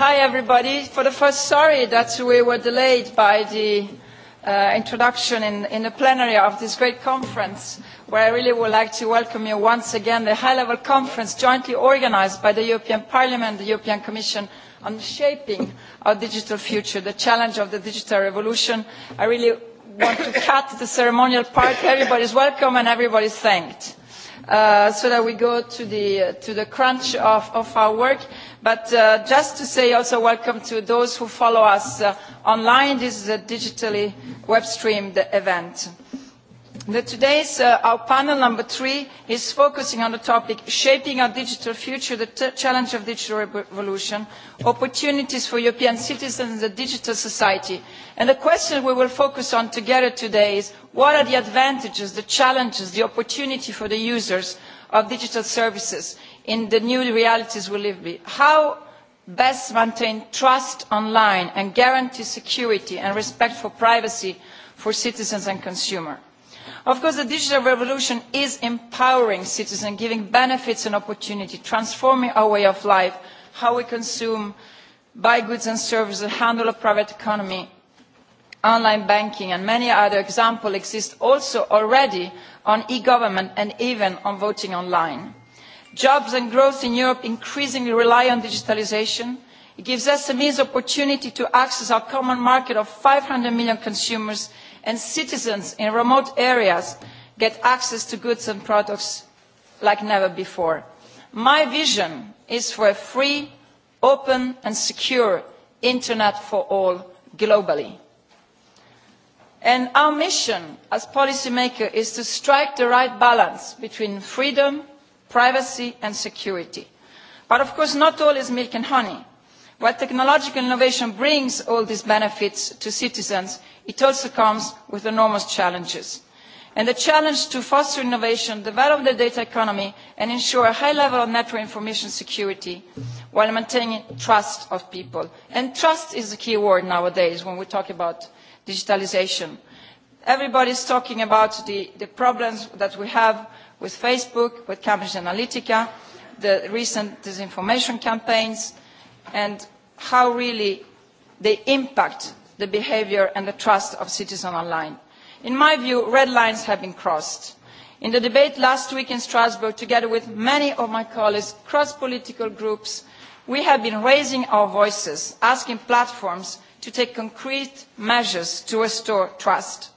Hi everybody. For the first, sorry that we were delayed by the introduction in the plenary of this great conference, where I really would like to welcome you once again, the high-level conference jointly organised by the European Parliament, the European Commission, on shaping our digital future, the challenge of the digital revolution. I really want to cut the ceremonial part. Everybody is welcome and everybody is thanked, so that we go to the crunch of our work. But just to say also welcome to those who follow us online. This is a digitally web-streamed event. Today's our panel number three is focusing on the topic shaping our digital future, the challenge of digital revolution, opportunities for European citizens in the digital society. And the question we will focus on together today is what are the advantages, the challenges, the opportunity for the users of digital services in the new realities we live in, How best maintain trust online and guarantee security and respect for privacy for citizens and consumers. Of course, the digital revolution is empowering citizens, giving benefits and opportunity, transforming our way of life, how we consume, buy goods and services, handle a private economy, online banking and many other examples exist also already on e-government and even on voting online Jobs and growth in Europe increasingly rely on digitalisation. It gives SMEs opportunity to access our common market of 500 million consumers and citizens in remote areas get access to goods and products like never before. My vision is for a free, open and secure Internet for all globally. And our mission as policymakers is to strike the right balance between freedom privacy and security. But of course not all is milk and honey. While technological innovation brings all these benefits to citizens, it also comes with enormous challenges. And the challenge to foster innovation, develop the data economy and ensure a high level of network information security while maintaining trust of people. And trust is a key word nowadays when we talk about digitalisation. Everybody is talking about the problems that we have with Facebook, with Cambridge Analytica, the recent disinformation campaigns, and how really they impact the behaviour and the trust of citizens online. In my view, red lines have been crossed. In the debate last week in Strasbourg, together with many of my colleagues, cross-political groups, we have been raising our voices, asking platforms to take concrete measures to restore trust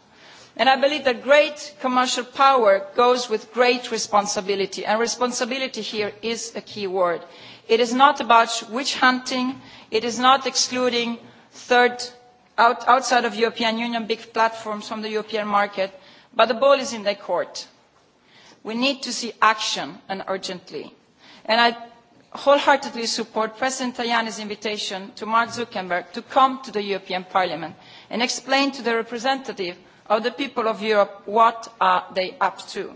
and i believe that great commercial power goes with great responsibility and responsibility here is a key word. it is not about witch hunting it is not excluding third, outside of the european union big platforms from the european market but the ball is in their court. we need to see action and urgently and i wholeheartedly support president tajani's invitation to mark zuckerberg to come to the european parliament and explain to the representative of the people of Europe what are they up to.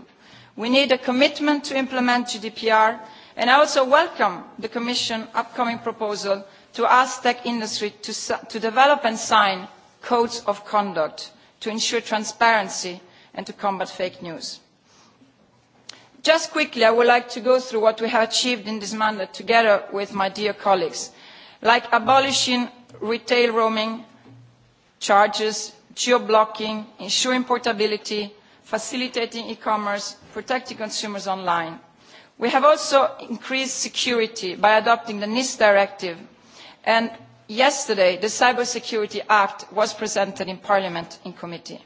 We need a commitment to implement GDPR and I also welcome the Commission's upcoming proposal to ask tech industry to develop and sign codes of conduct to ensure transparency and to combat fake news. Just quickly, I would like to go through what we have achieved in this mandate together with my dear colleagues, like abolishing retail roaming charges geo-blocking, ensuring portability, facilitating e-commerce, protecting consumers online. We have also increased security by adopting the NIS directive, and yesterday the Cybersecurity Act was presented in Parliament in committee.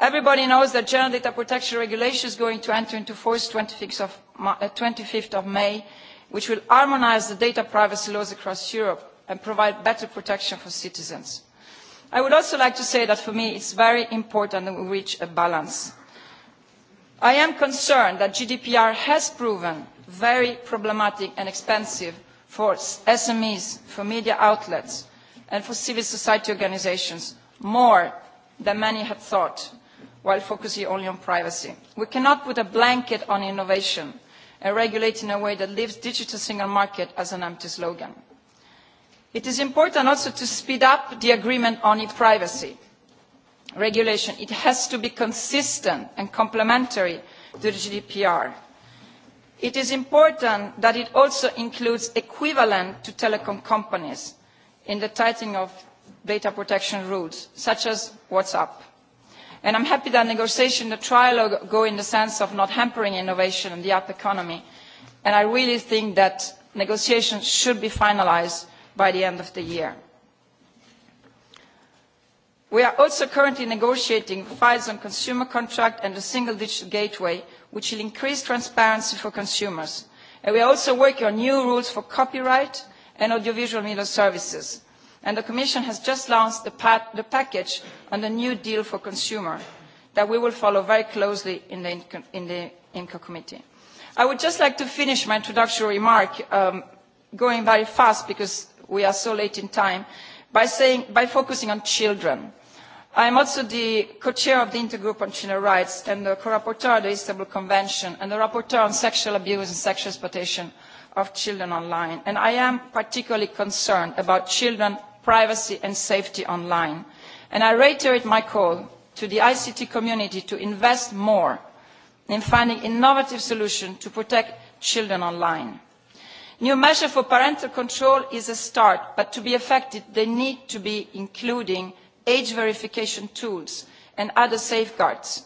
Everybody knows that General Data Protection Regulation is going to enter into force 25th of May, which will harmonise the data privacy laws across Europe and provide better protection for citizens. I would also like to say that for me it is very important that we reach a balance. I am concerned that GDPR has proven very problematic and expensive for SMEs, for media outlets and for civil society organisations, more than many had thought, while focusing only on privacy. We cannot put a blanket on innovation and regulate in a way that leaves the digital single market as an empty slogan. It is important also to speed up the agreement on e-privacy regulation. It has to be consistent and complementary to the GDPR. It is important that it also includes equivalent to telecom companies in the tightening of data protection rules, such as WhatsApp. And am happy that negotiations in the trilogue, go in the sense of not hampering innovation and the app economy. And I really think that negotiations should be finalised by the end of the year. We are also currently negotiating files on consumer contract and the single digital gateway, which will increase transparency for consumers. And we are also working on new rules for copyright and audiovisual media services. And the Commission has just launched the package on the new deal for consumer that we will follow very closely in the inco committee. I would just like to finish my introductory remark going very fast because we are so late in time, by focusing on children. I am also the co-chair of the Intergroup on Children's Rights and the co-rapporteur of the Istanbul Convention and the rapporteur on sexual abuse and sexual exploitation of children online. And I am particularly concerned about children's privacy and safety online. And I reiterate my call to the ICT community to invest more in finding innovative solutions to protect children online new measure for parental control is a start but to be effective they need to be including age verification tools and other safeguards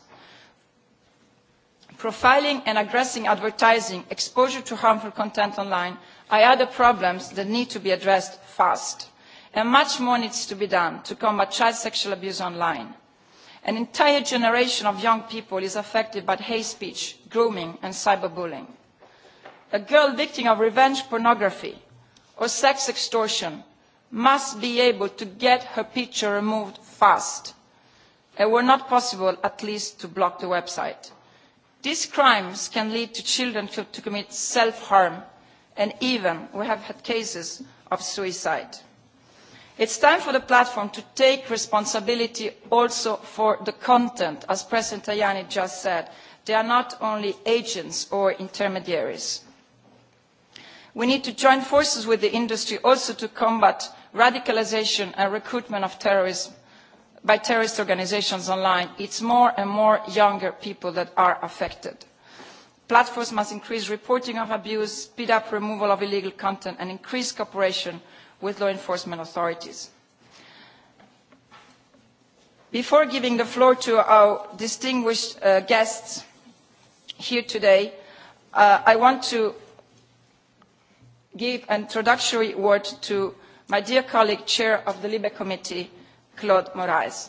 profiling and aggressive advertising exposure to harmful content online are other problems that need to be addressed fast and much more needs to be done to combat child sexual abuse online. an entire generation of young people is affected by hate speech grooming and cyberbullying a girl victim of revenge pornography or sex extortion must be able to get her picture removed fast and where not possible at least to block the website. These crimes can lead to children to commit self-harm and even we have had cases of suicide. It It's time for the platform to take responsibility also for the content. As President Tajani just said, they are not only agents or intermediaries. We need to join forces with the industry also to combat radicalisation and recruitment of terrorism by terrorist organisations online. It's more and more younger people that are affected. Platforms must increase reporting of abuse, speed up removal of illegal content and increase cooperation with law enforcement authorities. Before giving the floor to our distinguished guests here today, I want to give an introductory word to my dear colleague, Chair of the LIBE Committee, Claude Moraes.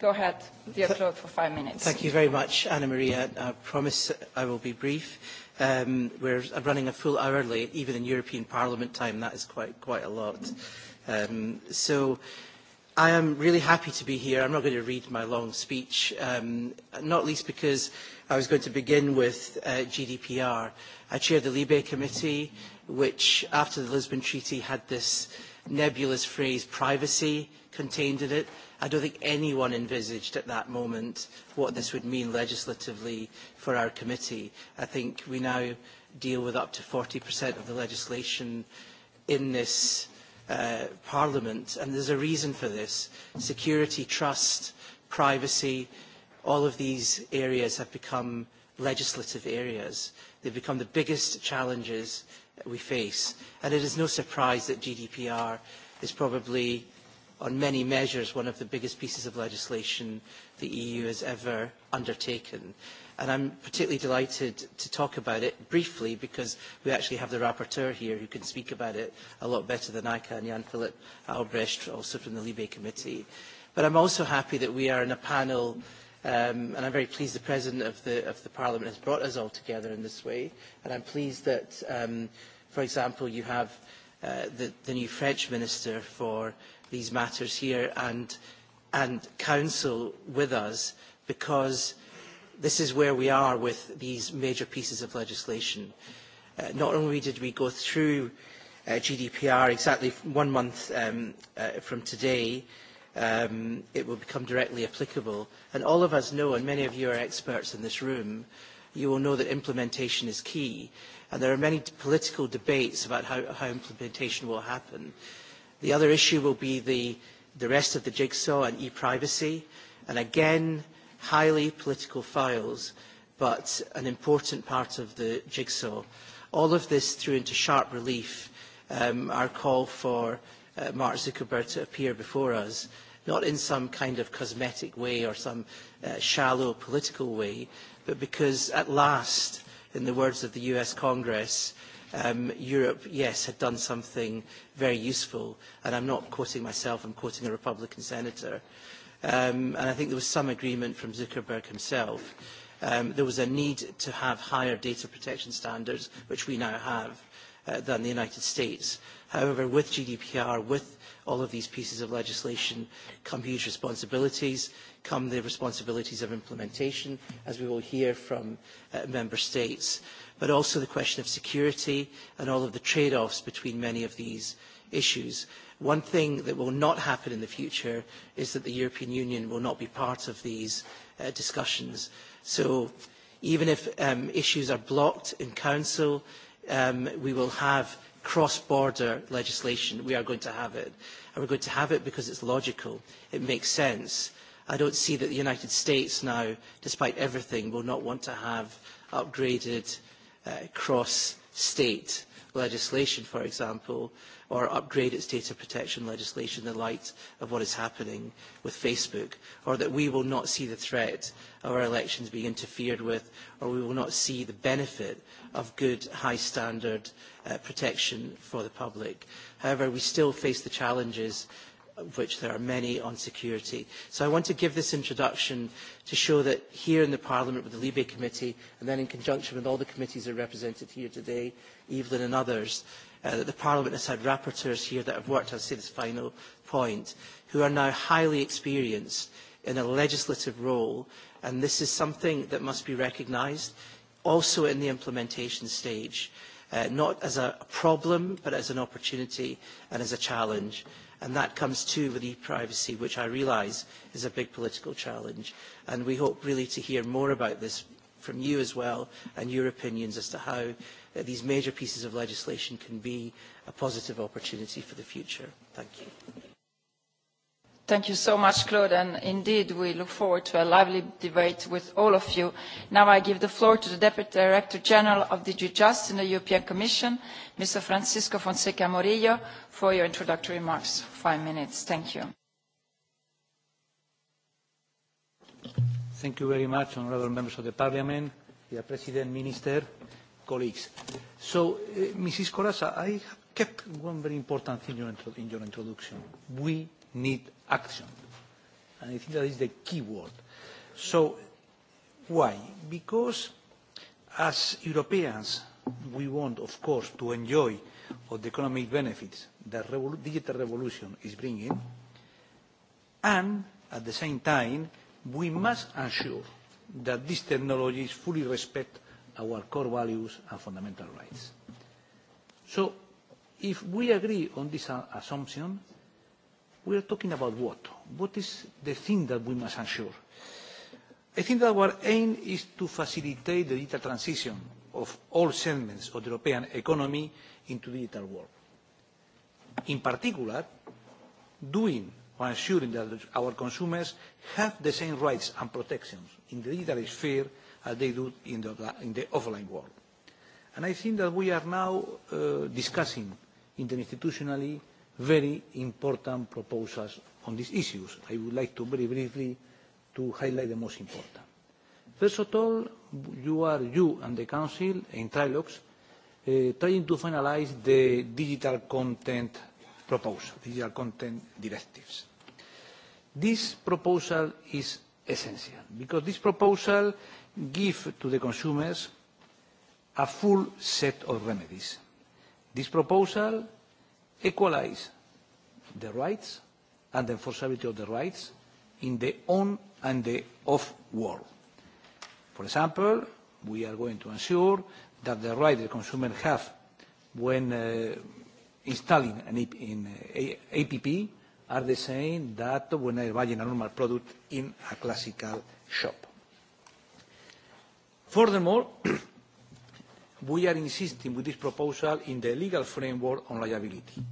Go ahead, dear Claude, for five minutes. Thank you very much, Anna Maria. I promise I will be brief. Um, we're running a full hour late, even in European Parliament time. That is quite, quite a lot. so I am really happy to be here. I'm not going to read my long speech, not least because I was going to begin with GDPR. I chair the Libe Committee which after the Lisbon Treaty had this nebulous phrase privacy contained in it. I don't think anyone envisaged at that moment what this would mean legislatively for our committee. I think we now deal with up to 40% of the legislation in this Parliament, and there's a reason for this. Security, trust, privacy, all of these areas have become legislative areas. They've become the biggest challenges we face. And it is no surprise that GDPR is probably, on many measures, one of the biggest pieces of legislation the EU has ever undertaken. And I'm particularly delighted to talk about it briefly because we actually have the rapporteur here who can speak about it a lot better than I can, jan Philip Albrecht, also from the Libe Committee. But I'm also happy that we are in a panel and I'm very pleased the President of the Parliament has brought us all together in this way, and I'm pleased that For example, you have the new French Minister for these matters here and Council with us because this is where we are with these major pieces of legislation. Not only did we go through GDPR exactly one month from today, it will become directly applicable. And all of us know, and many of you are experts in this room, you will know that implementation is key and there are many political debates about how implementation will happen. The other issue will be the rest of the jigsaw and e-privacy, and again, highly political files, but an important part of the jigsaw. All of this threw into sharp relief our call for Mark Zuckerberg to appear before us, not in some kind of cosmetic way or some shallow political way, but because at last in the words of the US Congress, Europe, yes, had done something very useful. And I'm not quoting myself, I'm quoting a Republican senator. And I think there was some agreement from Zuckerberg himself. There was a need to have higher data protection standards, which we now have, than the United States. However, with GDPR, with all of these pieces of legislation come huge responsibilities, come the responsibilities of implementation, as we will hear from member states, but also the question of security and all of the trade-offs between many of these issues. One thing that will not happen in the future is that the European Union will not be part of these discussions. So even if issues are blocked in Council, we will have cross-border legislation. We are going to have it. And are going to have it because it's logical. It makes sense. I don't see that the United States now, despite everything, will not want to have upgraded cross-state legislation, for example, or upgrade its data protection legislation in the light of what is happening with Facebook, or that we will not see the threat of our elections being interfered with, or we will not see the benefit of good high standard protection for the public. However, we still face the challenges of which there are many on security. So I want to give this introduction to show that here in the Parliament with the Libe Committee and then in conjunction with all the committees that are represented here today, Evelyn and others, that the Parliament has had rapporteurs here that have worked, on say this final point, who are now highly experienced in a legislative role and this is something that must be recognised also in the implementation stage, not as a problem, but as an opportunity and as a challenge. And that comes too with e-privacy, which I realise is a big political challenge. And we hope really to hear more about this from you as well and your opinions as to how these major pieces of legislation can be a positive opportunity for the future. Thank you. Thank you so much, Claude, and indeed we look forward to a lively debate with all of you. Now I give the floor to the Deputy Director General of DG Justice in the European Commission, Mr. Francisco Fonseca Morillo, for your introductory remarks. Five minutes. Thank you. Thank you very much, honourable members of the Parliament, dear President, Minister, colleagues. So, Mrs. Corazza, I kept one very important thing in your introduction. We need action. And I think that is the key word. So why? Because as Europeans, we want, of course, to enjoy all the economic benefits that the digital revolution is bringing, and at the same time, we must ensure that these technologies fully respect our core values and fundamental rights. So if we agree on this assumption, we are talking about what? What is the thing that we must ensure? I think that our aim is to facilitate the digital transition of all segments of the European economy into the digital world. In particular, doing or ensuring that our consumers have the same rights and protections in the digital sphere as they do in the offline world. And I think that we are now discussing interinstitutionally very important proposals on these issues. I would like to very briefly to highlight the most important. First of all, you are, you and the Council, in trilogues, trying to finalize the digital content proposal, digital content directives. This proposal is essential because this proposal gives to the consumers a full set of remedies. This proposal equalize the rights and the enforceability of the rights in the on and the off world. For example, we are going to ensure that the rights the consumer have when installing an APP are the same that when buying a normal product in a classical shop. Furthermore, we are insisting with this proposal in the legal framework on liability.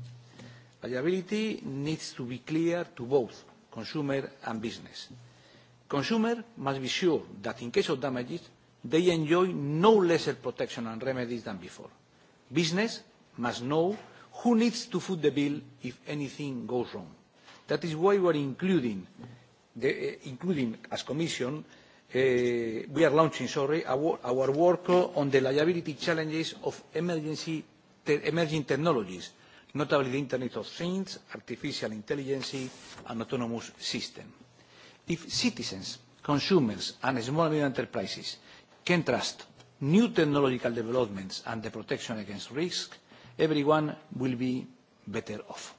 Liability needs to be clear to both consumer and business. Consumer must be sure that in case of damages, they enjoy no lesser protection and remedies than before. Business must know who needs to foot the bill if anything goes wrong. That is why we are including, as Commission, we are launching sorry, our work on the liability challenges of emerging technologies, notably the Internet of Things, artificial intelligence, and autonomous systems. If citizens, consumers, and small and medium enterprises can trust new technological developments and the protection against risk, everyone will be better off.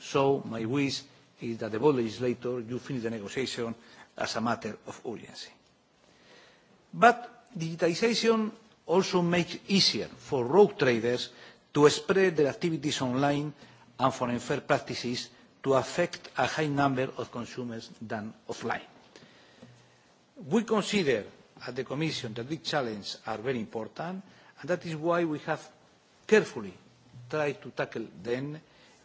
So my wish is that the board legislator, you finish the negotiation as a matter of urgency. But digitization also makes easier for rogue traders to spread their activities online and for unfair practices to affect a high number of consumers than offline. We consider at the Commission that these challenges are very important and that is why we have carefully tried to tackle them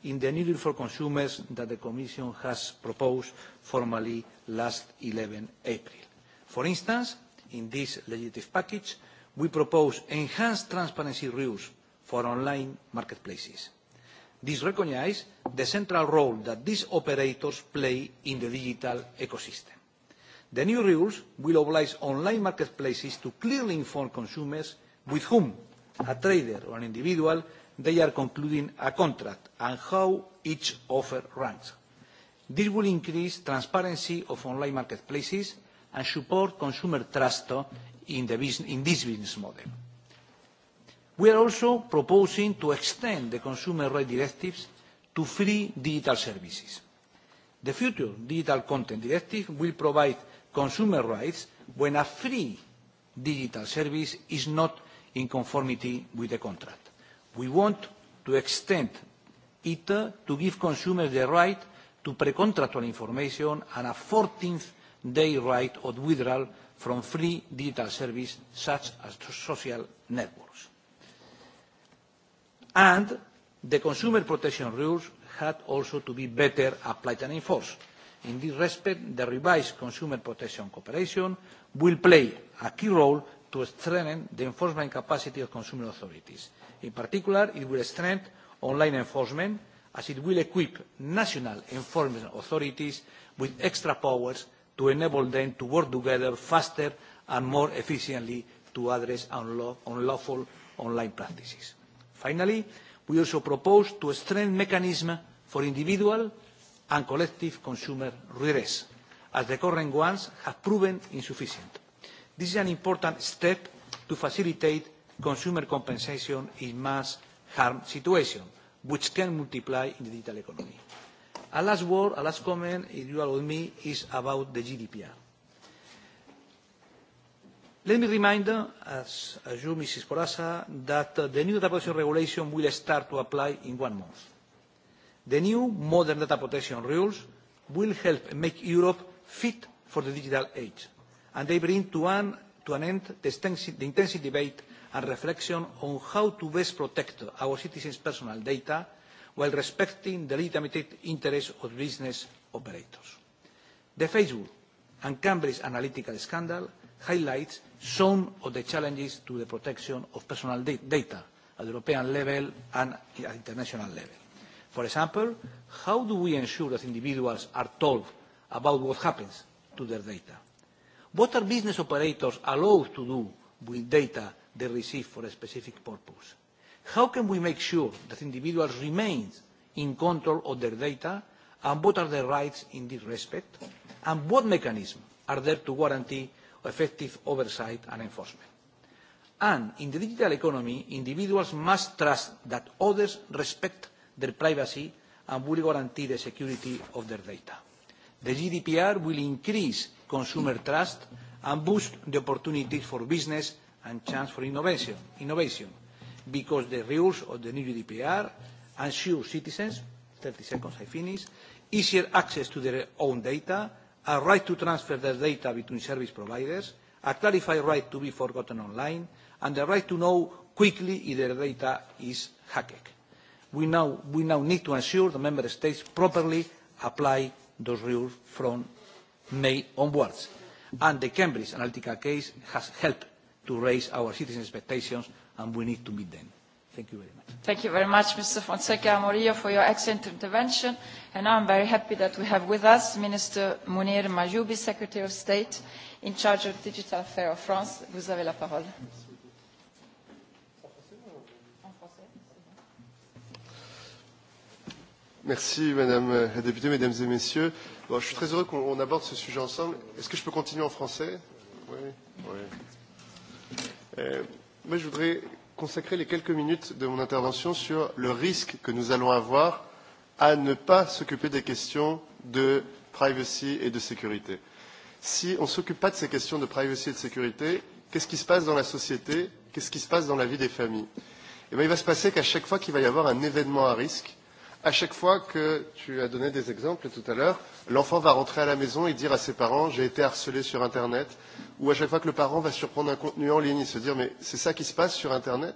in the need for consumers that the Commission has proposed formally last 11 April. For instance, in this legislative package, we propose enhanced transparency rules for online marketplaces. This recognises the central role that these operators play in the digital ecosystem. The new rules will oblige online marketplaces to clearly inform consumers with whom, a trader or an individual, they are concluding a contract and how each offer ranks. This will increase transparency of online marketplaces and support consumer trust in this business model. We are also proposing to extend the consumer rights directives to free digital services. The future Digital Content Directive will provide consumer rights when a free digital service is not in conformity with the contract. We want to extend it to give consumers the right to pre-contractual information and a 14th their right of withdrawal from free digital services such as social networks. And the consumer protection rules had also to be better applied and enforced. In this respect, the revised consumer protection cooperation will play a key role to strengthen the enforcement capacity of consumer authorities. In particular, it will strengthen online enforcement as it will equip national enforcement authorities with extra powers to enable them to work together faster and more efficiently to address unlawful online practices. Finally, we also propose to strengthen mechanisms for individual and collective consumer redress, as the current ones have proven insufficient. This is an important step to facilitate consumer compensation in mass harm situations, which can multiply in the digital economy. A last word, a last comment, if you are with me, is about the GDPR. Let me remind, as you, Mrs. Corazza, that the new data protection regulation will start to apply in one month. The new modern data protection rules will help make Europe fit for the digital age, and they bring to an end the intensive debate and reflection on how to best protect our citizens' personal data while respecting the legitimate interests of business operators. The Facebook and Cambridge Analytica scandal highlights some of the challenges to the protection of personal data at European level and at international level. For example, how do we ensure that individuals are told about what happens to their data? What are business operators allowed to do with data they receive for a specific purpose? How can we make sure that individuals remain in control of their data and what are their rights in this respect and what mechanisms are there to guarantee effective oversight and enforcement? And in the digital economy, individuals must trust that others respect their privacy and will guarantee the security of their data. The GDPR will increase consumer trust and boost the opportunities for business and chance for innovation because the rules of the new GDPR ensure citizens, 30 seconds I finish, easier access to their own data, a right to transfer their data between service providers, a clarified right to be forgotten online, and the right to know quickly if their data is hacked. We now need to ensure the Member States properly apply those rules from May onwards. And the Cambridge Analytica case has helped to raise our citizens' expectations and we need to meet them. Thank you very much. Thank you very much, Mr. Fonseca Amorillo, for your excellent intervention. And I'm very happy that we have with us Minister Munir Majoubi, Secretary of State, in charge of digital affairs of France. Vous avez la parole. Merci, Madame la députée, Mesdames et Messieurs. Bon, je suis très heureux qu'on aborde ce sujet ensemble. Est-ce que je peux continuer en français Oui. oui. Euh, Moi, je voudrais consacrer les quelques minutes de mon intervention sur le risque que nous allons avoir à ne pas s'occuper des questions de privacy et de sécurité. Si on ne s'occupe pas de ces questions de privacy et de sécurité, qu'est-ce qui se passe dans la société Qu'est-ce qui se passe dans la vie des familles il va se passer qu'à chaque fois qu'il va y avoir un événement à risque, à chaque fois que tu as donné des exemples tout à l'heure, l'enfant va rentrer à la maison et dire à ses parents j'ai été harcelé sur Internet, ou à chaque fois que le parent va surprendre un contenu en ligne et se dire mais c'est ça qui se passe sur Internet,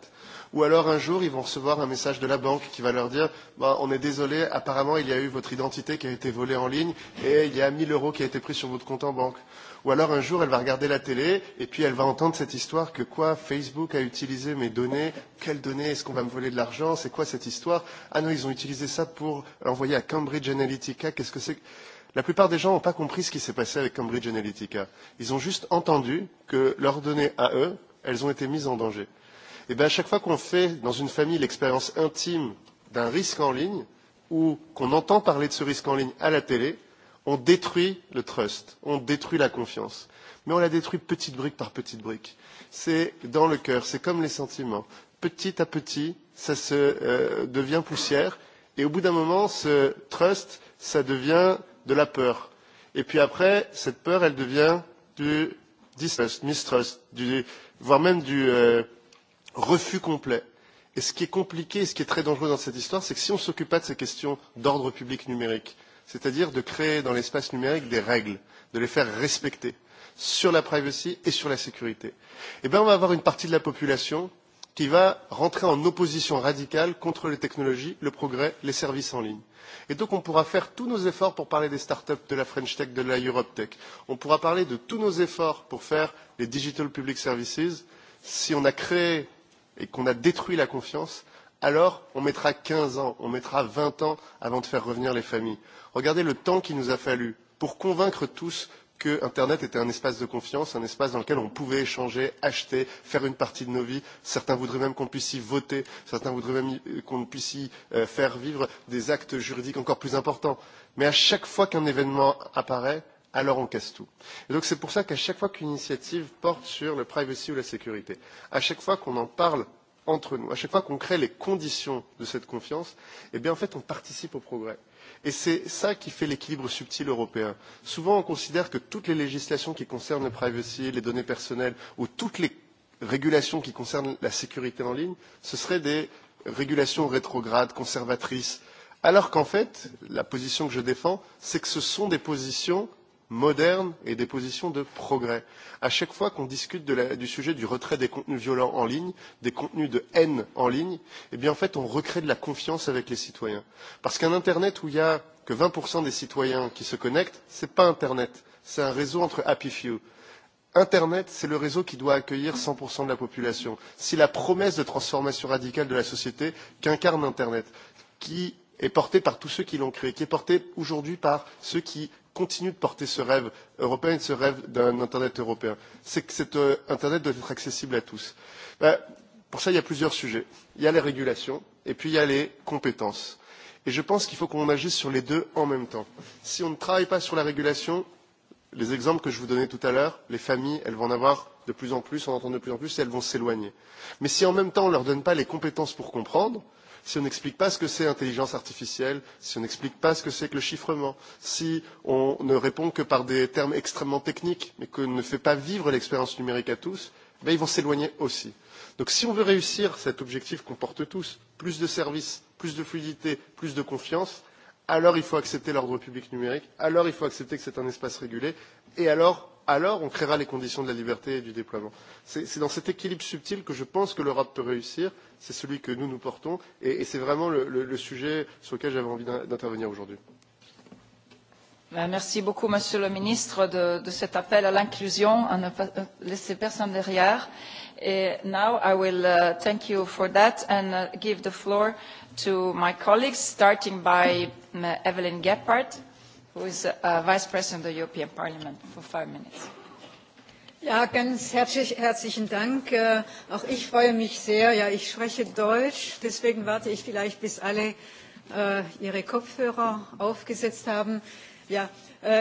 ou alors un jour ils vont recevoir un message de la banque qui va leur dire bah, on est désolé, apparemment il y a eu votre identité qui a été volée en ligne et il y a 1000 euros qui a été pris sur votre compte en banque Ou alors un jour, elle va regarder la télé et puis elle va entendre cette histoire que quoi, Facebook a utilisé mes données, quelles données, est-ce qu'on va me voler de l'argent, c'est quoi cette histoire Ah non, ils ont utilisé ça pour l'envoyer à Cambridge Analytica, qu'est-ce que c'est la plupart des gens n'ont pas compris ce qui s'est passé avec Cambridge Analytica. Ils ont juste entendu que leurs données à eux, elles ont été mises en danger. Et bien à chaque fois qu'on fait dans une famille l'expérience intime d'un risque en ligne, ou qu'on entend parler de ce risque en ligne à la télé, On détruit le trust, on détruit la confiance, mais on la détruit petite brique par petite brique. C'est dans le cœur, c'est comme les sentiments. Petit à petit, ça se devient poussière, et au bout d'un moment, ce trust, ça devient de la peur. Et puis après, cette peur, elle devient du distrust, mistrust, voire même du refus complet. Et ce qui est compliqué, ce qui est très dangereux dans cette histoire, c'est que si on ne s'occupe pas de ces questions d'ordre public numérique, c'est-à-dire de créer dans l'espace numérique des règles, de les faire respecter sur la privacy et sur la sécurité. Eh bien, on va avoir une partie de la population qui va rentrer en opposition radicale contre les technologies, le progrès, les services en ligne. Et donc on pourra faire tous nos efforts pour parler des start-up, de la French Tech, de la Europe Tech. On pourra parler de tous nos efforts pour faire les Digital Public Services. Si on a créé et qu'on a détruit la confiance, alors on mettra 15 ans, on mettra 20 ans avant de faire revenir les familles. Regardez le temps qu'il nous a fallu pour convaincre tous que Internet était un espace de confiance, un espace dans lequel on pouvait échanger, acheter, faire une partie de nos vies. Certains voudraient même qu'on puisse y voter, certains voudraient même qu'on puisse y faire vivre des actes juridiques encore plus importants. Mais à chaque fois qu'un événement apparaît, alors on casse tout. Et donc c'est pour ça qu'à chaque fois qu'une initiative porte sur le privacy ou la sécurité, à chaque fois qu'on en parle entre nous. À chaque fois qu'on crée les conditions de cette confiance, eh bien, en fait, on participe au progrès. Et c'est ça qui fait l'équilibre subtil européen. Souvent, on considère que toutes les législations qui concernent la privacy, les données personnelles, ou toutes les régulations qui concernent la sécurité en ligne, ce seraient des régulations rétrogrades, conservatrices. Alors qu'en fait, la position que je défends, c'est que ce sont des positions modernes et des positions de progrès. À chaque fois qu'on discute du sujet du retrait des contenus violents en ligne, des contenus de haine en ligne, eh bien en fait on recrée de la confiance avec les citoyens. Parce qu'un Internet où il n'y a que 20% des citoyens qui se connectent, ce n'est pas Internet, c'est un réseau entre happy few. Internet, c'est le réseau qui doit accueillir 100% de la population. C'est la promesse de transformation radicale de la société qu'incarne Internet, qui est portée par tous ceux qui l'ont créé, qui est portée aujourd'hui par ceux qui continue de porter ce rêve européen et ce rêve d'un Internet européen. C'est que cet Internet doit être accessible à tous. Pour ça, il y a plusieurs sujets. Il y a les régulations et puis il y a les compétences. Et je pense qu'il faut qu'on agisse sur les deux en même temps. Si on ne travaille pas sur la régulation, les exemples que je vous donnais tout à l'heure, les familles, elles vont en avoir de plus en plus, on entend de plus en plus, et elles vont s'éloigner. Mais si en même temps on ne leur donne pas les compétences pour comprendre, si on n'explique pas ce que c'est l'intelligence artificielle, si on n'explique pas ce que c'est que le chiffrement, si on ne répond que par des termes extrêmement techniques, mais qu'on ne fait pas vivre l'expérience numérique à tous, ils vont s'éloigner aussi. Donc si on veut réussir cet objectif qu'on porte tous, plus de services, plus de fluidité, plus de confiance, alors il faut accepter l'ordre public numérique, alors il faut accepter que c'est un espace régulé, et alors, alors on créera les conditions de la liberté et du déploiement. C'est dans cet équilibre subtil que je pense que l'Europe peut réussir, c'est celui que nous nous portons, et, c'est vraiment le, sujet sur lequel j'avais envie d'intervenir aujourd'hui. Merci beaucoup, Monsieur le Ministre, de, cet appel à l'inclusion, à ne pas laisser personne derrière. Et now I will thank you for that and give the floor to my colleagues, starting by Evelyn Gephardt, who is Vice President of the European Parliament, for five minutes. Ja, ganz herzlichen Dank. Auch ich freue mich sehr. Ja, ich spreche Deutsch, deswegen warte ich vielleicht, bis alle ihre Kopfhörer aufgesetzt haben. Ja,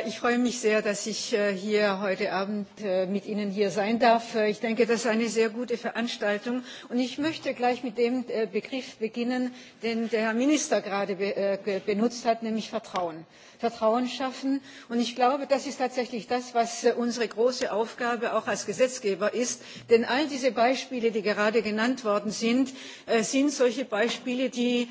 ich freue mich sehr, dass ich hier heute Abend mit Ihnen hier sein darf. Ich denke, das ist eine sehr gute Veranstaltung. Und ich möchte gleich mit dem Begriff beginnen, den der Herr Minister gerade benutzt hat, nämlich Vertrauen. Vertrauen schaffen. Und ich glaube, das ist tatsächlich das, was unsere große Aufgabe auch als Gesetzgeber ist. Denn all diese Beispiele, die gerade genannt worden sind, sind solche Beispiele, die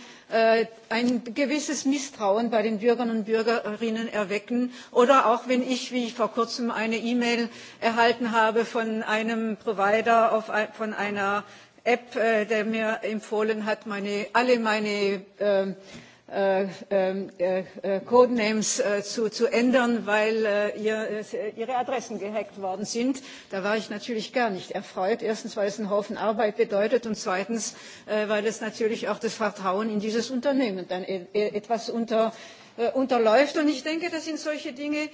ein gewisses Misstrauen bei den Bürgern und Bürgerinnen erwecken oder auch wenn ich wie ich vor kurzem eine e mail erhalten habe von einem provider von einer app der mir empfohlen hat alle meine Codenames zu ändern, weil ihre Adressen gehackt worden sind. Da war ich natürlich gar nicht erfreut. Erstens, weil es einen Haufen Arbeit bedeutet und zweitens, weil es natürlich auch das Vertrauen in dieses Unternehmen dann etwas unter unterläuft. Und ich denke, das sind solche Dinge,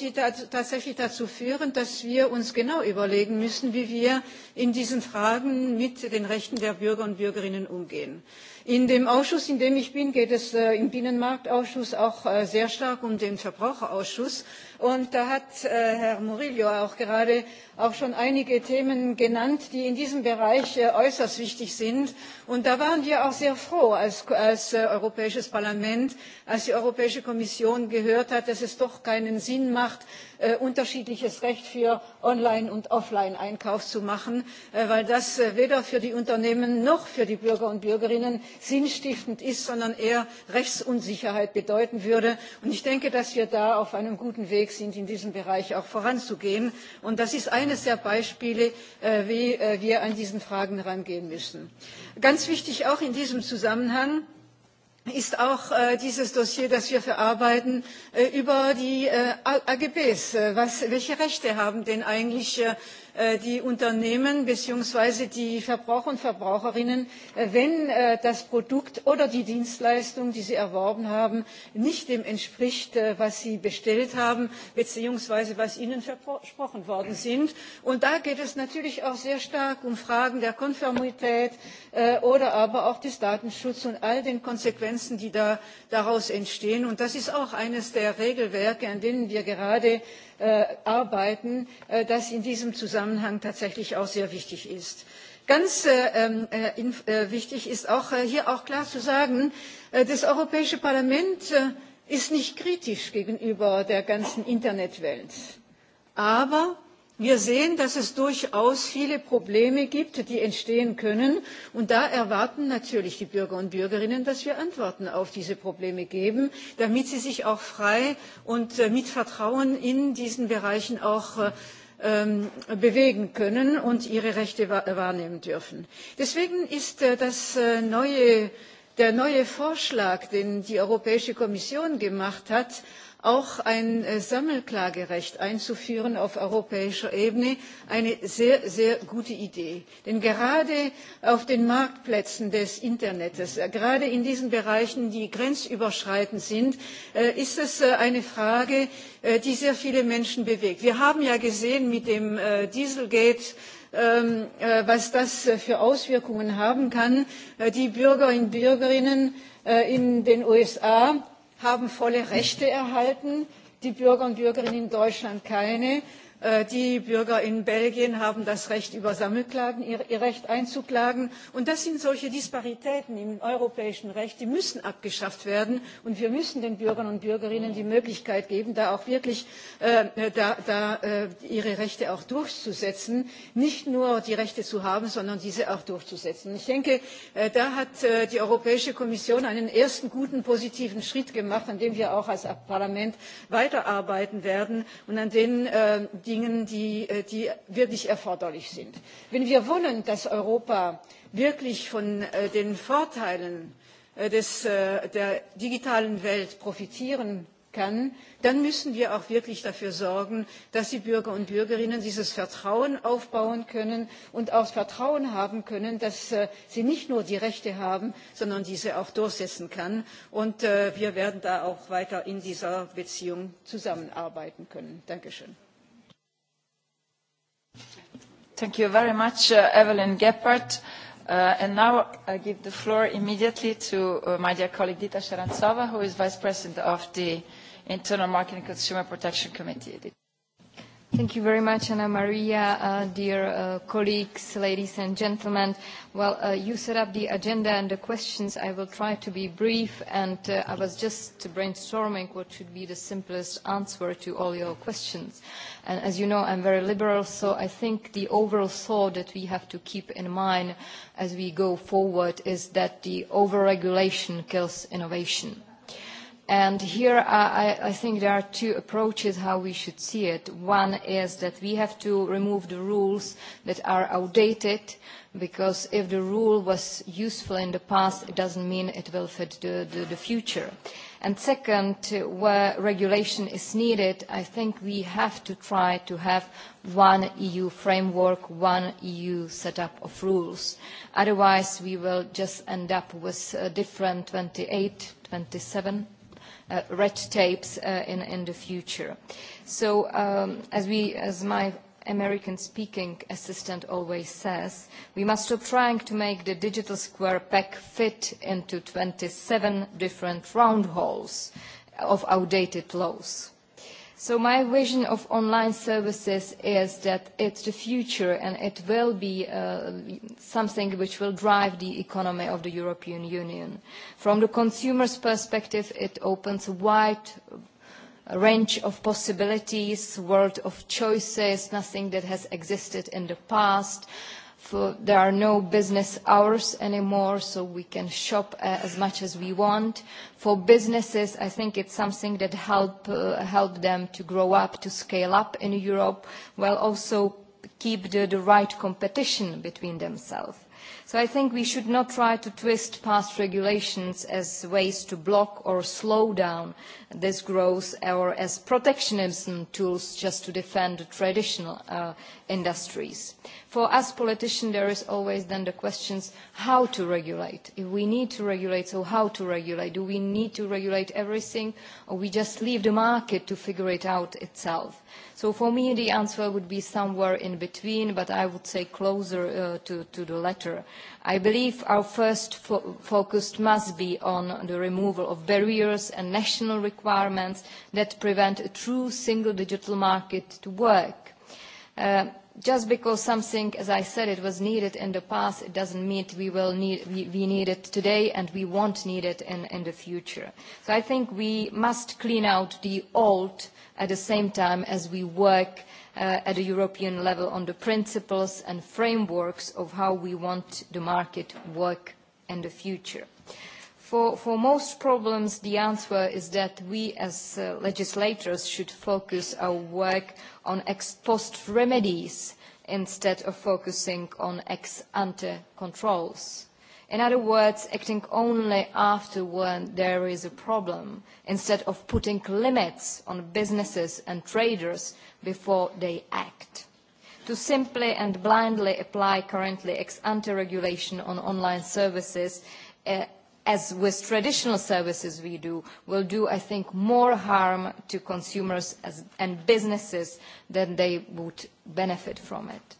die tatsächlich dazu führen, dass wir uns genau überlegen müssen, wie wir in diesen Fragen mit den Rechten der Bürger und Bürgerinnen umgehen. In dem Ausschuss, in dem ich bin, geht es im Binnenmarktausschuss auch sehr stark um den Verbraucherausschuss. Und da hat Herr Murillo auch gerade auch schon einige Themen genannt, die in diesem Bereich äußerst wichtig sind. Und da waren wir auch sehr froh als Europäisches Parlament, als die Europäische Kommission gehört hat, dass es doch keinen Sinn macht, unterschiedliches recht für online und offline einkauf zu machen weil das weder für die unternehmen noch für die bürger und bürgerinnen sinnstiftend ist sondern eher rechtsunsicherheit bedeuten würde. ich denke dass wir da auf einem guten weg sind in diesem bereich auch voranzugehen und das ist eines der beispiele wie wir an diese fragen herangehen müssen. ganz wichtig auch in diesem zusammenhang ist auch dieses Dossier, das wir verarbeiten, über die AGB Welche Rechte haben denn eigentlich die Unternehmen bzw. die Verbraucher und Verbraucherinnen, wenn das Produkt oder die Dienstleistung, die sie erworben haben, nicht dem entspricht, was sie bestellt haben bzw. was ihnen versprochen worden sind. Und da geht es natürlich auch sehr stark um Fragen der Konformität oder aber auch des Datenschutzes und all den Konsequenzen, die daraus entstehen. das ist auch eines der Regelwerke, an denen wir gerade arbeiten das in diesem zusammenhang tatsächlich auch sehr wichtig ist. ganz wichtig ist auch hier auch klar zu sagen das europäische parlament ist nicht kritisch gegenüber der ganzen internetwelt aber Wir sehen, dass es durchaus viele Probleme gibt, die entstehen können, und da erwarten natürlich die Bürger und Bürgerinnen, dass wir Antworten auf diese Probleme geben, damit sie sich auch frei und mit Vertrauen in diesen Bereichen bewegen können und ihre Rechte wahrnehmen dürfen. Deswegen ist der neue Vorschlag, den die Europäische Kommission gemacht hat, auch ein sammelklagerecht einzuführen auf europäischer ebene eine sehr sehr gute idee denn gerade auf den marktplätzen des internets gerade in diesen bereichen die grenzüberschreitend sind ist es eine frage die sehr viele menschen bewegt. wir haben ja gesehen mit dem dieselgate was das für auswirkungen haben kann. die bürger und bürgerinnen in den usa haben volle Rechte erhalten, die Bürger und Bürgerinnen in Deutschland keine. Die Bürger in Belgien haben das Recht, über Sammelklagen ihr Recht einzuklagen. Und das sind solche Disparitäten im europäischen Recht, die müssen abgeschafft werden. Und wir müssen den Bürgern und Bürgerinnen die Möglichkeit geben, da auch wirklich ihre Rechte auch durchzusetzen. Nicht nur die Rechte zu haben, sondern diese auch durchzusetzen. Ich denke, da hat die Europäische Kommission einen ersten guten, positiven Schritt gemacht, an dem wir auch als Parlament weiterarbeiten werden und an dem dingen, die wirklich erforderlich sind. Wenn wir wollen, dass Europa wirklich von den Vorteilen der digitalen Welt profitieren kann, dann müssen wir auch wirklich dafür sorgen, dass die Bürger und Bürgerinnen dieses Vertrauen aufbauen können und auch Vertrauen haben können, dass sie nicht nur die Rechte haben, sondern diese auch durchsetzen können, Und wir werden da auch weiter in dieser Beziehung zusammenarbeiten können. Dankeschön. Thank you very much, Evelyn Gephardt. And now I give the floor immediately to my dear colleague Dita Sharantsova, who is Vice President of the Internal Market and Consumer Protection Committee. Thank you very much, Anna Maria. Dear colleagues, ladies and gentlemen, well, you set up the agenda and the questions. I will try to be brief, and I was just brainstorming what should be the simplest answer to all your questions. And as you know, I'm very liberal, so I think the overall thought that we have to keep in mind as we go forward is that the overregulation kills innovation And here I think there are two approaches how we should see it. One is that we have to remove the rules that are outdated, because if the rule was useful in the past, it doesn't mean it will fit the future. And second, where regulation is needed, I think we have to try to have one EU framework, one EU setup of rules. Otherwise, we will just end up with different twenty 28, 27 red tapes in the future. So as my American-speaking assistant always says, we must stop trying to make the digital square pack fit into 27 different round holes of outdated laws. So my vision of online services is that it's the future and it will be something which will drive the economy of the European Union. From the consumer's perspective, it opens a wide range of possibilities, world of choices, nothing that has existed in the past There are no business hours anymore, so we can shop as much as we want. For businesses, I think it's something that help them to grow up, to scale up in Europe, while also keep the right competition between themselves. So I think we should not try to twist past regulations as ways to block or slow down this growth or as protectionism tools just to defend the traditional industries. For us politicians, there is always then the question how to regulate. If we need to regulate, so how to regulate? Do we need to regulate everything, or we just leave the market to figure it out itself? So for me, the answer would be somewhere in between, but I would say closer to the latter. I believe our first focus must be on the removal of barriers and national requirements that prevent a true single digital market to work. Just because something, as I said, it was needed in the past, it doesn't mean we will need we need it today and we won't need it in the future. So I think we must clean out the old at the same time as we work at a European level on the principles and frameworks of how we want the market to work in the future. For most problems, the answer is that we as legislators should focus our work on ex post remedies instead of focusing on ex ante controls. In other words, acting only after when there is a problem, instead of putting limits on businesses and traders before they act. To simply and blindly apply currently ex ante regulation on online services as with traditional services we do, will do, I think, more harm to consumers and businesses than they would benefit from it.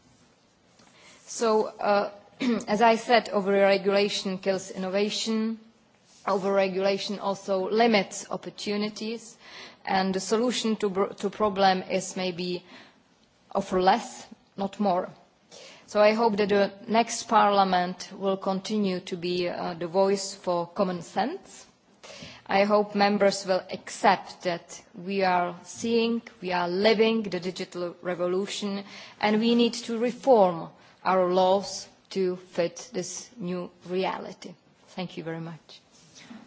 So, as I said, overregulation kills innovation. Overregulation also limits opportunities. And the solution to the problem is maybe offer less, not more. So I hope that the next Parliament will continue to be the voice for common sense. I hope members will accept that we are seeing, we are living the digital revolution and we need to reform our laws to fit this new reality. Thank you very much.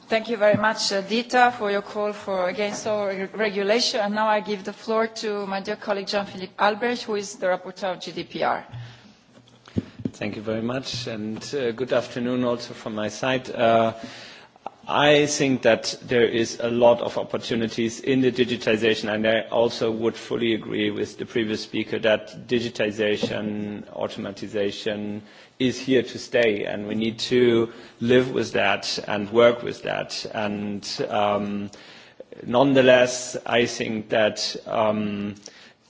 Thank you very much, Dita, for your call for against all regulation. And now I give the floor to my dear colleague Jean-Philippe Albrecht, who is the rapporteur of GDPR. Thank you very much, and good afternoon also from my side. I think that there is a lot of opportunities in the digitization, and I also would fully agree with the previous speaker that digitization, automatization is here to stay, and we need to live with that and work with that. And nonetheless, I think that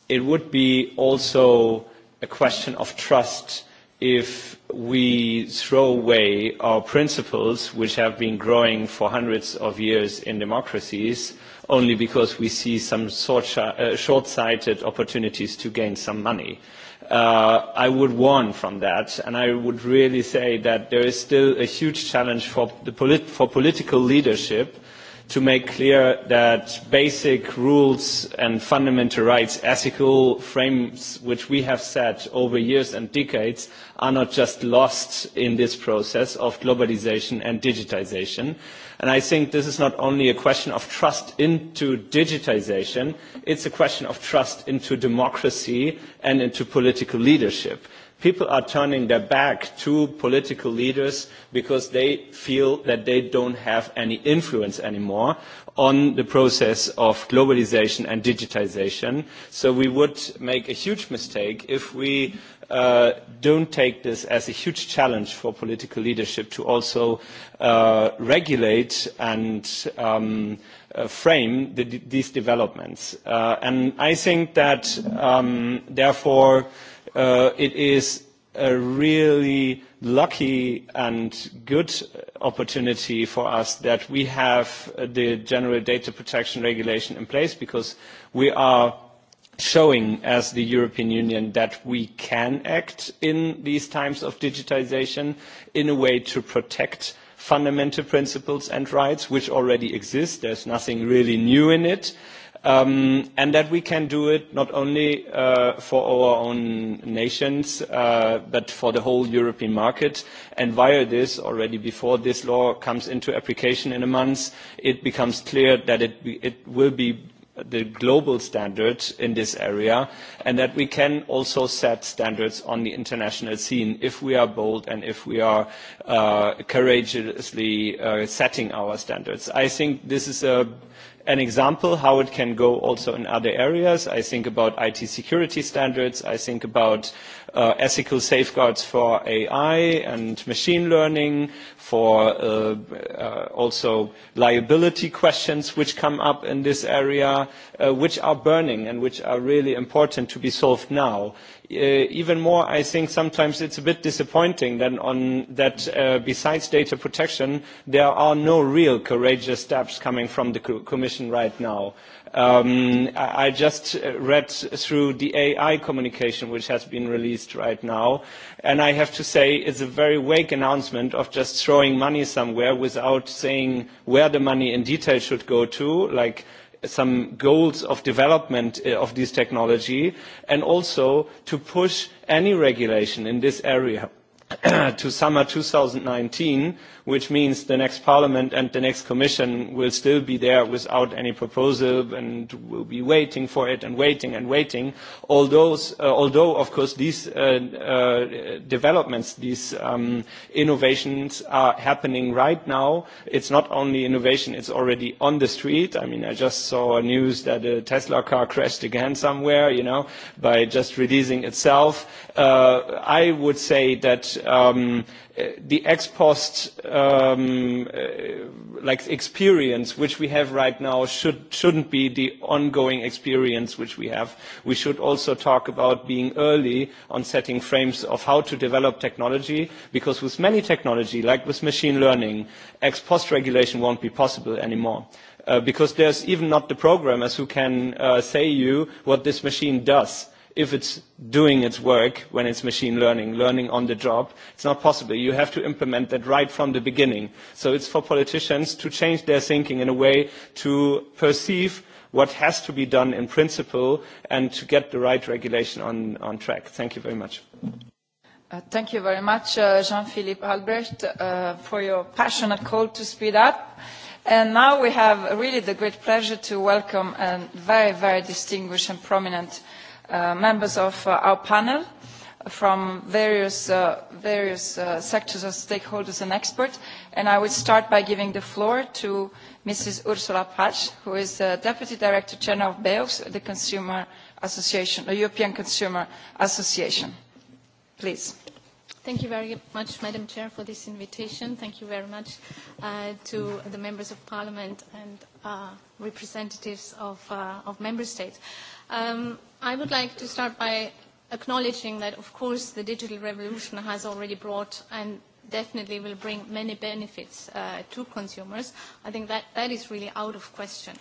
it would be also a question of trust if we throw away our principles which have been growing for hundreds of years in democracies only because we see some short-sighted opportunities to gain some money. I would warn from that and I would really say that there is still a huge challenge for political leadership to make clear that basic rules and fundamental rights, ethical frames which we have set over years and decades are not just lost in this process of globalisation and digitisation. And I think this is not only a question of trust into it is a question of trust into democracy and into political leadership people are turning their back to political leaders because they feel that they don't have any influence anymore on the process of globalization and digitization. So we would make a huge mistake if we don't take this as a huge challenge for political leadership to also regulate and frame these developments. And I think that, therefore, It is a really lucky and good opportunity for us that we have the General Data Protection Regulation in place because we are showing as the European Union that we can act in these times of digitisation in a way to protect fundamental principles and rights which already exist. There is nothing really new in it and that we can do it not only for our own nations but for the whole European market. And via this, already before this law comes into application in a month, it becomes clear that it will be the global standard in this area and that we can also set standards on the international scene if we are bold and if we are courageously setting our standards. I think this is a an example how it can go also in other areas. I think about IT security standards. I think about ethical safeguards for AI and machine learning, for also liability questions which come up in this area, which are burning and which are really important to be solved now even more i think sometimes it's a bit disappointing that besides data protection there are no real courageous steps coming from the commission right now. i just read through the ai communication which has been released right now and i have to say it's a very vague announcement of just throwing money somewhere without saying where the money in detail should go to like some goals of development of this technology and also to push any regulation in this area to summer 2019 which means the next Parliament and the next Commission will still be there without any proposal and will be waiting for it and waiting and waiting. Although, of course, these developments, these innovations are happening right now. It's not only innovation, it's already on the street. I mean, I just saw news that a Tesla car crashed again somewhere, you know, by just releasing itself. I would say that the ex post experience which we have right now should shouldn't be the ongoing experience which we have we should also talk about being early on setting frames of how to develop technology because with many technology like with machine learning ex post regulation won't be possible anymore because there's even not the programmers who can say you what this machine does if it's doing its work when it's machine learning, learning on the job. It's not possible. You have to implement that right from the beginning. So it's for politicians to change their thinking in a way to perceive what has to be done in principle and to get the right regulation on track. Thank you very much. Thank you very much, Jean-Philippe Albrecht, for your passionate call to speed up. And now we have really the great pleasure to welcome a very, very distinguished and prominent members of our panel from various sectors of stakeholders and experts, and I would start by giving the floor to Mrs. Ursula paz who is Deputy Director General of BEOX, the Consumer Association, the European Consumer Association. Please. Thank you very much, Madam Chair, for this invitation. Thank you very much to the members of Parliament and representatives of member states. I would like to start by acknowledging that, of course, the digital revolution has already brought and definitely will bring many benefits to consumers. I think that that is really out of question.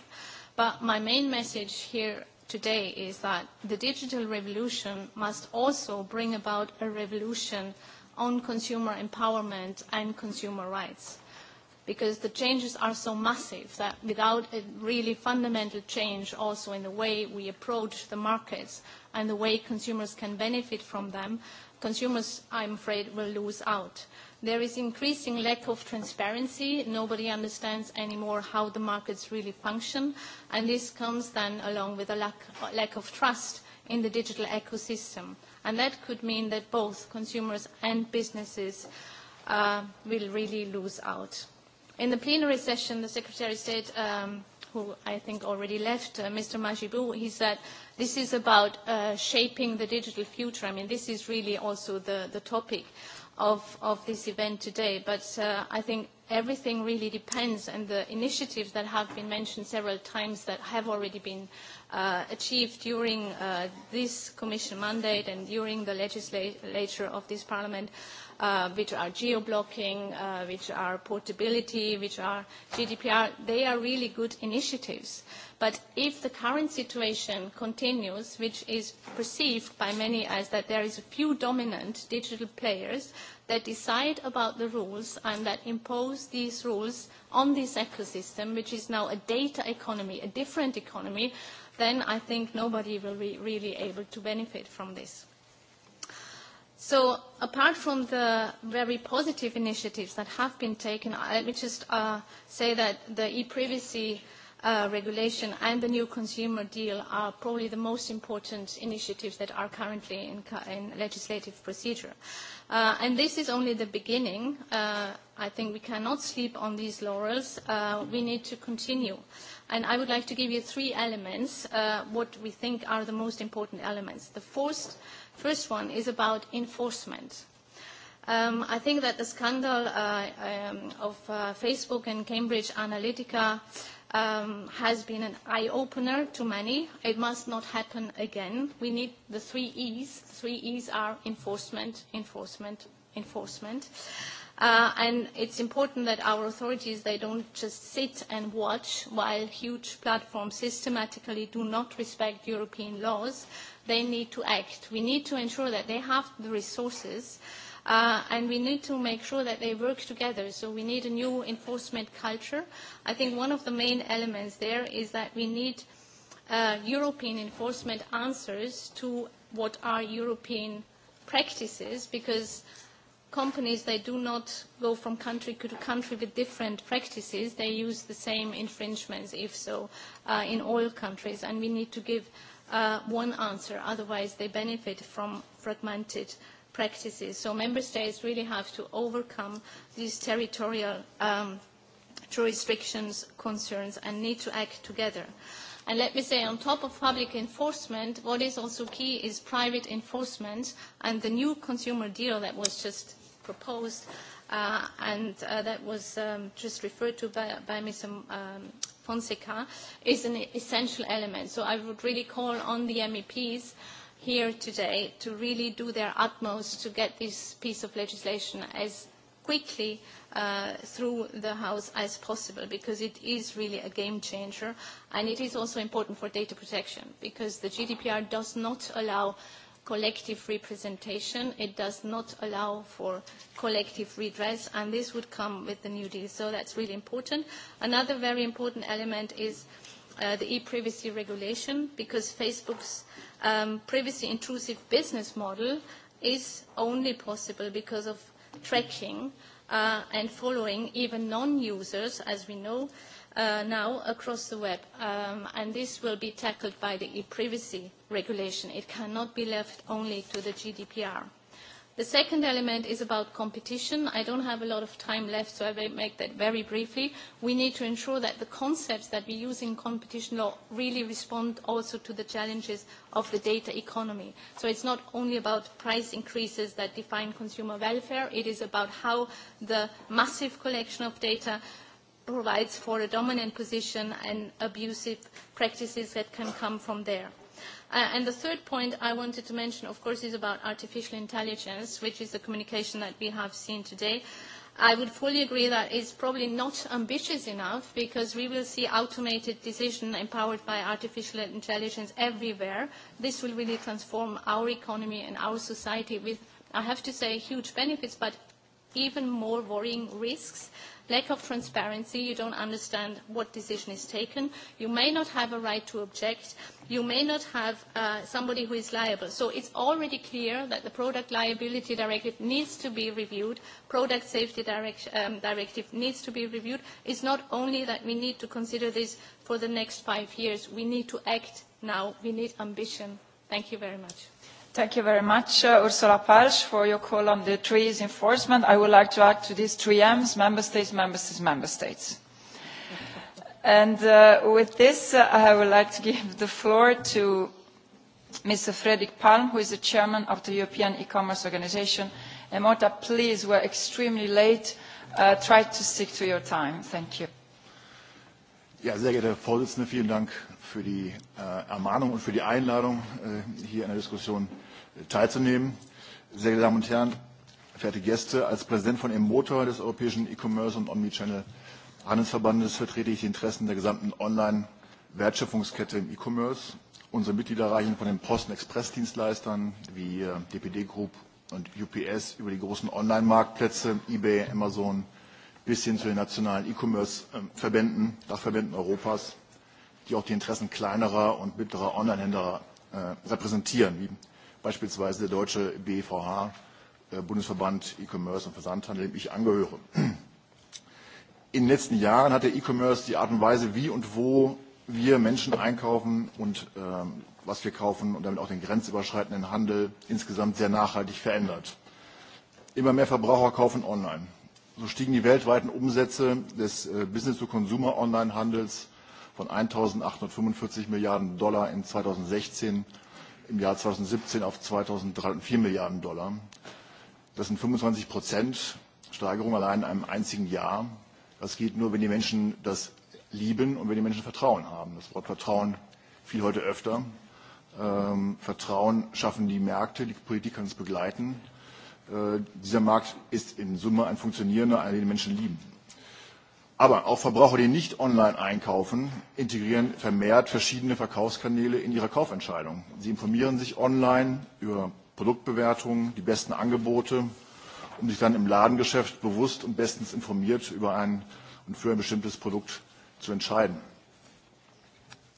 But my main message here today is that the digital revolution must also bring about a revolution on consumer empowerment and consumer rights because the changes are so massive that without a really fundamental change also in the way we approach the markets and the way consumers can benefit from them, consumers, I'm afraid, will lose out. There is increasing lack of transparency. Nobody understands anymore how the markets really function, and this comes then along with a lack of trust in the digital ecosystem. And that could mean that both consumers and businesses will really lose out. In the plenary session, the Secretary of State, who I think already left, Mr. Majibou, he said this is about shaping the digital future. I mean, this is really also the topic of this event today. But I think everything really depends, on the initiatives that have been mentioned several times that have already been achieved during this Commission mandate and during the legislature of this Parliament which are geo-blocking, which are portability, which are GDPR. They are really good initiatives. But if the current situation continues, which is perceived by many as that there is a few dominant digital players that decide about the rules and that impose these rules on this ecosystem, which is now a data economy, a different economy, then I think nobody will be really able to benefit from this. So apart from the very positive initiatives that have been taken, let me just say that the e-privacy regulation and the new consumer deal are probably the most important initiatives that are currently in legislative procedure. And this is only the beginning. I think we cannot sleep on these laurels. We need to continue. And I would like to give you three elements, what we think are the most important elements. The first First one is about enforcement. I think that the scandal of Facebook and Cambridge Analytica has been an eye-opener to many. It must not happen again. We need the three E's. The three E's are enforcement, enforcement, enforcement. And it's important that our authorities, they don't just sit and watch while huge platforms systematically do not respect European laws they need to act. We need to ensure that they have the resources and we need to make sure that they work together. So we need a new enforcement culture. I think one of the main elements there is that we need European enforcement answers to what are European practices because companies, they do not go from country to country with different practices. They use the same infringements, if so, in all countries. And we need to give one answer. Otherwise, they benefit from fragmented practices. So member states really have to overcome these territorial restrictions, concerns, and need to act together. And let me say, on top of public enforcement, what is also key is private enforcement, and the new consumer deal that was just proposed and that was just referred to by Mr. Fonseca, is an essential element. So I would really call on the MEPs here today to really do their utmost to get this piece of legislation as quickly through the House as possible because it is really a game changer and it is also important for data protection because the GDPR does not allow collective representation. It does not allow for collective redress, and this would come with the new deal. So that's really important. Another very important element is the e-privacy regulation, because Facebook's privacy-intrusive business model is only possible because of tracking and following even non-users, as we know, now across the web, and this will be tackled by the e-privacy regulation. It cannot be left only to the GDPR. The second element is about competition. I don't have a lot of time left, so I will make that very briefly. We need to ensure that the concepts that we use in competition law really respond also to the challenges of the data economy. So it's not only about price increases that define consumer welfare. It is about how the massive collection of data provides for a dominant position and abusive practices that can come from there. And the third point I wanted to mention, of course, is about artificial intelligence, which is the communication that we have seen today. I would fully agree that it's probably not ambitious enough because we will see automated decision empowered by artificial intelligence everywhere. This will really transform our economy and our society with, I have to say, huge benefits, but even more worrying risks lack of transparency, you don't understand what decision is taken, you may not have a right to object, you may not have somebody who is liable. So it's already clear that the Product Liability Directive needs to be reviewed, Product Safety Directive needs to be reviewed. It's not only that we need to consider this for the next five years, we need to act now, we need ambition. Thank you very much. Thank you very much, Ursula Palsch, for your call on the trees enforcement. I would like to add to these three M's, member states, member states, member states. And with this, I would like to give the floor to Mr. Fredrik Palm, who is the chairman of the European E-Commerce Organization. And please, we're extremely late. Try to stick to your time. Thank you. Ja, sehr geehrter Herr Vorsitzender, vielen Dank für die Ermahnung und für die Einladung, hier an der Diskussion teilzunehmen. Sehr geehrte Damen und Herren, verehrte Gäste, als Präsident von Emotor des Europäischen E-Commerce und Omnichannel Handelsverbandes vertrete ich die Interessen der gesamten Online-Wertschöpfungskette im E-Commerce. Unsere Mitglieder reichen von den Posten- Dienstleistern wie DPD Group und UPS über die großen Online-Marktplätze eBay, Amazon, bis hin zu den nationalen E-Commerce-Verbänden, Dachverbänden Europas, die auch die Interessen kleinerer und mittlerer Online-Händler repräsentieren, wie beispielsweise der deutsche BVH, Bundesverband E-Commerce und Versandhandel, dem ich angehöre. In den letzten Jahren hat der E-Commerce die Art und Weise, wie und wo wir Menschen einkaufen und was wir kaufen und damit auch den grenzüberschreitenden Handel insgesamt sehr nachhaltig verändert. Immer mehr Verbraucher kaufen online so stiegen die weltweiten Umsätze des Business-to-Consumer-Online-Handels von 1.845 Milliarden Dollar in 2016 im Jahr 2017 auf 2.304 Milliarden Dollar. Das sind 25 Prozent Steigerung allein in einem einzigen Jahr. Das geht nur, wenn die Menschen das lieben und wenn die Menschen Vertrauen haben. Das Wort Vertrauen fiel heute öfter. Vertrauen schaffen die Märkte, die Politik kann es begleiten. Dieser Markt ist in Summe ein funktionierender, einen den Menschen lieben. Aber auch Verbraucher, die nicht online einkaufen, integrieren vermehrt verschiedene Verkaufskanäle in ihre Kaufentscheidung. Sie informieren sich online über Produktbewertungen, die besten Angebote, um sich dann im Ladengeschäft bewusst und bestens informiert über ein und für ein bestimmtes Produkt zu entscheiden.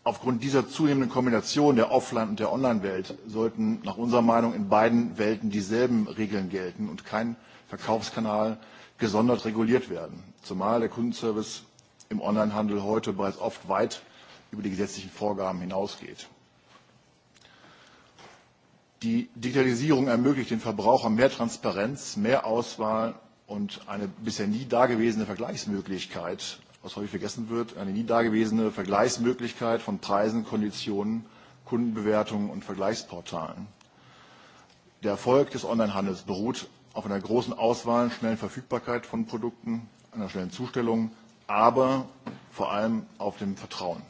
Aufgrund dieser zunehmenden Kombination der Offline- und der Online-Welt sollten nach unserer Meinung in beiden Welten dieselben Regeln gelten und kein Verkaufskanal gesondert reguliert werden, zumal der Kundenservice im Onlinehandel heute bereits oft weit über die gesetzlichen Vorgaben hinausgeht. Die Digitalisierung ermöglicht den Verbrauchern mehr Transparenz, mehr Auswahl und eine bisher nie dagewesene Vergleichsmöglichkeit was häufig vergessen wird, eine nie dagewesene Vergleichsmöglichkeit von Preisen, Konditionen, Kundenbewertungen und Vergleichsportalen. Der Erfolg des Onlinehandels beruht auf einer großen Auswahl, schnellen Verfügbarkeit von Produkten, einer schnellen Zustellung, aber vor allem auf dem Vertrauen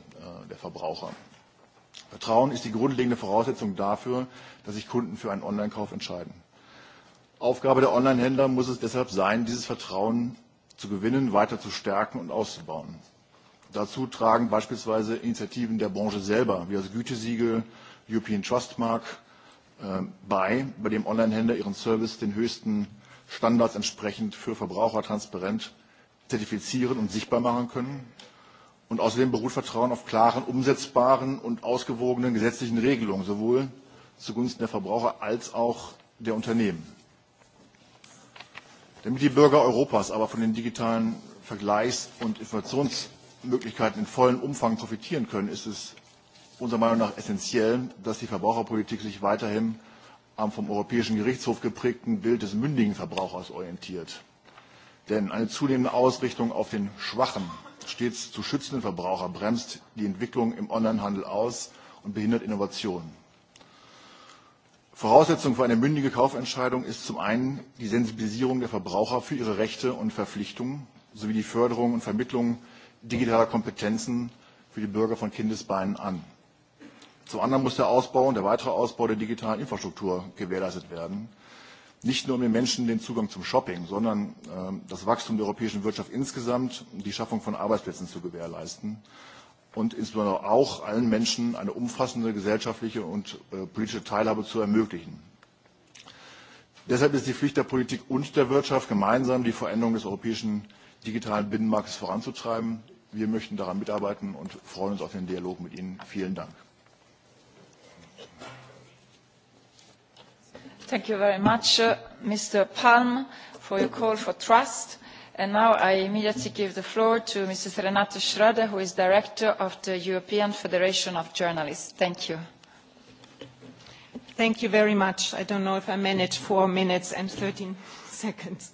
der Verbraucher. Vertrauen ist die grundlegende Voraussetzung dafür, dass sich Kunden für einen Online-Kauf entscheiden. Aufgabe der Online-Händler muss es deshalb sein, dieses Vertrauen zu gewinnen, weiter zu stärken und auszubauen. Dazu tragen beispielsweise Initiativen der Branche selber, wie das Gütesiegel, European Trust Mark, bei, bei dem Händler ihren Service den höchsten Standards entsprechend für Verbraucher transparent zertifizieren und sichtbar machen können. Und außerdem beruht Vertrauen auf klaren, umsetzbaren und ausgewogenen gesetzlichen Regelungen, sowohl zugunsten der Verbraucher als auch der Unternehmen damit die Bürger Europas aber von den digitalen Vergleichs- und Informationsmöglichkeiten in vollem Umfang profitieren können, ist es unserer Meinung nach essentiell, dass die Verbraucherpolitik sich weiterhin am vom Europäischen Gerichtshof geprägten Bild des mündigen Verbrauchers orientiert. Denn eine zunehmende Ausrichtung auf den schwachen, stets zu schützenden Verbraucher bremst die Entwicklung im Onlinehandel aus und behindert Innovationen. Voraussetzung für eine mündige Kaufentscheidung ist zum einen die Sensibilisierung der Verbraucher für ihre Rechte und Verpflichtungen sowie die Förderung und Vermittlung digitaler Kompetenzen für die Bürger von Kindesbeinen an. Zum anderen muss der Ausbau und der weitere Ausbau der digitalen Infrastruktur gewährleistet werden, nicht nur um den Menschen den Zugang zum Shopping, sondern das Wachstum der europäischen Wirtschaft insgesamt und die Schaffung von Arbeitsplätzen zu gewährleisten und insbesondere auch allen Menschen eine umfassende gesellschaftliche und politische Teilhabe zu ermöglichen. Deshalb ist die Pflicht der Politik und der Wirtschaft, gemeinsam die Veränderung des europäischen digitalen Binnenmarktes voranzutreiben. Wir möchten daran mitarbeiten und freuen uns auf den Dialog mit Ihnen. Vielen Dank. call for And now I immediately give the floor to Mrs. Renate Schroeder, who is Director of the European Federation of Journalists. Thank you. Thank you very much. I don't know if I managed four minutes and 13 seconds.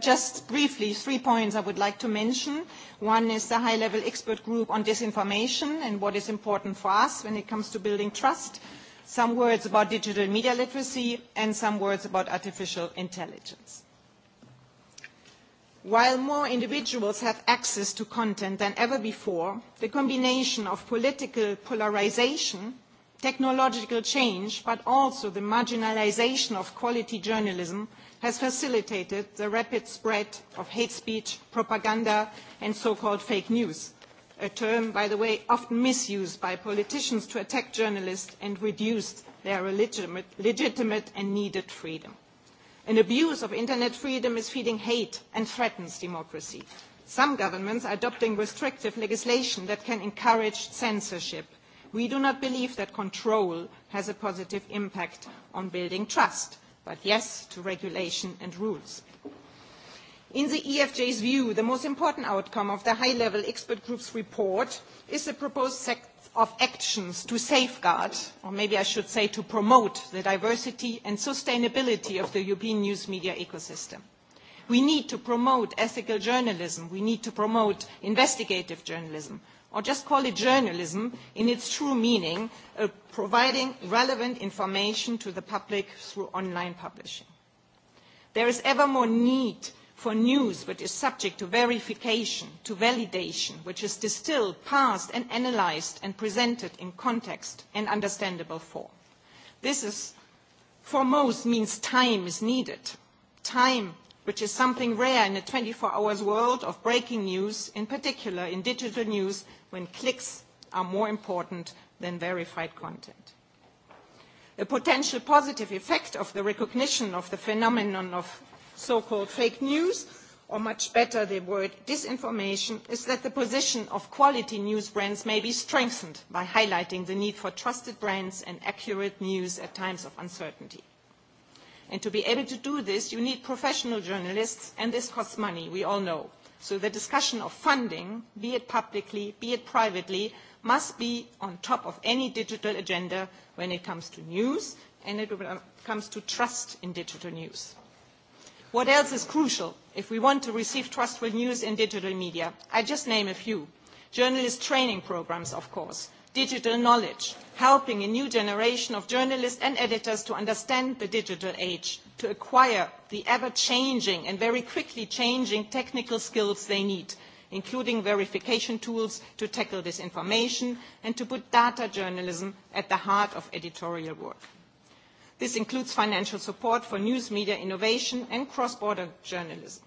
Just briefly, three points I would like to mention. One is the high-level expert group on disinformation and what is important for us when it comes to building trust. Some words about digital media literacy and some words about artificial intelligence. While more individuals have access to content than ever before, the combination of political polarisation, technological change, but also the marginalisation of quality journalism has facilitated the rapid spread of hate speech, propaganda and so-called fake news, a term, by the way, often misused by politicians to attack journalists and reduce their legitimate and needed freedom. An abuse of internet freedom is feeding hate and threatens democracy. Some governments are adopting restrictive legislation that can encourage censorship. We do not believe that control has a positive impact on building trust, but yes to regulation and rules. In the EFJ's view, the most important outcome of the high-level expert group's report is the proposed of actions to safeguard, or maybe I should say to promote, the diversity and sustainability of the European news media ecosystem. We need to promote ethical journalism, we need to promote investigative journalism, or just call it journalism in its true meaning, providing relevant information to the public through online publishing. There is ever more need for news which is subject to verification, to validation, which is distilled, passed and analysed and presented in context and understandable form. This is, for most, means time is needed. Time, which is something rare in a 24-hour world of breaking news, in particular in digital news, when clicks are more important than verified content. A potential positive effect of the recognition of the phenomenon of so-called fake news, or much better the word disinformation, is that the position of quality news brands may be strengthened by highlighting the need for trusted brands and accurate news at times of uncertainty. And to be able to do this, you need professional journalists, and this costs money, we all know. So the discussion of funding, be it publicly, be it privately, must be on top of any digital agenda when it comes to news and it comes to trust in digital news. What else is crucial if we want to receive trustful news in digital media? I just name a few. Journalist training programs, of course. Digital knowledge, helping a new generation of journalists and editors to understand the digital age, to acquire the ever-changing and very quickly changing technical skills they need, including verification tools to tackle disinformation and to put data journalism at the heart of editorial work. This includes financial support for news media innovation and cross-border journalism.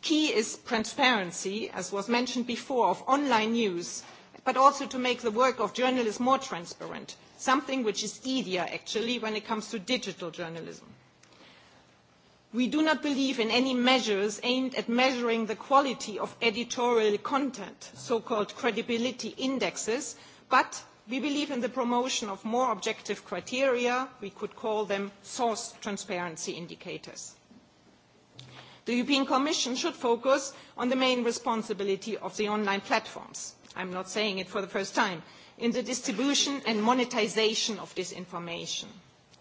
Key is transparency, as was mentioned before, of online news, but also to make the work of journalists more transparent, something which is easier, actually, when it comes to digital journalism. We do not believe in any measures aimed at measuring the quality of editorial content, so-called credibility indexes, but We believe in the promotion of more objective criteria. We could call them source transparency indicators. The European Commission should focus on the main responsibility of the online platforms. I'm not saying it for the first time. In the distribution and monetization of this information.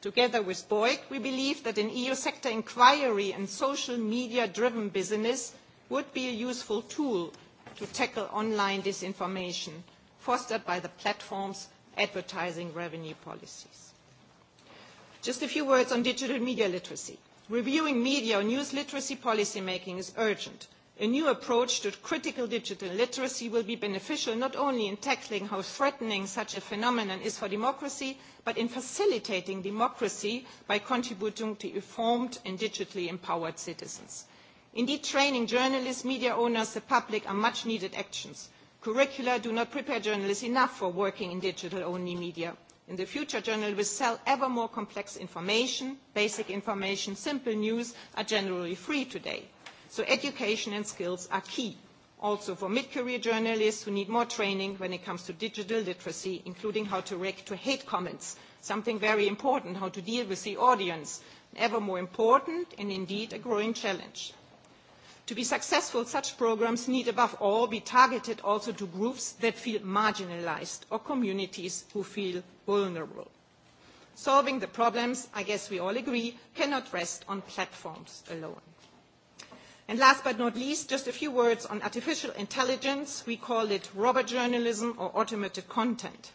Together with BOIC, we believe that an EU sector inquiry and social media-driven business would be a useful tool to tackle online disinformation fostered by the platform's advertising revenue policies. Just a few words on digital media literacy. Reviewing media or news literacy policy making is urgent. A new approach to critical digital literacy will be beneficial not only in tackling how threatening such a phenomenon is for democracy, but in facilitating democracy by contributing to informed and digitally empowered citizens. Indeed, training journalists, media owners, the public are much needed actions. Curricula do not prepare journalists enough for working in digital-only media. In the future, journalists will sell ever more complex information. Basic information, simple news are generally free today. So education and skills are key, also for mid-career journalists who need more training when it comes to digital literacy, including how to react to hate comments, something very important, how to deal with the audience, ever more important and indeed a growing challenge. To be successful, such programmes need above all be targeted also to groups that feel marginalised or communities who feel vulnerable. Solving the problems, I guess we all agree, cannot rest on platforms alone. And last but not least, just a few words on artificial intelligence. We call it robot journalism or automated content.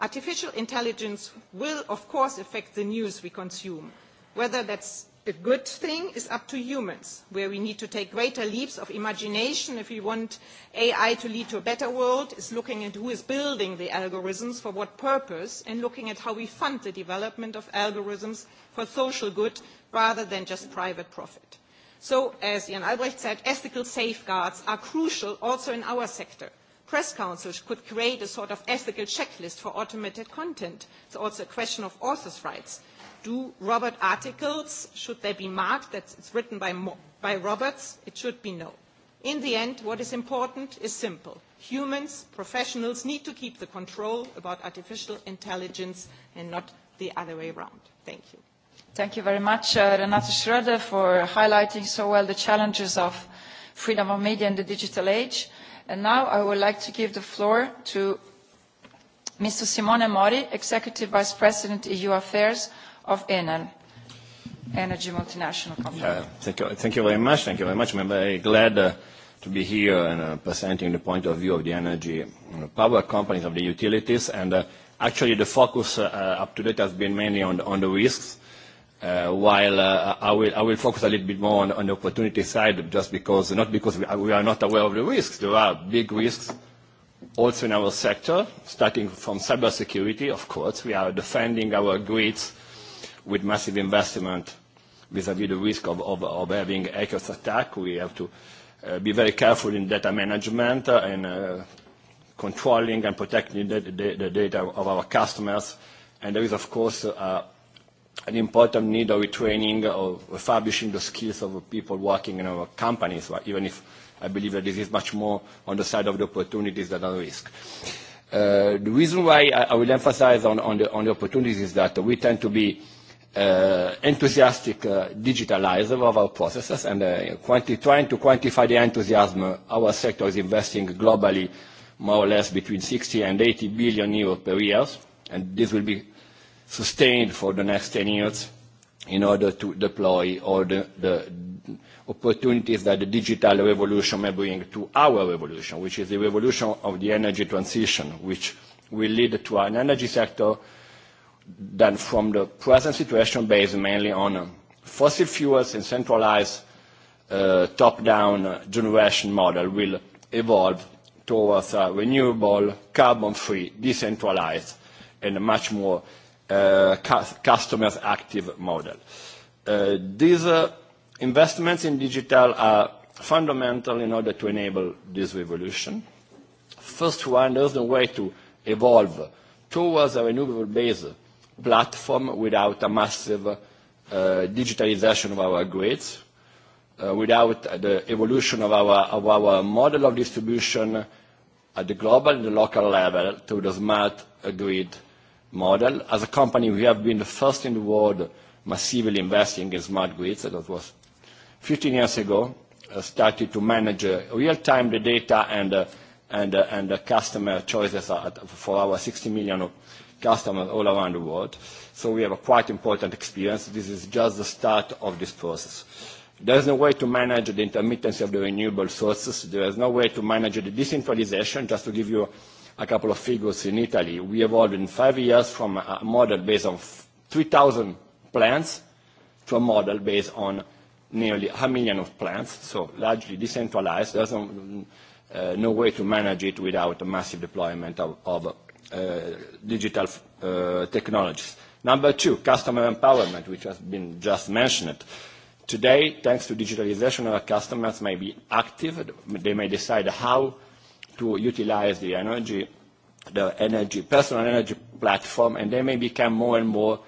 Artificial intelligence will, of course, affect the news we consume, whether that's The good thing is up to humans, where we need to take greater leaps of imagination if we want AI to lead to a better world, is looking at who is building the algorithms, for what purpose, and looking at how we fund the development of algorithms for social good rather than just private profit. So, as Jan Albrecht said, ethical safeguards are crucial also in our sector. Press councils could create a sort of ethical checklist for automated content. It's also a question of authors' rights do Robert articles, should they be marked that it's written by Roberts? It should be no. In the end, what is important is simple. Humans, professionals need to keep the control about artificial intelligence and not the other way around. Thank you. Thank you very much, Renate Schroeder, for highlighting so well the challenges of freedom of media in the digital age. And now I would like to give the floor to Mr. Simone Mori, Executive Vice President, EU Affairs of Enel Energy Multinational Company. Thank you very much. Thank you very much. I'm very glad to be here and presenting the point of view of the energy power companies, of the utilities. And actually the focus up to date has been mainly on the risks, while I will focus a little bit more on the opportunity side, just because, not because we are not aware of the risks. There are big risks also in our sector, starting from cybersecurity, of course. We are defending our grids with massive investment vis-à-vis the risk of having hackers attack. We have to be very careful in data management and controlling and protecting the data of our customers. And there is, of course, an important need of retraining or refurbishing the skills of people working in our companies, even if I believe that this is much more on the side of the opportunities than the risk. The reason why I will emphasize on the opportunities is that we tend to be enthusiastic digitalizer of our processes and trying to quantify the enthusiasm our sector is investing globally more or less between 60 and 80 billion euros per year and this will be sustained for the next 10 years in order to deploy all the opportunities that the digital revolution may bring to our revolution, which is the revolution of the energy transition, which will lead to an energy sector than from the present situation based mainly on fossil fuels and centralized top-down generation model will evolve towards a renewable, carbon-free, decentralized, and a much more customers-active model. These investments in digital are fundamental in order to enable this revolution. First one, there's no way to evolve towards a renewable base platform without a massive digitalization of our grids, without the evolution of our model of distribution at the global and the local level to the smart grid model. As a company, we have been the first in the world massively investing in smart grids. That was 15 years ago. Started to manage real-time the data and customer choices for our 60 million customers all around the world. So we have a quite important experience. This is just the start of this process. There is no way to manage the intermittency of the renewable sources. There is no way to manage the decentralization. Just to give you a couple of figures in Italy, we evolved in five years from a model based on 3,000 plants to a model based on nearly a million of plants, so largely decentralized. is no way to manage it without a massive deployment of digital technologies. Number two, customer empowerment, which has been just mentioned. Today, thanks to digitalization, our customers may be active. They may decide how to utilize the energy, the energy, personal energy platform, and they may become more and more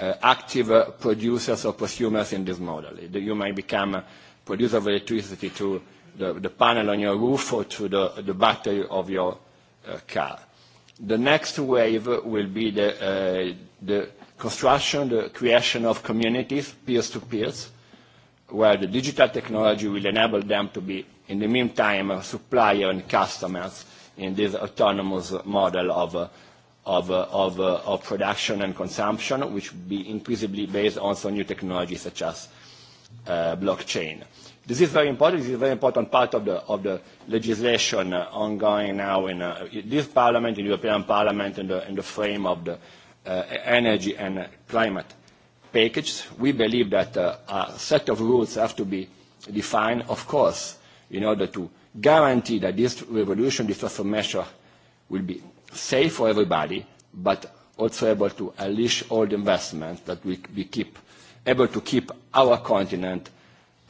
active producers or consumers in this model. You may become a producer of electricity to the panel on your roof or to the battery of your car. The next wave will be the construction, the creation of communities, peers-to-peers, where the digital technology will enable them to be, in the meantime, supplier and customers in this autonomous model of production and consumption, which will be increasingly based also on new technologies such as blockchain. This is very important. This is a very important part of the, of the legislation ongoing now in this Parliament, in the European Parliament, in the, in the frame of the energy and climate package. We believe that a set of rules have to be defined, of course, in order to guarantee that this revolution, this transformation will be safe for everybody, but also able to unleash all the investments that we keep, able to keep our continent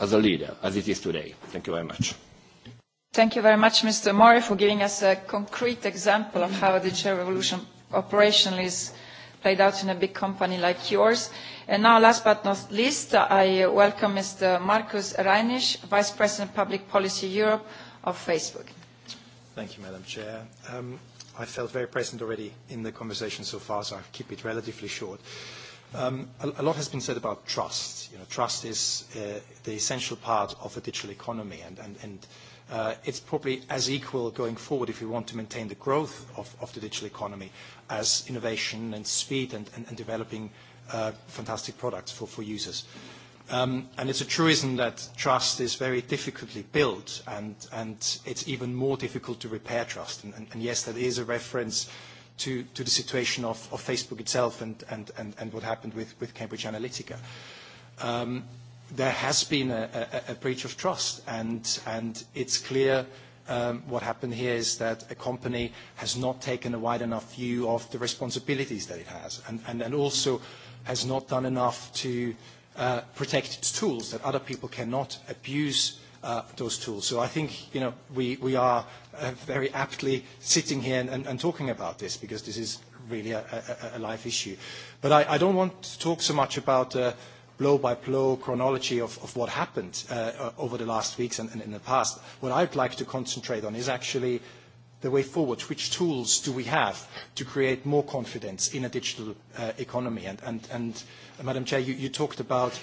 as a leader as it is today. Thank you very much. Thank you very much, Mr. Mori, for giving us a concrete example of how the digital revolution operationally is played out in a big company like yours. And now, last but not least, I welcome Mr. Markus Reinisch, Vice President Public Policy Europe of Facebook. Thank you, Madam Chair. I felt very present already in the conversation so far, so I'll keep it relatively short. A lot has been said about trust. Trust is the essential part of a digital economy, and it's probably as equal going forward if we want to maintain the growth of the digital economy as innovation and speed and developing fantastic products for users. And it's a truism that trust is very difficultly built, and it's even more difficult to repair trust. And yes, that is a reference to the situation of Facebook itself and what happened with Cambridge Analytica. There has been a breach of trust, and it's clear what happened here is that a company has not taken a wide enough view of the responsibilities that it has, and also has not done enough to protect its tools that other people cannot abuse those tools. So I think, you know, we, we are very aptly sitting here and, and, talking about this because this is really a, a, life issue. But I, I don't want to talk so much about the blow-by-blow chronology of, of what happened over the last weeks and, in the past. What I'd like to concentrate on is actually the way forward, which tools do we have to create more confidence in a digital economy? And, Madam Chair, you talked about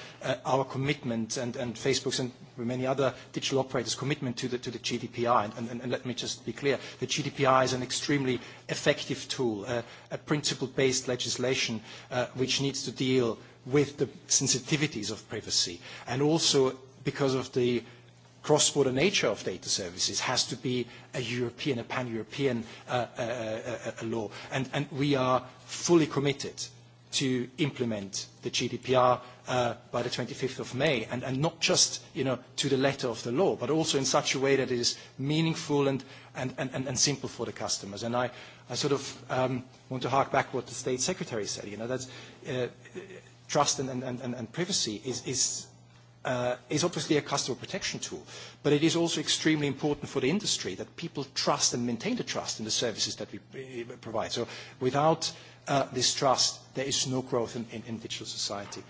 our commitment and Facebook's and many other digital operators' commitment to the GDPR. And let me just be clear, the GDPR is an extremely effective tool, a principle-based legislation which needs to deal with the sensitivities of privacy. And also because of the cross-border nature of data services has to be a European, a pan-European law. And we are fully committed to implement the GDPR by the 25th of May, and not just to the letter of the law, but also in such a way that it is meaningful and and simple for the customers. And I I sort of want to hark back what the State Secretary said. You know, that Trust and privacy is is obviously a customer protection tool, but it is also extremely important for the industry that people trust and maintain the trust in the services that we provide. So without this trust, there is no growth in digital society.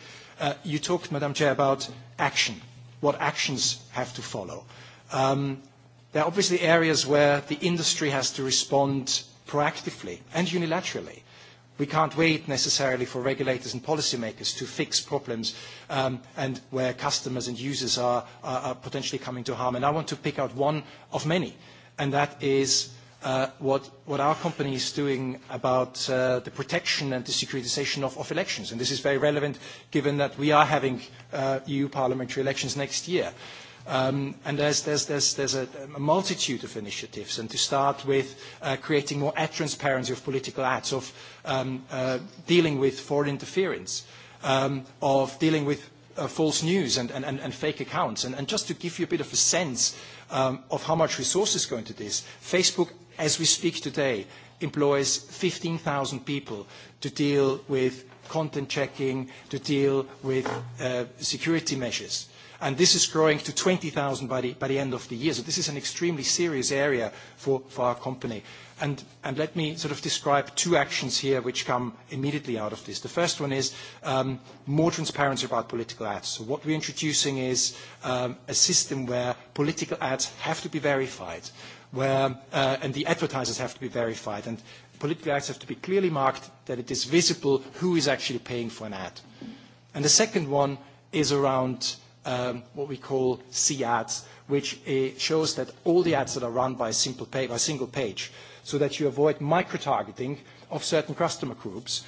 You talked, Madam Chair, about action, what actions have to follow. There are obviously areas where the industry has to respond proactively and unilaterally. We can't wait necessarily for regulators and policymakers to fix problems and where customers and users are potentially coming to harm. And I want to pick out one of many, and that is what our company is doing about the protection and the securitization of elections. And this is very relevant given that we are having EU parliamentary elections next year. And there's a multitude of initiatives, and to start with creating more transparency of political ads, of dealing with foreign interference, of dealing with false news and fake accounts. And just to give you a bit of a sense of how much resources go into this, Facebook, as we speak today, employs 15,000 people to deal with content checking, to deal with security measures and this is growing to 20,000 by the end of the year. So this is an extremely serious area for our company. And let me sort of describe two actions here which come immediately out of this. The first one is more transparency about political ads. So what we're introducing is a system where political ads have to be verified, where and the advertisers have to be verified, and political ads have to be clearly marked that it is visible who is actually paying for an ad. And the second one is around what we call C-ads, which shows that all the ads that are run by a single page, so that you avoid micro-targeting of certain customer groups,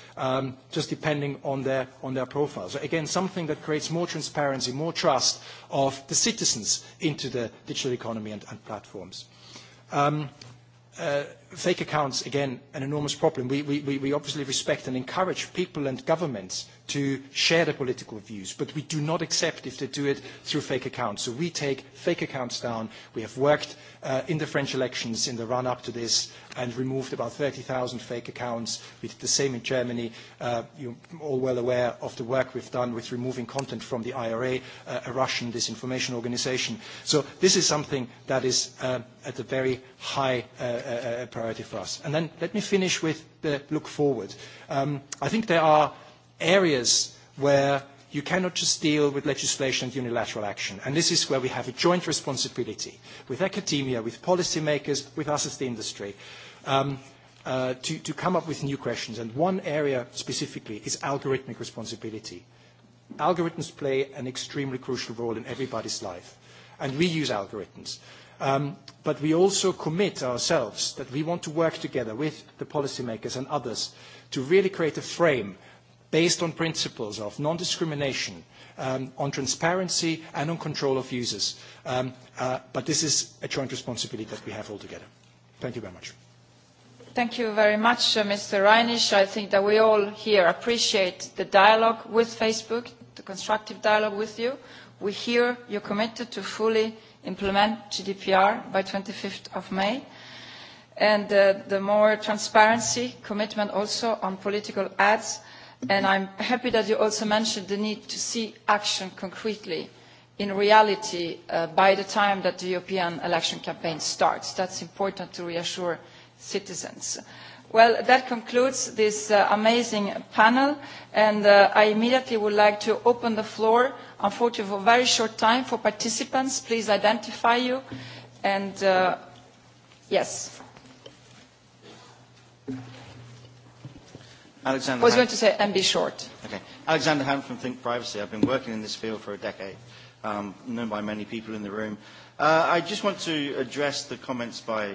just depending on their profile. So again, something that creates more transparency, more trust of the citizens into the digital economy and platforms. Fake accounts, again, an enormous problem. We obviously respect and encourage people and governments to share their political views, but we do not accept if they do it through fake accounts. So we take fake accounts down. We have worked in the French elections in the run-up to this and removed about 30,000 fake accounts. We did the same in Germany. You are all well aware of the work we've done with removing content from the IRA, a Russian disinformation organization. So this is something that is at a very high priority for us. And then let me finish with the look forward. I think there are areas where you cannot just deal with legislation and unilateral action. And this is where we have a joint responsibility with academia, with policymakers, with us as the industry, to come up with new questions. And one area specifically is algorithmic responsibility. Algorithms play an extremely crucial role in everybody's life, and we use algorithms. But we also commit ourselves that we want to work together with the policymakers and others to really create a frame based on principles of non-discrimination, on transparency, and on control of users. But this is a joint responsibility that we have all together. Thank you very much. Thank you very much, Mr. Reinisch. I think that we all here appreciate the dialogue with Facebook, the constructive dialogue with you. We hear you're committed to fully implement GDPR by 25th of May. And the more transparency, commitment also on political ads and am happy that you also mentioned the need to see action concretely in reality by the time that the European election campaign starts. That's important to reassure citizens. Well, that concludes this amazing panel, and I immediately would like to open the floor, unfortunately for a very short time, for participants. Please identify you. And yes. Alexander was going to say, and be short. Okay. Alexander Hammond from Think Privacy. I've been working in this field for a decade, um, known by many people in the room. I just want to address the comments by,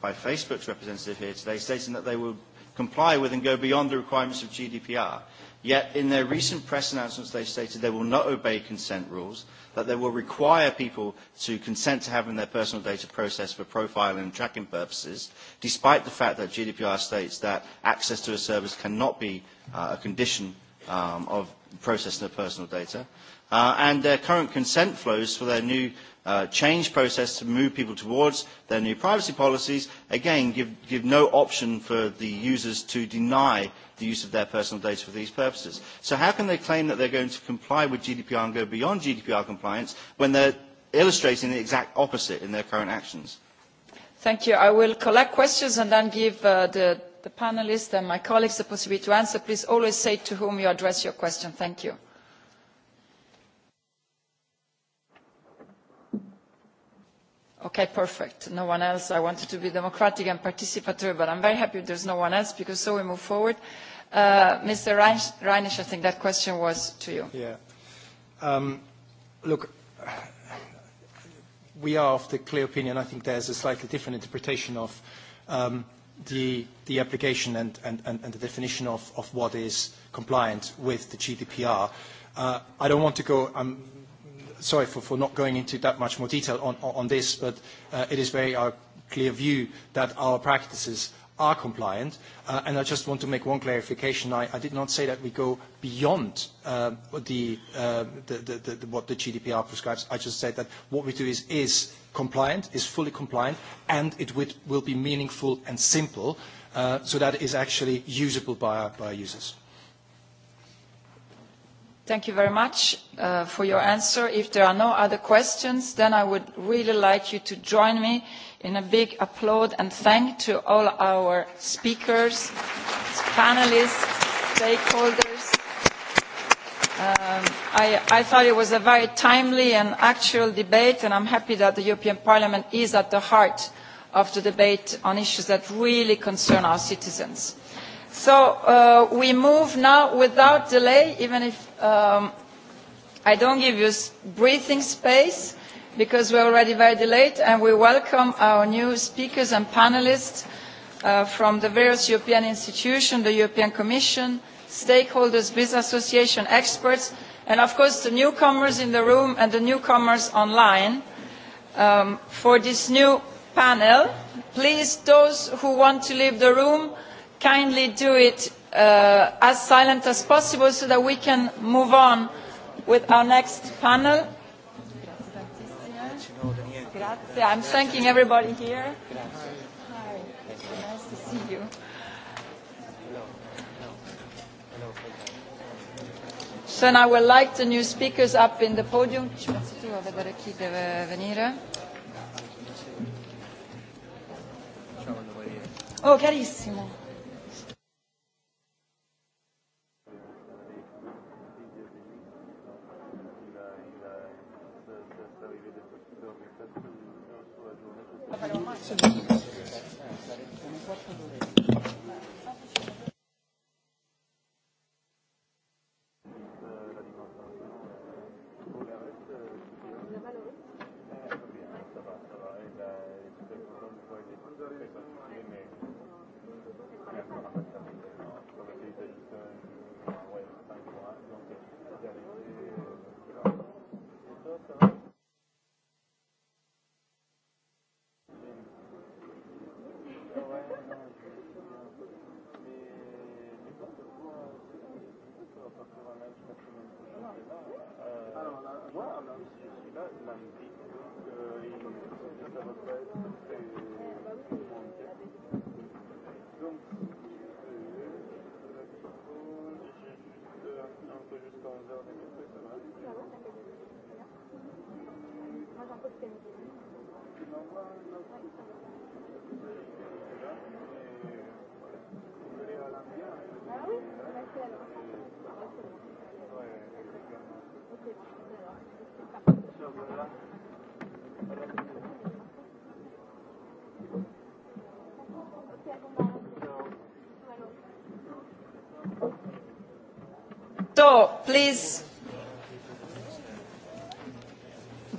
by Facebook's representative here today, stating that they will comply with and go beyond the requirements of GDPR. Yet, in their recent press announcements, they stated they will not obey consent rules that they will require people to consent to having their personal data processed for profiling and tracking purposes, despite the fact that GDPR states that access to a service cannot be a condition of processing their personal data. And their current consent flows for their new change process to move people towards their new privacy policies, again, give no option for the users to deny the use of their personal data for these purposes. So how can they claim that they're going to comply with GDPR and go beyond GDPR compliance when they're illustrating the exact opposite in their current actions? Thank you. I will collect questions and then give the panelists and my colleagues the possibility to answer. Please always say to whom you address your question. Thank you. Okay, perfect. No one else. I wanted to be democratic and participatory, but I'm very happy there's no one else because so we move forward. Mr. Reinisch, I think that question was to you. Yeah. Look, we are of the clear opinion, I think there's a slightly different interpretation of the application and the definition of what is compliant with the GDPR. I don't want to go, I'm sorry for not going into that much more detail on this, but it is very our clear view that our practices are compliant. And I just want to make one clarification. I did not say that we go beyond what the GDPR prescribes. I just said that what we do is compliant, is fully compliant, and it will be meaningful and simple so that it is actually usable by our users. Thank you very much for your answer. If there are no other questions, then I would really like you to join me in a big applaud and thank to all our speakers, panelists, stakeholders. I thought it was a very timely and actual debate, and I'm happy that the European Parliament is at the heart of the debate on issues that really concern our citizens. So we move now without delay, even if I don't give you breathing space, because we are already very late, and we welcome our new speakers and panelists from the various European institutions, the European Commission, stakeholders, business association, experts, and of course the newcomers in the room and the newcomers online for this new panel. Please, those who want to leave the room, kindly do it as silent as possible so that we can move on with our next panel. I'm thanking everybody here. Hi. Nice to see you. So now would like the new speakers up in the podium. Oh, carissimo. Grazie. So, please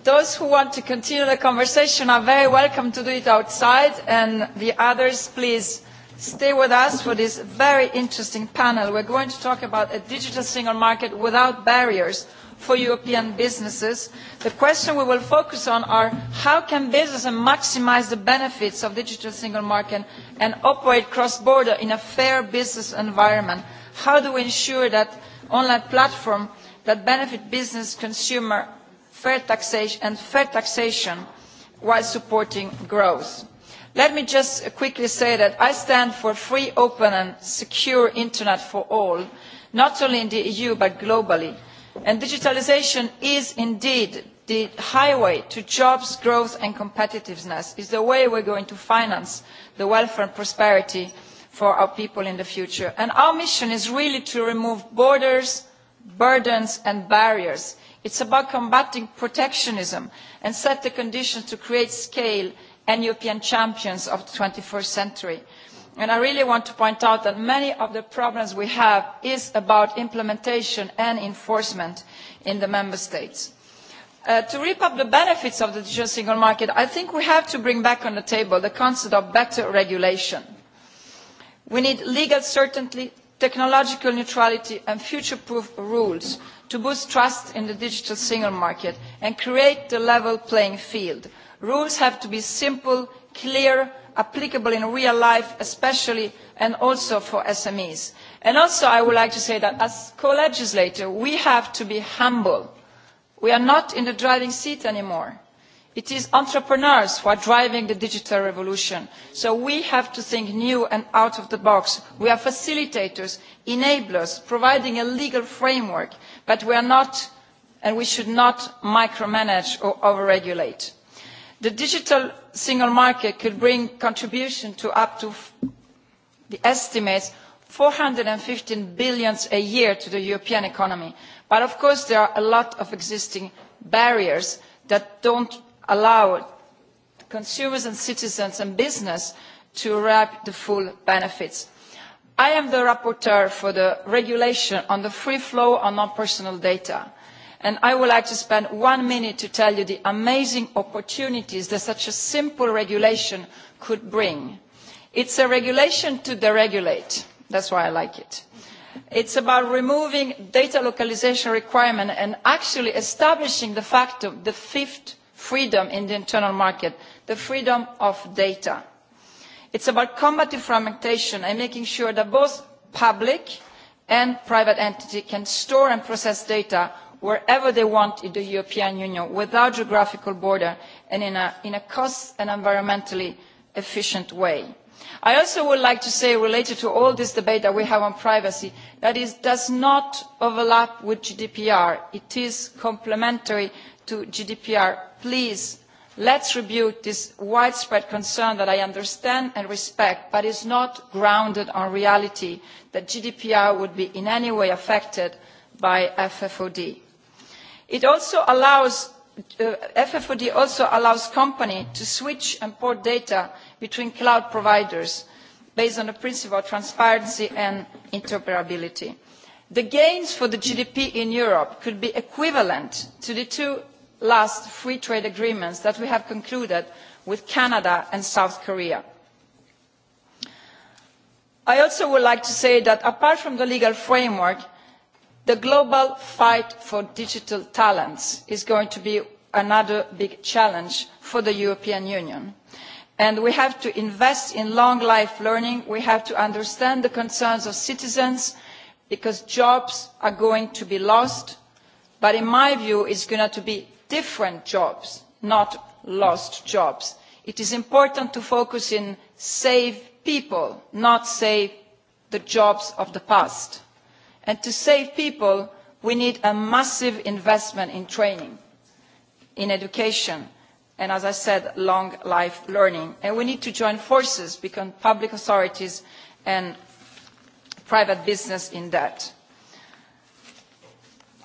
Those who want to continue the conversation are very welcome to do it outside, and the others, please stay with us for this very interesting panel. We are going to talk about a digital single market without barriers for European businesses. The question we will focus on are how can businesses maximise the benefits of digital single market and operate cross-border in a fair business environment? How do we ensure that online platforms that benefit business, consumer fair taxation and fair taxation while supporting growth. Let me just quickly say that I stand for free, open and secure internet for all, not only in the EU but globally. And digitalisation is indeed the highway to jobs, growth and competitiveness. It is the way we are going to finance the welfare and prosperity for our people in the future. our mission is really to remove borders, burdens and barriers It is about combating protectionism and set the conditions to create scale and European champions of the twenty first century. I really want to point out that many of the problems we have are about implementation and enforcement in the member states. To reap the benefits of the digital single market, I think we have to bring back on the table the concept of better regulation. We need legal certainty, technological neutrality and future-proof rules to boost trust in the digital single market and create a level playing field. Rules have to be simple, clear, applicable in real life especially and also for SMEs. And also I would like to say that as co-legislator we have to be humble. We are not in the driving seat anymore. It is entrepreneurs who are driving the digital revolution. So we have to think new and out of the box. We are facilitators, enablers, providing a legal framework but we are not and we should not micromanage or over-regulate. the digital single market could bring contribution to up to the estimates four hundred and fifteen billion a year to the european economy but of course there are a lot of existing barriers that do not allow consumers and citizens and business to reap the full benefits. I am the rapporteur for the regulation on the free flow of non-personal data and I would like to spend one minute to tell you the amazing opportunities that such a simple regulation could bring. is a regulation to deregulate. That's why I like it. It is about removing data localisation requirements and actually establishing de facto the fifth freedom in the internal market, the freedom of data It is about combating fragmentation and making sure that both public and private entities can store and process data wherever they want in the European Union without geographical border and in a cost and environmentally efficient way. I also would like to say related to all this debate that we have on privacy that it does not overlap with GDPR. It is complementary to GDPR. Please Let's rebuke this widespread concern that I understand and respect, but is not grounded on reality that GDPR would be in any way affected by FFOD. FFOD also allows companies to switch and port data between cloud providers based on the principle of transparency and interoperability. The gains for the GDP in Europe could be equivalent to the two last free trade agreements that we have concluded with Canada and South Korea. I also would like to say that apart from the legal framework, the global fight for digital talents is going to be another big challenge for the European Union. And we have to invest in long life learning. We have to understand the concerns of citizens because jobs are going to be lost. But in my view, it is going to be different jobs not lost jobs. it is important to focus on save people not save the jobs of the past and to save people we need a massive investment in training in education and as i said long life learning and we need to join forces between public authorities and private business in that.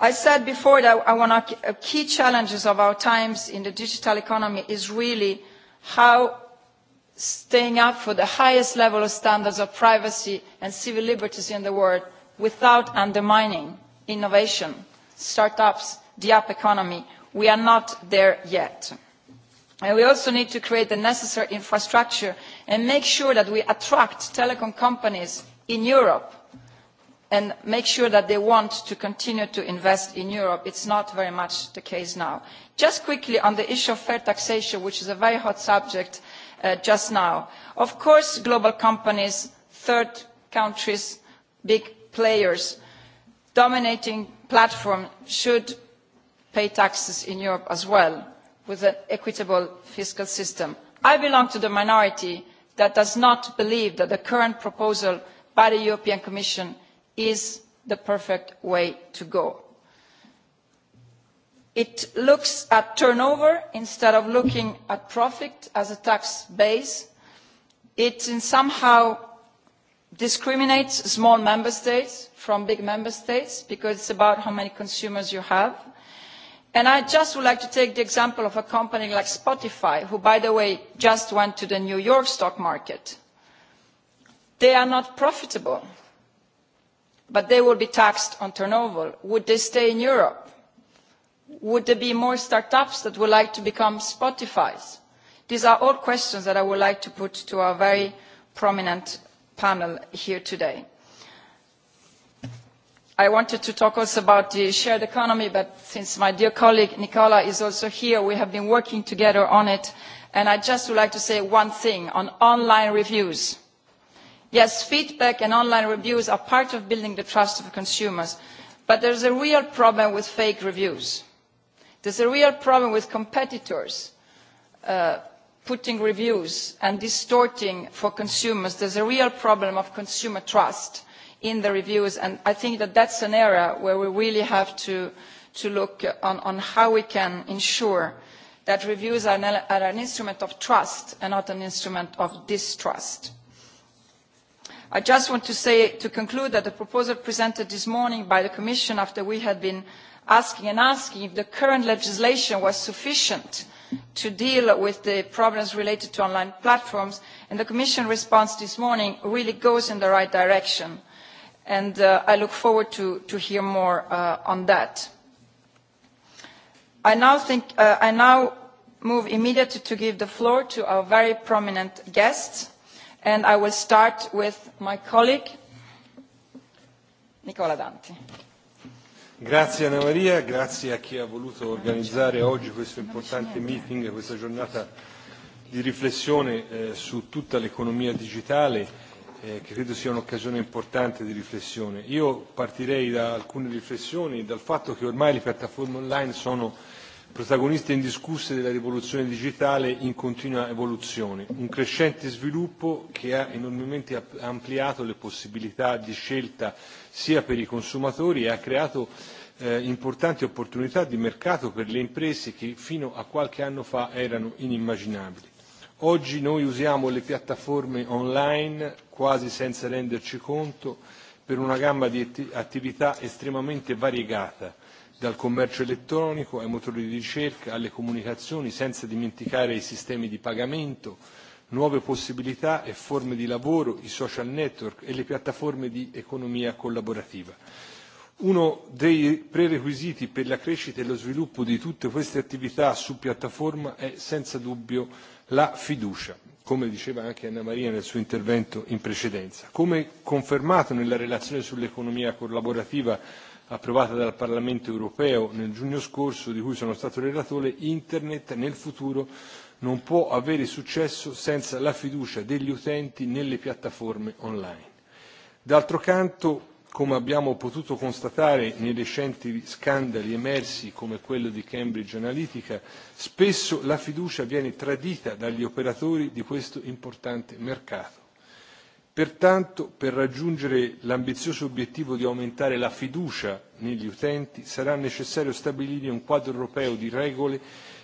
I said before that one of the key challenges of our times in the digital economy is really how staying up for the highest level of standards of privacy and civil liberties in the world without undermining innovation, start ups, the app economy. We are not there yet. we also need to create the necessary infrastructure and make sure that we attract telecom companies in Europe and make sure that they want to continue to invest in Europe. is not very much the case now. Just quickly on the issue of fair taxation, which is a very hot subject just now. Of course, global companies, third countries, big players, dominating platforms should pay taxes in Europe as well, with an equitable fiscal system. I belong to the minority that does not believe that the current proposal by the European Commission is the perfect way to go. It looks at turnover instead of looking at profit as a tax base. It somehow discriminates small member states from big member states because it is about how many consumers you have. And I just would like to take the example of a company like Spotify, who, by the way, just went to the New York stock market. They are not profitable but they will be taxed on turnover. Would they stay in Europe? Would there be more start-ups that would like to become Spotify's? These are all questions that I would like to put to our very prominent panel here today. I wanted to talk also about the shared economy, but since my dear colleague Nicola is also here, we have been working together on it, and I just would like to say one thing on online reviews yes feedback and online reviews are part of building the trust of consumers but there is a real problem with fake reviews. there is a real problem with competitors putting reviews and distorting for consumers. there is a real problem of consumer trust in the reviews and i think that that is an area where we really have to look on how we can ensure that reviews are an instrument of trust and not an instrument of distrust. I just want to say, to conclude, that the proposal presented this morning by the Commission, after we had been asking and asking if the current legislation was sufficient to deal with the problems related to online platforms, and the Commission response this morning really goes in the right direction. And I look forward to hear more on that. I now move immediately to give the floor to our very prominent guests and I will start with my colleague, Nicola Danti. Grazie Anna Maria, grazie a chi ha voluto organizzare oggi questo importante meeting, questa giornata di riflessione su tutta l'economia digitale che credo sia un'occasione importante di riflessione. Io partirei da alcune riflessioni, dal fatto che ormai le piattaforme online sono protagoniste indiscusse della rivoluzione digitale in continua evoluzione, un crescente sviluppo che ha enormemente ampliato le possibilità di scelta sia per i consumatori e ha creato importanti opportunità di mercato per le imprese che fino a qualche anno fa erano inimmaginabili. Oggi noi usiamo le piattaforme online quasi senza renderci conto per una gamma di attività estremamente variegata dal commercio elettronico ai motori di ricerca alle comunicazioni, senza dimenticare i sistemi di pagamento, nuove possibilità e forme di lavoro, i social network e le piattaforme di economia collaborativa. Uno dei prerequisiti per la crescita e lo sviluppo di tutte queste attività su piattaforma è senza dubbio la fiducia, come diceva anche Anna Maria nel suo intervento in precedenza. Come confermato nella relazione sull'economia collaborativa approvata dal Parlamento europeo nel giugno scorso, di cui sono stato relatore, Internet nel futuro non può avere successo senza la fiducia degli utenti nelle piattaforme online. D'altro canto, come abbiamo potuto constatare nei recenti scandali emersi come quello di Cambridge Analytica, spesso la fiducia viene tradita dagli operatori di questo importante mercato Pertanto, per raggiungere l'ambizioso obiettivo di aumentare la fiducia negli utenti, sarà necessario stabilire un quadro europeo di regole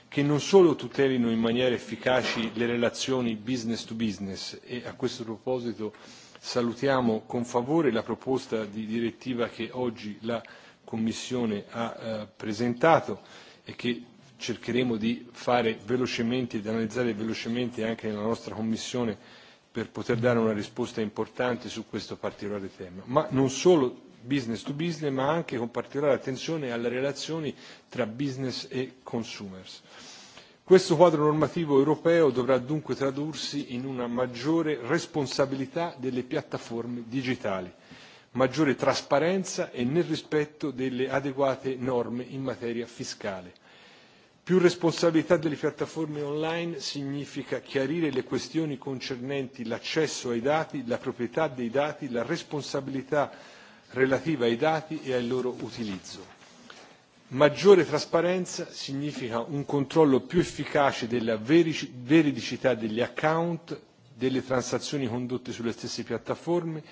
che non solo tutelino in maniera efficace le relazioni business to business e a questo proposito salutiamo con favore la proposta di direttiva che oggi la Commissione ha presentato e che cercheremo di fare velocemente e di analizzare velocemente anche nella nostra Commissione per poter dare una risposta importante su questo particolare tema, ma non solo business to business, ma anche con particolare attenzione alle relazioni tra business e consumers. Questo quadro normativo europeo dovrà dunque tradursi in una maggiore responsabilità delle piattaforme digitali, maggiore trasparenza e nel rispetto delle adeguate norme in materia fiscale Più responsabilità delle piattaforme online significa chiarire le questioni concernenti l'accesso ai dati, la proprietà dei dati, la responsabilità relativa ai dati e al loro utilizzo. Maggiore trasparenza significa un controllo più efficace della veridicità degli account, delle transazioni condotte sulle stesse piattaforme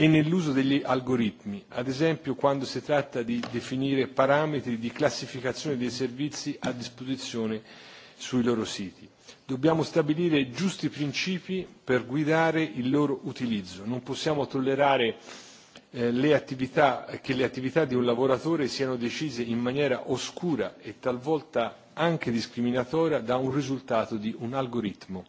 e nell'uso degli algoritmi, ad esempio quando si tratta di definire parametri di classificazione dei servizi a disposizione sui loro siti. Dobbiamo stabilire giusti principi per guidare il loro utilizzo. Non possiamo tollerare le attività, che le attività di un lavoratore siano decise in maniera oscura e talvolta anche discriminatoria da un risultato di un algoritmo.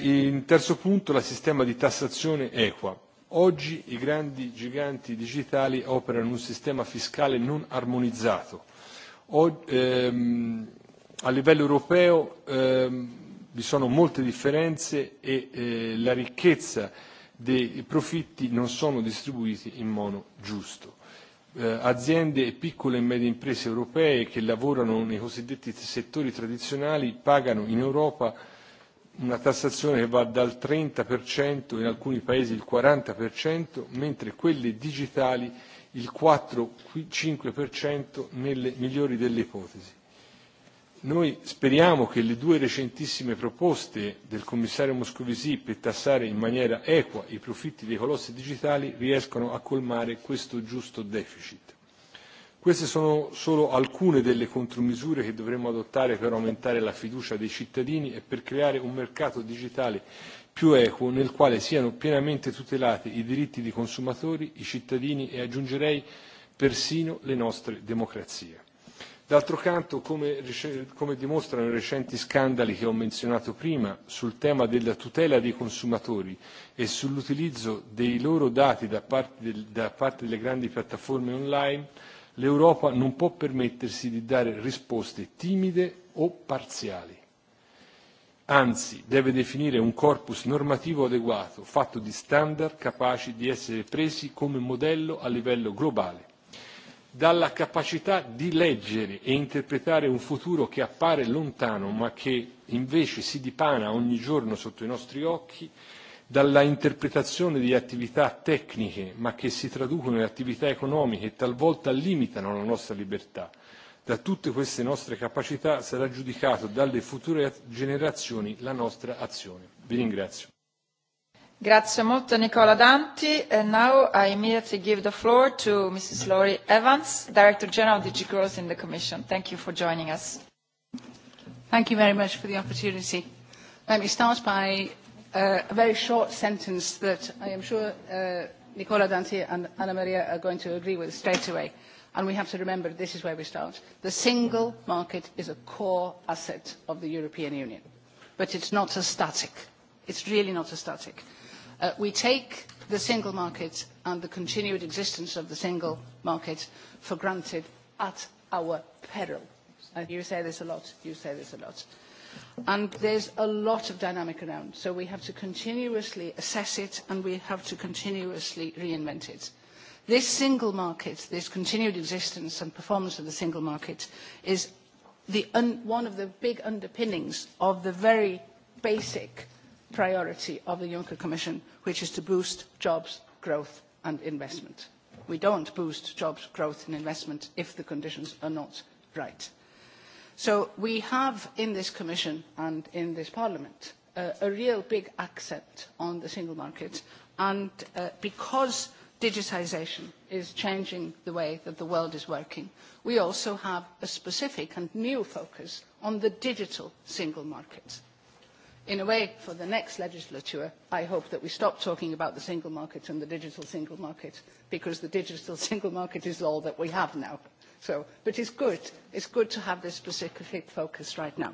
In terzo punto, il sistema di tassazione equa. Oggi i grandi giganti digitali operano in un sistema fiscale non armonizzato. A livello europeo vi sono molte differenze e la ricchezza dei profitti non sono distribuiti in modo giusto. Aziende e piccole e medie imprese europee che lavorano nei cosiddetti settori tradizionali pagano in Europa una tassazione che va dal 30%, in alcuni paesi il 40%, mentre quelle digitali il 4-5% nelle migliori delle ipotesi. Noi speriamo che le due recentissime proposte del commissario Moscovici per tassare in maniera equa i profitti dei colossi digitali riescano a colmare questo giusto deficit. Queste sono solo alcune delle contromisure che dovremmo adottare per aumentare la fiducia dei cittadini e per creare un mercato digitale più equo nel quale siano pienamente tutelati i diritti dei consumatori, i cittadini e aggiungerei persino le nostre democrazie. D'altro canto, come dimostrano i recenti scandali che ho menzionato prima sul tema della tutela dei consumatori e sull'utilizzo dei loro dati da parte delle grandi piattaforme online, L'Europa non può permettersi di dare risposte timide o parziali. Anzi, deve definire un corpus normativo adeguato, fatto di standard capaci di essere presi come modello a livello globale. Dalla capacità di leggere e interpretare un futuro che appare lontano ma che invece si dipana ogni giorno sotto i nostri occhi, dalla interpretazione di attività tecniche ma che si traducono in attività economiche e talvolta limitano la nostra libertà da tutte queste nostre capacità sarà giudicato dalle future generazioni la nostra azione. Vi ringrazio. Grazie molto Nicola Danti. And now I immediately give the floor to Mrs. Laurie Evans, Director General of DG Growth in the Commission. Thank you for joining us. Thank you very much for the opportunity. Let me start by a very short sentence that I am sure Nicola Danti and Anna Maria are going to agree with straight away. And we have to remember this is where we start. The single market is a core asset of the European Union. But it's not a static. It's really not a static. We take the single market and the continued existence of the single market for granted at our peril. You say this a lot. You say this a lot and there's a lot of dynamic around so we have to continuously assess it and we have to continuously reinvent it this single market this continued existence and performance of the single market is one of the big underpinnings of the very basic priority of the juncker commission which is to boost jobs growth and investment we don't boost jobs growth and investment if the conditions are not right So we have in this Commission and in this Parliament a real big accent on the single market and because digitisation is changing the way that the world is working, we also have a specific and new focus on the digital single market. In a way, for the next legislature, I hope that we stop talking about the single market and the digital single market, because the digital single market is all that we have now. So, but it's good. It's good to have this specific focus right now.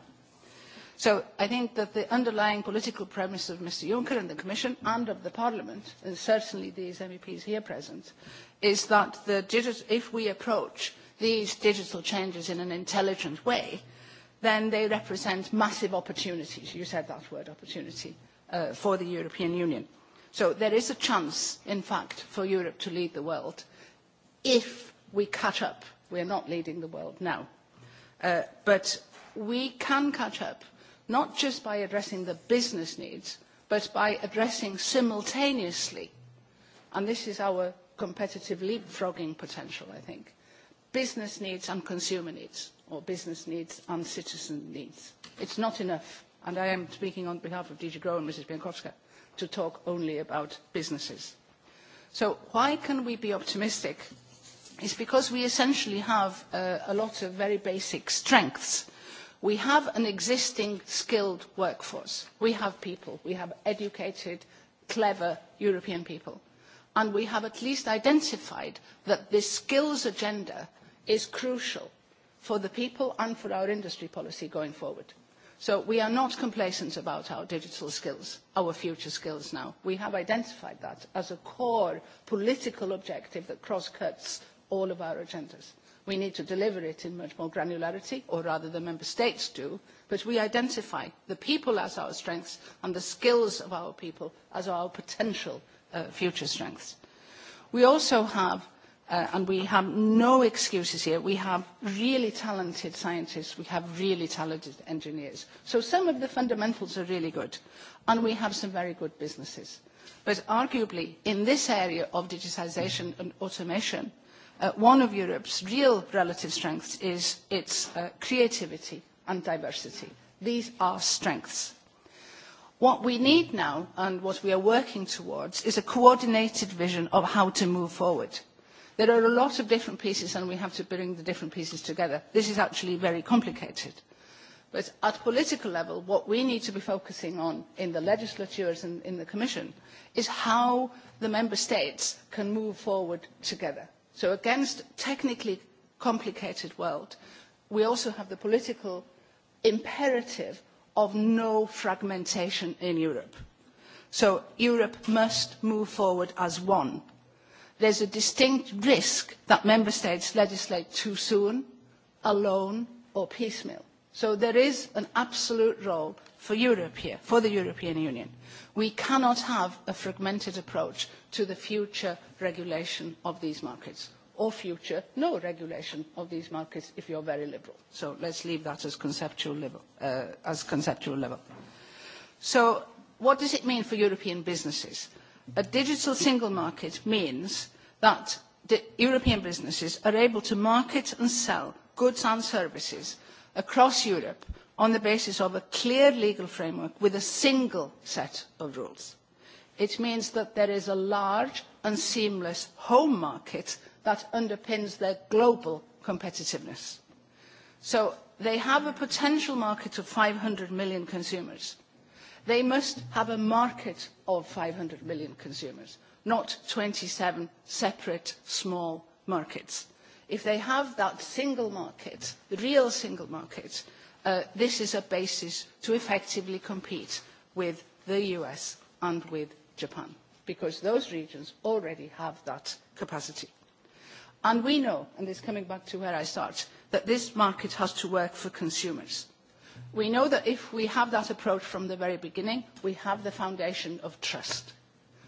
So I think that the underlying political premise of Mr. Juncker and the Commission and of the Parliament, and certainly these MEPs here present, is that if we approach these digital changes in an intelligent way, then they represent massive opportunities. You said that word, opportunity, for the European Union. So there is a chance, in fact, for Europe to lead the world if we catch up We are not leading the world now. But we can catch up, not just by addressing the business needs, but by addressing simultaneously, and this is our competitive leapfrogging potential, I think, business needs and consumer needs, or business needs and citizen needs. It's not enough, and I am speaking on behalf of DG Grow and Mrs. Biankowska, to talk only about businesses. So why can we be optimistic is because we essentially have a lot of very basic strengths. We have an existing skilled workforce. We have people. We have educated, clever European people. And we have at least identified that this skills agenda is crucial for the people and for our industry policy going forward. So we are not complacent about our digital skills, our future skills now. We have identified that as a core political objective that cross-cuts all of our agendas. We need to deliver it in much more granularity, or rather the member states do, but we identify the people as our strengths and the skills of our people as our potential future strengths. We also have, and we have no excuses here, we have really talented scientists, we have really talented engineers. So some of the fundamentals are really good, and we have some very good businesses. But arguably, in this area of digitisation and automation, one of Europe's real relative strengths is its creativity and diversity. These are strengths. What we need now and what we are working towards is a coordinated vision of how to move forward. There are a lot of different pieces and we have to bring the different pieces together. This is actually very complicated. But at political level, what we need to be focusing on in the legislatures and in the Commission is how the Member States can move forward together. So against technically complicated world, we also have the political imperative of no fragmentation in Europe. So Europe must move forward as one. There's a distinct risk that member states legislate too soon, alone or piecemeal. So there is an absolute role for Europe here, for the European Union we cannot have a fragmented approach to the future regulation of these markets or future no regulation of these markets if you are very liberal. So let's leave that as conceptual level. So what does it mean for European businesses? A digital single market means that European businesses are able to market and sell goods and services across Europe on the basis of a clear legal framework with a single set of rules. It means that there is a large and seamless home market that underpins their global competitiveness. So they have a potential market of 500 million consumers. They must have a market of 500 million consumers, not 27 separate small markets. If they have that single market, the real single market, this is a basis to effectively compete with the US and with Japan, because those regions already have that capacity. And we know, and this is coming back to where I start, that this market has to work for consumers. We know that if we have that approach from the very beginning, we have the foundation of trust.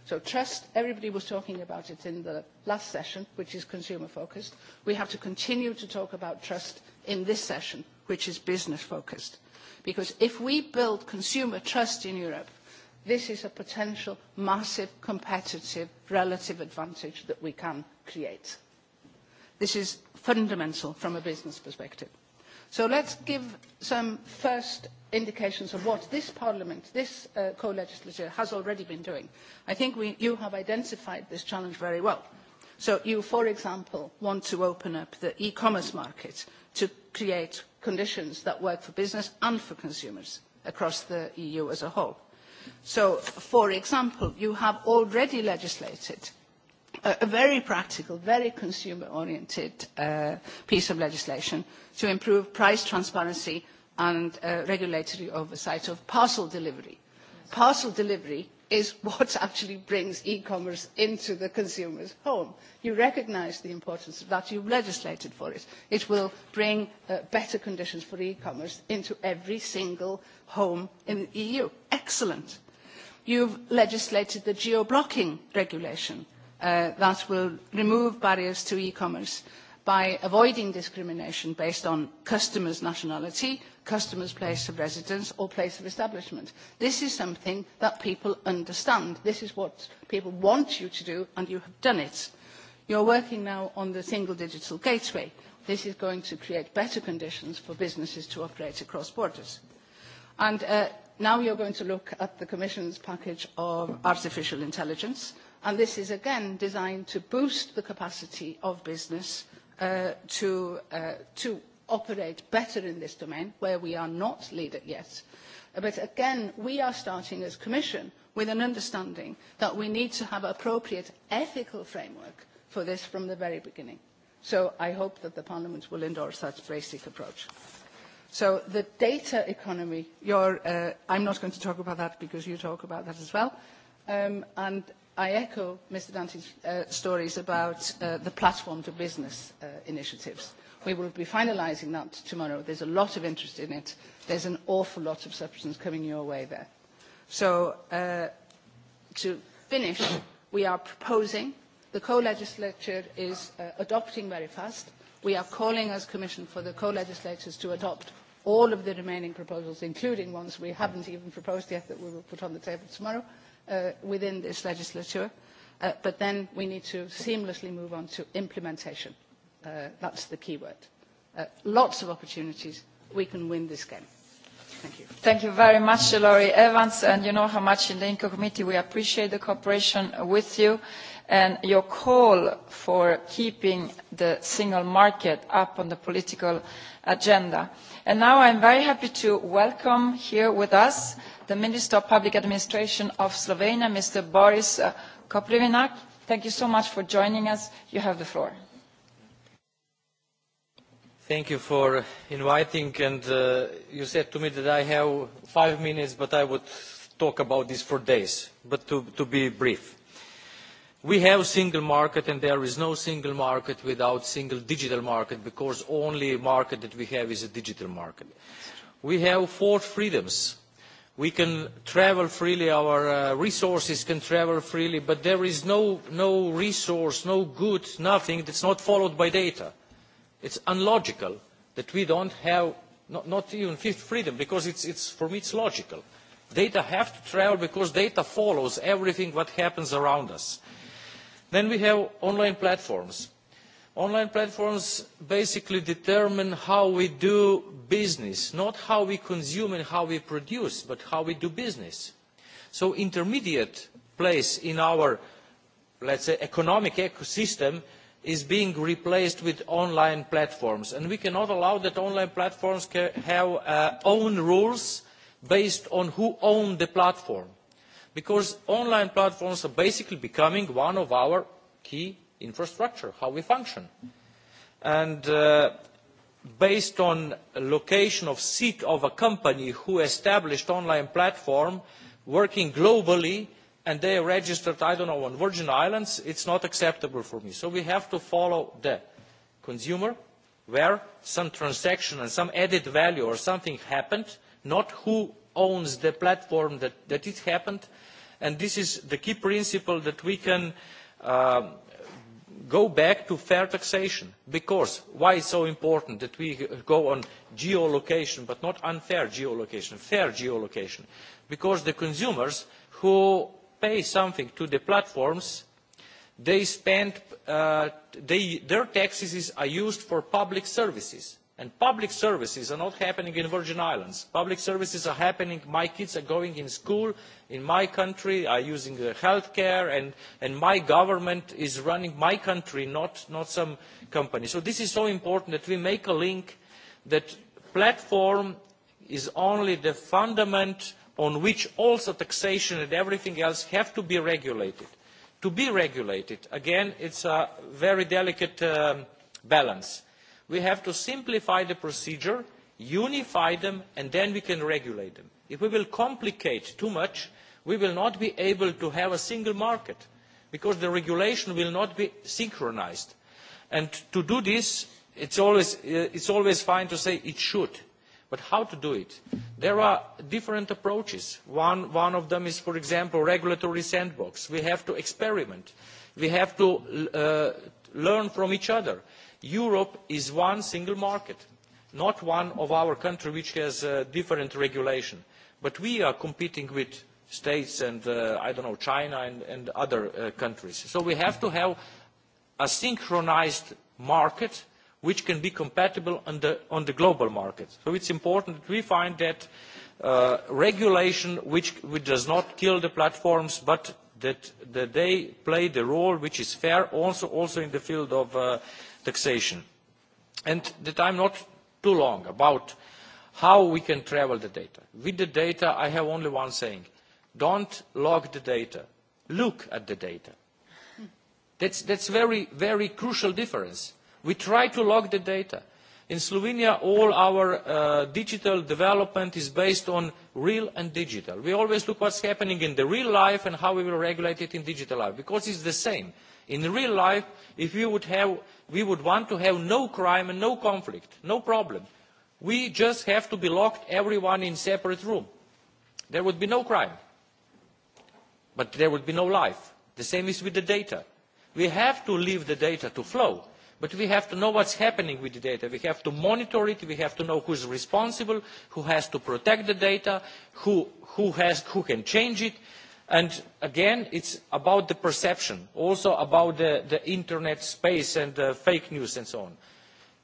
So trust, everybody was talking about it in the last session, which is consumer focused. We have to continue to talk about trust in this session, which is business focused. Because if we build consumer trust in Europe, this is a potential massive competitive relative advantage that we can create. This is fundamental from a business perspective. So us give some first indications of what this Parliament, this co-legislature, has already been doing. I think you have identified this challenge very well. So you, for example, want to open up the e-commerce market to create conditions that work for business and for consumers across the EU as a whole. So, for example, you have already legislated a very practical, very consumer-oriented piece of legislation to improve price transparency and regulatory oversight of parcel delivery. Parcel delivery is what actually brings e-commerce into the consumer's home. You recognise the importance of that. You've legislated for it. It will bring better conditions for e-commerce into every single home in the EU. Excellent. You've legislated the geo-blocking regulation that will remove barriers to e-commerce by avoiding discrimination based on customers' nationality, customers' place of residence or place of establishment. This is something that people understand. This is what people want you to do and you have done it. You're working now on the single digital gateway. This is going to create better conditions for businesses to operate across borders. And now you're going to look at the Commission's package of artificial intelligence and this is again designed to boost the capacity of business to operate better in this domain where we are not leader yet but again we are starting as commission with an understanding that we need to have appropriate ethical framework for this from the very beginning so i hope that the parliament will endorse that basic approach so the data economy your i'm not going to talk about that because you talk about that as well and I echo Mr. Dante's stories about the platform to business initiatives. We will be finalising that tomorrow. There's a lot of interest in it. There's an awful lot of substance coming your way there. So to finish, we are proposing. The co-legislature is adopting very fast. We are calling as Commission for the co-legislators to adopt all of the remaining proposals, including ones we haven't even proposed yet that we will put on the table tomorrow within this legislature, but then we need to seamlessly move on to implementation. That's the key word. Lots of opportunities. We can win this game. Thank you. Thank you very much, Laurie Evans, and you know how much in the INCO committee we appreciate the cooperation with you and your call for keeping the single market up on the political agenda. And now I'm very happy to welcome here with us the Minister of Public Administration of Slovenia, Mr. Boris Koprivinac. Thank you so much for joining us. You have the floor. Thank you for inviting, and you said to me that I have five minutes, but I would talk about this for days, but to be brief. We have a single market and there is no single market without a single digital market because the only market that we have is a digital market. We have four freedoms we can travel freely, our resources can travel freely, but there is no resource, no good, nothing that is not followed by data. It's unlogical that we don't have, not even fifth freedom, because for me it's logical. Data have to travel because data follows everything that happens around us. Then we have online platforms online platforms basically determine how we do business not how we consume and how we produce but how we do business so intermediate place in our let's say economic ecosystem is being replaced with online platforms and we cannot allow that online platforms have own rules based on who owns the platform because online platforms are basically becoming one of our key infrastructure, how we function. And based on location of seat of a company who established online platform working globally and they registered, I don't know, on Virgin Islands, it's not acceptable for me. So we have to follow the consumer where some transaction and some added value or something happened, not who owns the platform that it happened. And this is the key principle that we can go back to fair taxation because why is it so important that we go on geolocation but not unfair geolocation fair geolocation because the consumers who pay something to the platforms spend their taxes are used for public services and public services are not happening in the virgin islands. public services are happening my kids are going to school in my country are using health and my government is running my country not some company. so this is so important that we make a link that platform is only the fundament on which also taxation and everything else have to be regulated. to be regulated again it is a very delicate balance we have to simplify the procedure, unify them, and then we can regulate them. If we will complicate too much, we will not be able to have a single market because the regulation will not be synchronised. And to do this, it's always fine to say it should. But how to do it? There are different approaches. One of them is, for example, regulatory sandbox. We have to experiment. We have to learn from each other. Europe is one single market, not one of our country which has different regulation. But we are competing with states and, I don't know, China and other countries. So we have to have a synchronised market which can be compatible on the global market. So it's important that we find that regulation which does not kill the platforms but that they play the role which is fair also in the field of taxation. And that I'm not too long about how we can travel the data. With the data, I have only one saying. Don't log the data. Look at the data. That's a very, very crucial difference. We try to log the data. In Slovenia, all our digital development is based on real and digital. We always look at what is happening in real life and how we will regulate it in digital life, because it is the same. In real life, if we would have, we would want to have no crime and no conflict, no problem. We just have to be locked everyone in separate room. There would be no crime, but there would be no life. The same is with the data. We have to leave the data to flow, but we have to know what's happening with the data. We have to monitor it. We have to know who is responsible, who has to protect the data, who who has who can change it And again, is about the perception, also about the internet space and fake news and so on.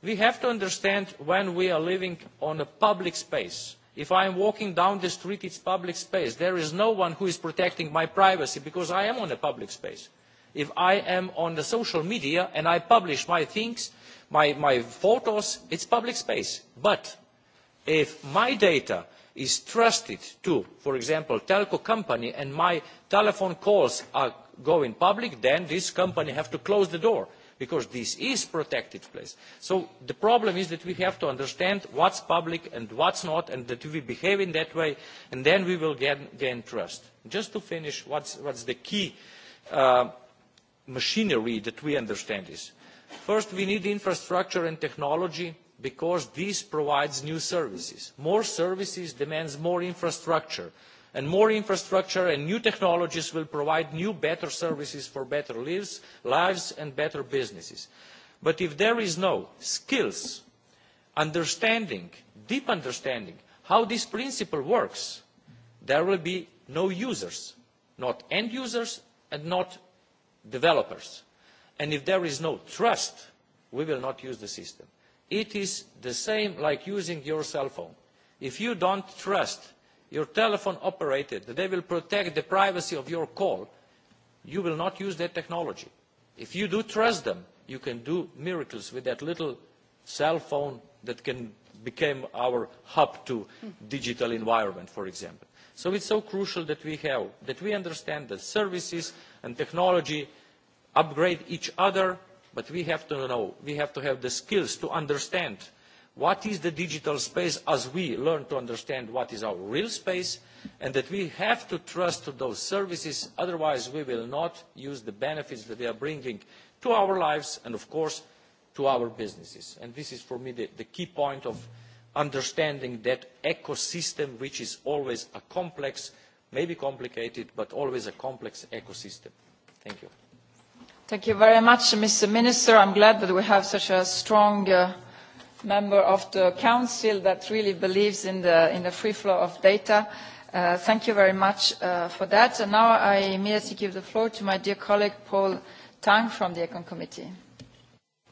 We have to understand when we are living on a public space. If I am walking down the street, it it's public space. There is no one who is protecting my privacy because I am on a public space. If I am on the social media and I publish my things, my photos, it it's public space. But if my data is trusted to, for example, telco company and my telephone calls are going public, then this company has to close the door because this is a protected place. So the problem is that we have to understand what's public and what's not and that we behave in that way and then we will gain trust. Just to finish, what's the key machinery that we understand is. First, we need infrastructure and technology because this provides new services. More services demands more infrastructure, and more infrastructure and new technologies will provide new, better services for better lives and better businesses. But if there is no skills, understanding, deep understanding, how this principle works, there will be no users, not end users and not developers. And if there is no trust, we will not use the system. It is the same like using your cell phone. If you don't trust your telephone operator that they will protect the privacy of your call, you will not use that technology. If you do trust them, you can do miracles with that little cell phone that can become our hub to digital environment, for example. So it's so crucial that we have, that we understand that services and technology upgrade each other but we have to know, we have to have the skills to understand what is the digital space as we learn to understand what is our real space and that we have to trust to those services, otherwise we will not use the benefits that they are bringing to our lives and, of course, to our businesses. And this is, for me, the key point of understanding that ecosystem, which is always a complex, maybe complicated, but always a complex ecosystem. Thank you. Thank you very much, Mr. Minister. I'm glad that we have such a strong member of the Council that really believes in the free flow of data. Thank you very much for that. And now I immediately give the floor to my dear colleague Paul Tang from the Econ Committee.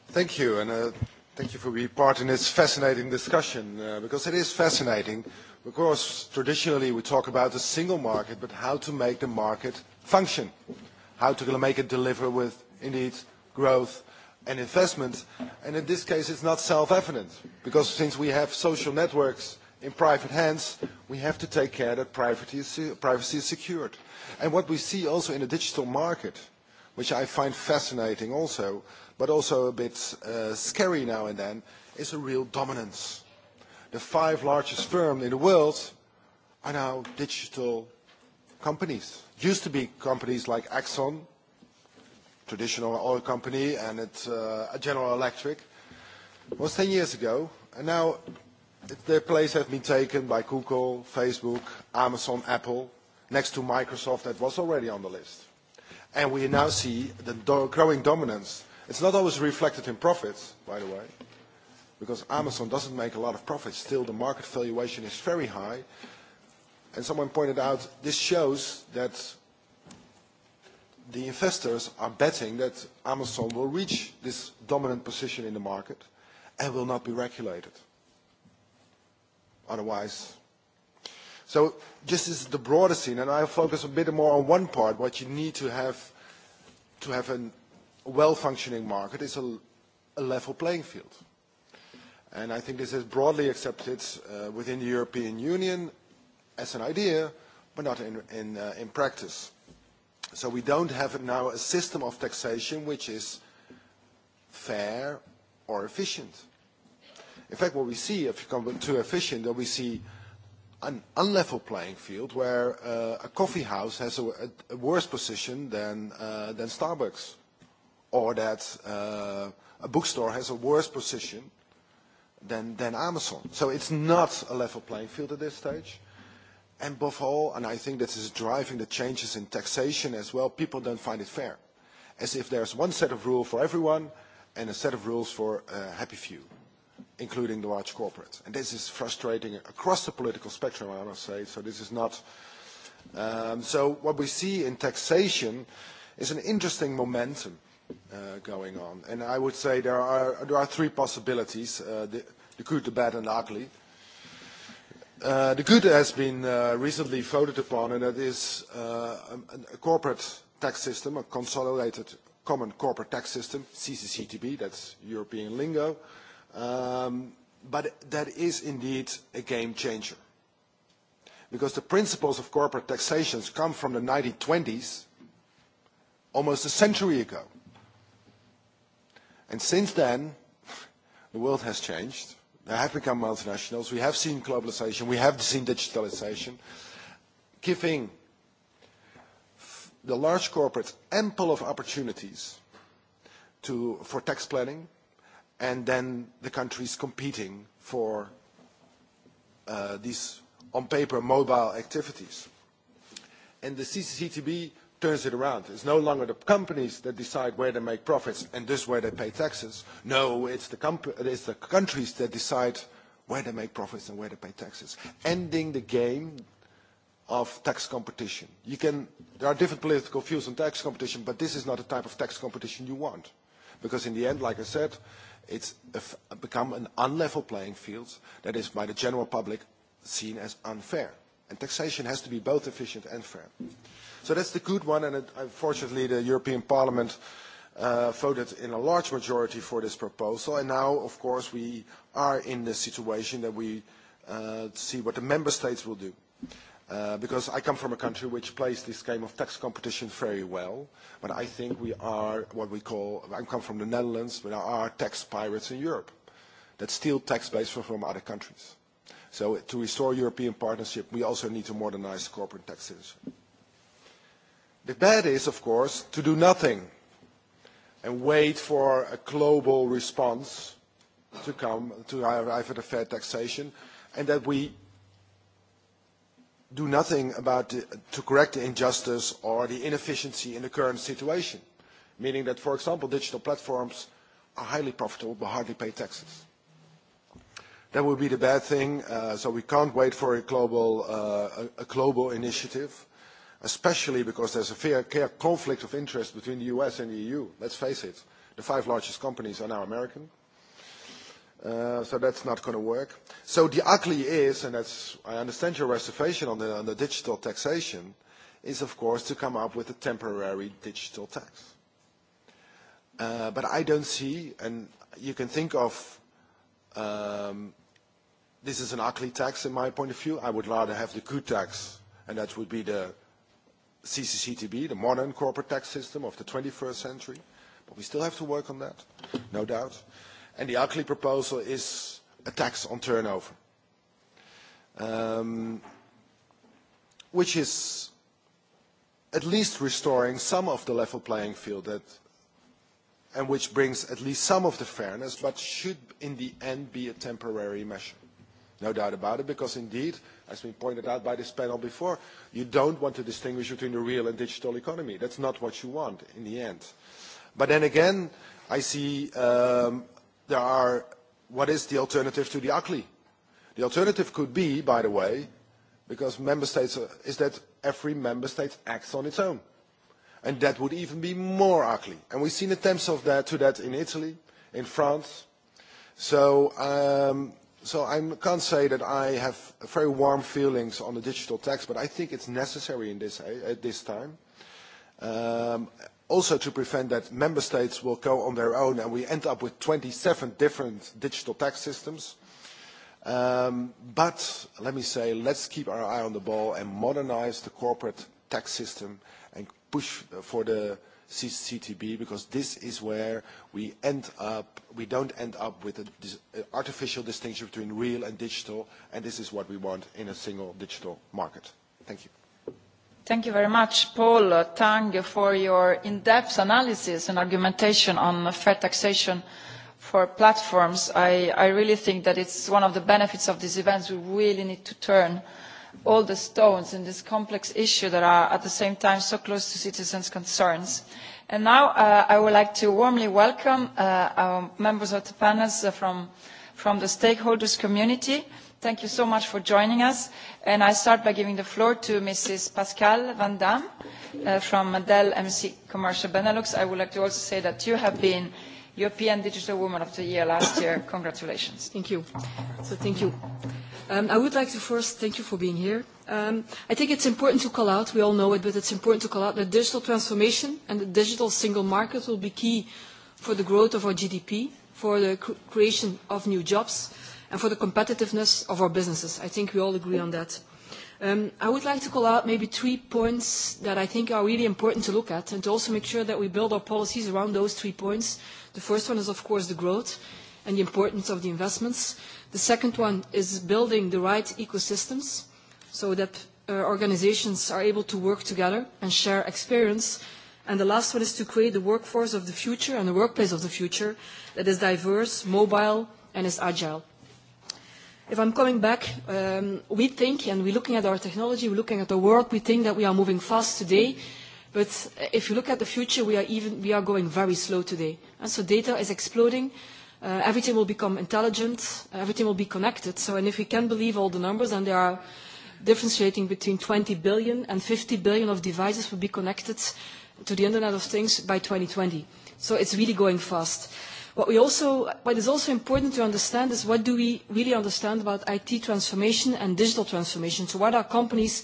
Thank you, and thank you for being part in this fascinating discussion, because it is fascinating. Of course, traditionally we talk about the single market, but how to make the market function, how to make it deliver with indeed, growth and investment. And in this case, it's not self-evident, because since we have social networks in private hands, we have to take care that privacy is secured. And what we see also in the digital market, which I find fascinating also, but also a bit scary now and then, is a real dominance. The five largest firms in the world are now digital companies. Used to be companies like Exxon traditional oil company, and it's General Electric. was 10 years ago, and now their place has been taken by Google, Facebook, Amazon, Apple, next to Microsoft that was already on the list. And we now see the growing dominance. It's not always reflected in profits, by the way, because Amazon doesn't make a lot of profits. Still, the market valuation is very high. And someone pointed out this shows that the investors are betting that Amazon will reach this dominant position in the market and will not be regulated. Otherwise, so this is the broader scene, and I'll focus a bit more on one part. What you need to have to have a well-functioning market is a level playing field, and I think this is broadly accepted within the European Union as an idea, but not in in practice. So we don't have now a system of taxation which is fair or efficient. In fact, what we see, if you come to efficient, that we see an unlevel playing field where a coffee house has a worse position than Starbucks, or that a bookstore has a worse position than Amazon. So it's not a level playing field at this stage above all, and I think this is driving the changes in taxation as well, people don't find it fair. As if there's one set of rules for everyone and a set of rules for a happy few, including the large corporates. And this is frustrating across the political spectrum, I must say, so this is not... So what we see in taxation is an interesting momentum going on. And I would say there are three possibilities, the good, the bad, and the ugly The good has been recently voted upon, and that is a corporate tax system, a consolidated common corporate tax system, CCCTB, that's European lingo. But that is indeed a game changer. Because the principles of corporate taxation come from the 1920s, almost a century ago. And since then, the world has changed. They have become multinationals. We have seen globalization. We have seen digitalization. Giving the large corporates ample of opportunities for tax planning and then the countries competing for these on paper mobile activities. And the CCCTB turns it around. It's no longer the companies that decide where they make profits and this where they pay taxes. No, it's the countries that decide where they make profits and where they pay taxes. Ending the game of tax competition. there are different political views on tax competition, but this is not the type of tax competition you want. Because in the end, like I said, it's become an unlevel playing field that is by the general public seen as unfair. And taxation has to be both efficient and fair. So that's the good one, and unfortunately the European Parliament voted in a large majority for this proposal, and now, of course, we are in the situation that we see what the member states will do. Because I come from a country which plays this game of tax competition very well, but I think we are what we call, I come from the Netherlands, but there are tax pirates in Europe that steal tax base from other countries. So to restore European partnership, we also need to modernize corporate tax system. The bad is, of course, to do nothing and wait for a global response to come to arrive at a fair taxation, and that we do nothing about to correct the injustice or the inefficiency in the current situation, meaning that, for example, digital platforms are highly profitable but hardly pay taxes. That would be the bad thing, so we can't wait for a global initiative especially because there's a fair conflict of interest between the US and the EU. Let's face it, the five largest companies are now American. So that's not going to work. So the ugly is, and that's, I understand your reservation on the, on the digital taxation, is of course to come up with a temporary digital tax. But I don't see, and you can think of, this is an ugly tax in my point of view. I would rather have the good tax, and that would be the CCCTB, the modern corporate tax system of the 21st century, but we still have to work on that, no doubt. And the ugly proposal is a tax on turnover, which is at least restoring some of the level playing field and which brings at least some of the fairness, but should in the end be a temporary measure. No doubt about it, because indeed, as we pointed out by this panel before, you don't want to distinguish between the real and digital economy. That's not what you want in the end. But then again, I see there are, what is the alternative to the ugly? The alternative could be, by the way, because member states, is that every member state acts on its own. And that would even be more ugly. And we've seen attempts of that to that in Italy, in France. So So I can't say that I have very warm feelings on the digital tax, but I think it's necessary at this time. Also to prevent that member states will go on their own and we end up with 27 different digital tax systems. But let me say, let's keep our eye on the ball and modernize the corporate tax system and push for the CCTB because this is where we end up, we don't end up with an artificial distinction between real and digital, and this is what we want in a single digital market. Thank you. Thank you very much, Paul Tang, for your in-depth analysis and argumentation on fair taxation for platforms. I really think that it's one of the benefits of these events. We really need to turn all the stones in this complex issue that are at the same time so close to citizens' concerns. And now I would like to warmly welcome our members of the panel from the stakeholders community. Thank you so much for joining us. And I start by giving the floor to Mrs. Pascal Van Dam from Dell MC Commercial Benelux. I would like to also say that you have been European Digital Woman of the Year last year. Congratulations. Thank you. So thank you. I would like to first thank you for being here. I think it's important to call out, we all know it, but it's important to call out that digital transformation and the digital single market will be key for the growth of our GDP, for the creation of new jobs, and for the competitiveness of our businesses. I think we all agree on that. I would like to call out maybe three points that I think are really important to look at and to also make sure that we build our policies around those three points The first one is, of course, the growth and the importance of the investments. The second one is building the right ecosystems so that organizations are able to work together and share experience. And the last one is to create the workforce of the future and the workplace of the future that is diverse, mobile, and is agile. If I'm coming back, we think, and we're looking at our technology, we're looking at the world, we think that we are moving fast today But if you look at the future, we are even we are going very slow today. And so data is exploding. Everything will become intelligent. Everything will be connected. So and if we can believe all the numbers, and they are differentiating between 20 billion and 50 billion of devices will be connected to the Internet of Things by 2020. So it's really going fast. What is also important to understand is what do we really understand about IT transformation and digital transformation. So what are companies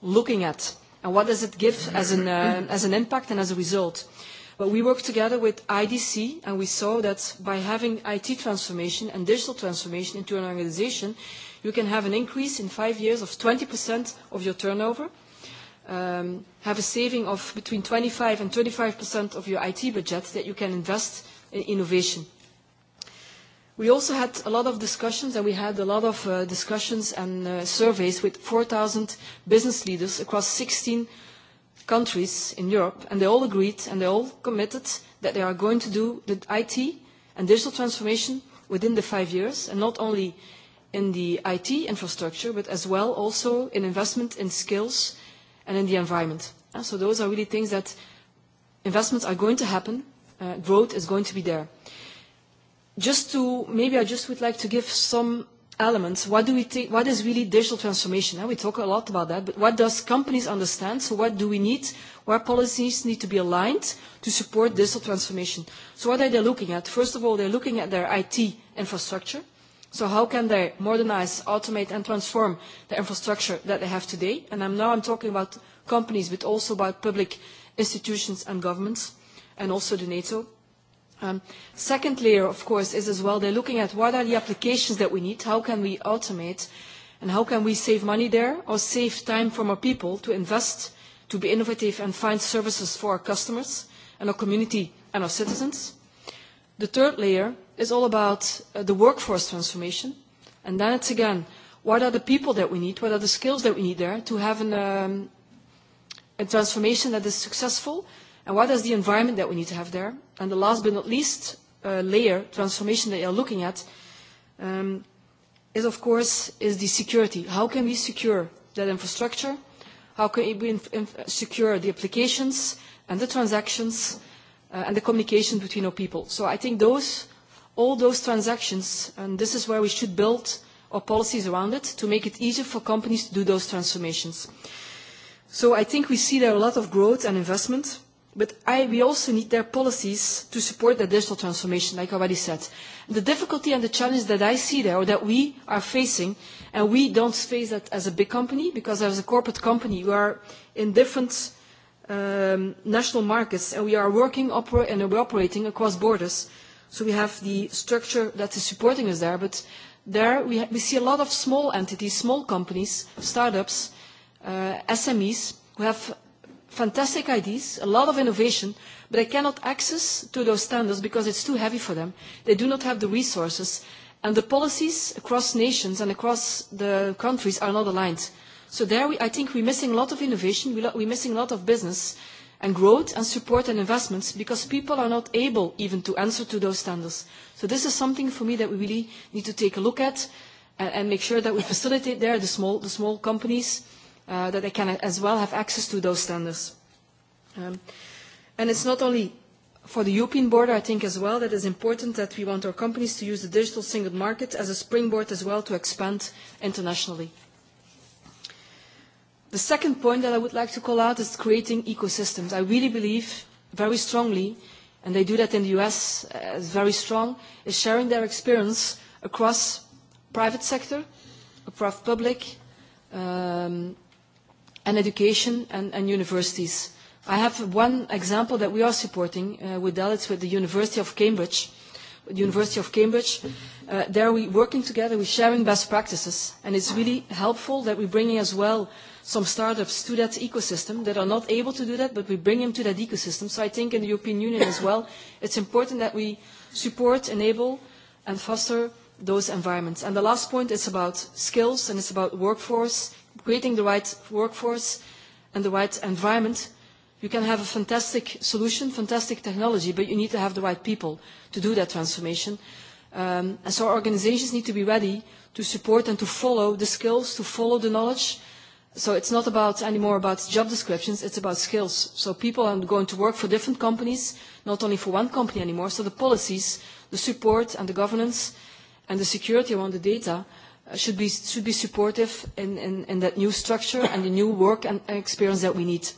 looking at? and what does it give as an impact and as a result. But we worked together with IDC and we saw that by having IT transformation and digital transformation into an organization, you can have an increase in five years of 20% of your turnover, have a saving of between 25 and 35% of your IT budget that you can invest in innovation. We also had a lot of discussions, and we had a lot of discussions and surveys with 4,000 business leaders across 16 countries in Europe, and they all agreed and they all committed that they are going to do the IT and digital transformation within the five years, and not only in the IT infrastructure, but as well also in investment in skills and in the environment. So those are really things that investments are going to happen, growth is going to be there just to maybe I just would like to give some elements. What do we what is really digital transformation? We talk a lot about that, but what does companies understand? So what do we need? Where policies need to be aligned to support digital transformation? So what are they looking at? First of all, they're looking at their IT infrastructure. So how can they modernize, automate and transform the infrastructure that they have today? And now I'm talking about companies, but also about public institutions and governments, and also the NATO. Second layer, of course, is as well they're looking at what are the applications that we need, how can we automate, and how can we save money there or save time from our people to invest, to be innovative and find services for our customers and our community and our citizens. The third layer is all about the workforce transformation, and then it's again what are the people that we need, what are the skills that we need there to have a transformation that is successful And what is the environment that we need to have there? And the last but not least layer, transformation that you are looking at, is of course is the security. How can we secure that infrastructure? How can we secure the applications and the transactions and the communication between our people? So I think those, all those transactions, and this is where we should build our policies around it to make it easier for companies to do those transformations. So I think we see there a lot of growth and investment. But we also need their policies to support the digital transformation, like I already said. The difficulty and the challenge that I see there, or that we are facing, and we don't face that as a big company, because as a corporate company, we are in different national markets, and we are working and operating across borders. So we have the structure that is supporting us there, but there we see a lot of small entities, small companies, startups, SMEs, who have fantastic ideas, a lot of innovation, but they cannot access to those standards because it's too heavy for them. They do not have the resources, and the policies across nations and across the countries are not aligned. So there, I think we're missing a lot of innovation, we are missing a lot of business and growth and support and investments because people are not able even to answer to those standards. So this is something for me that we really need to take a look at and make sure that we facilitate there the small companies that they can as well have access to those standards. And it's not only for the European border, I think as well, that is important that we want our companies to use the digital single market as a springboard as well to expand internationally. The second point that I would like to call out is creating ecosystems. I really believe very strongly, and they do that in the US very strong, is sharing their experience across private sector, across public, and education and universities. I have one example that we are supporting with Dalits with the University of Cambridge. The University of Cambridge, there we working together, we're sharing best practices, and it's really helpful that we're bringing as well some startups to that ecosystem that are not able to do that, but we bring them to that ecosystem. So I think in the European Union as well, it's important that we support, enable, and foster those environments. And the last point is about skills and it's about workforce creating the right workforce and the right environment, you can have a fantastic solution, fantastic technology, but you need to have the right people to do that transformation. And so organizations need to be ready to support and to follow the skills, to follow the knowledge. So it's not about anymore about job descriptions, it's about skills. So people are going to work for different companies, not only for one company anymore. So the policies, the support and the governance and the security around the data should be supportive in that new structure and the new work and experience that we need.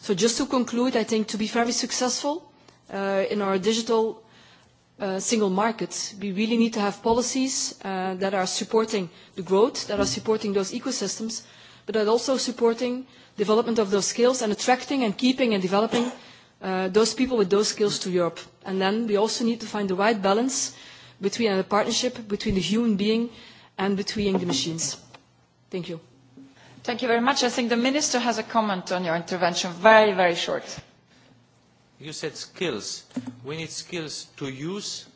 So just to conclude, I think to be very successful in our digital single market, we really need to have policies that are supporting the growth, that are supporting those ecosystems, but that also supporting development of those skills and attracting and keeping and developing those people with those skills to Europe. And then we also need to find the right balance between a partnership between the human being and between the machines. Thank you. Thank you very much. I think the Minister has a comment on your intervention. Very, very short. You said skills. We need skills to use.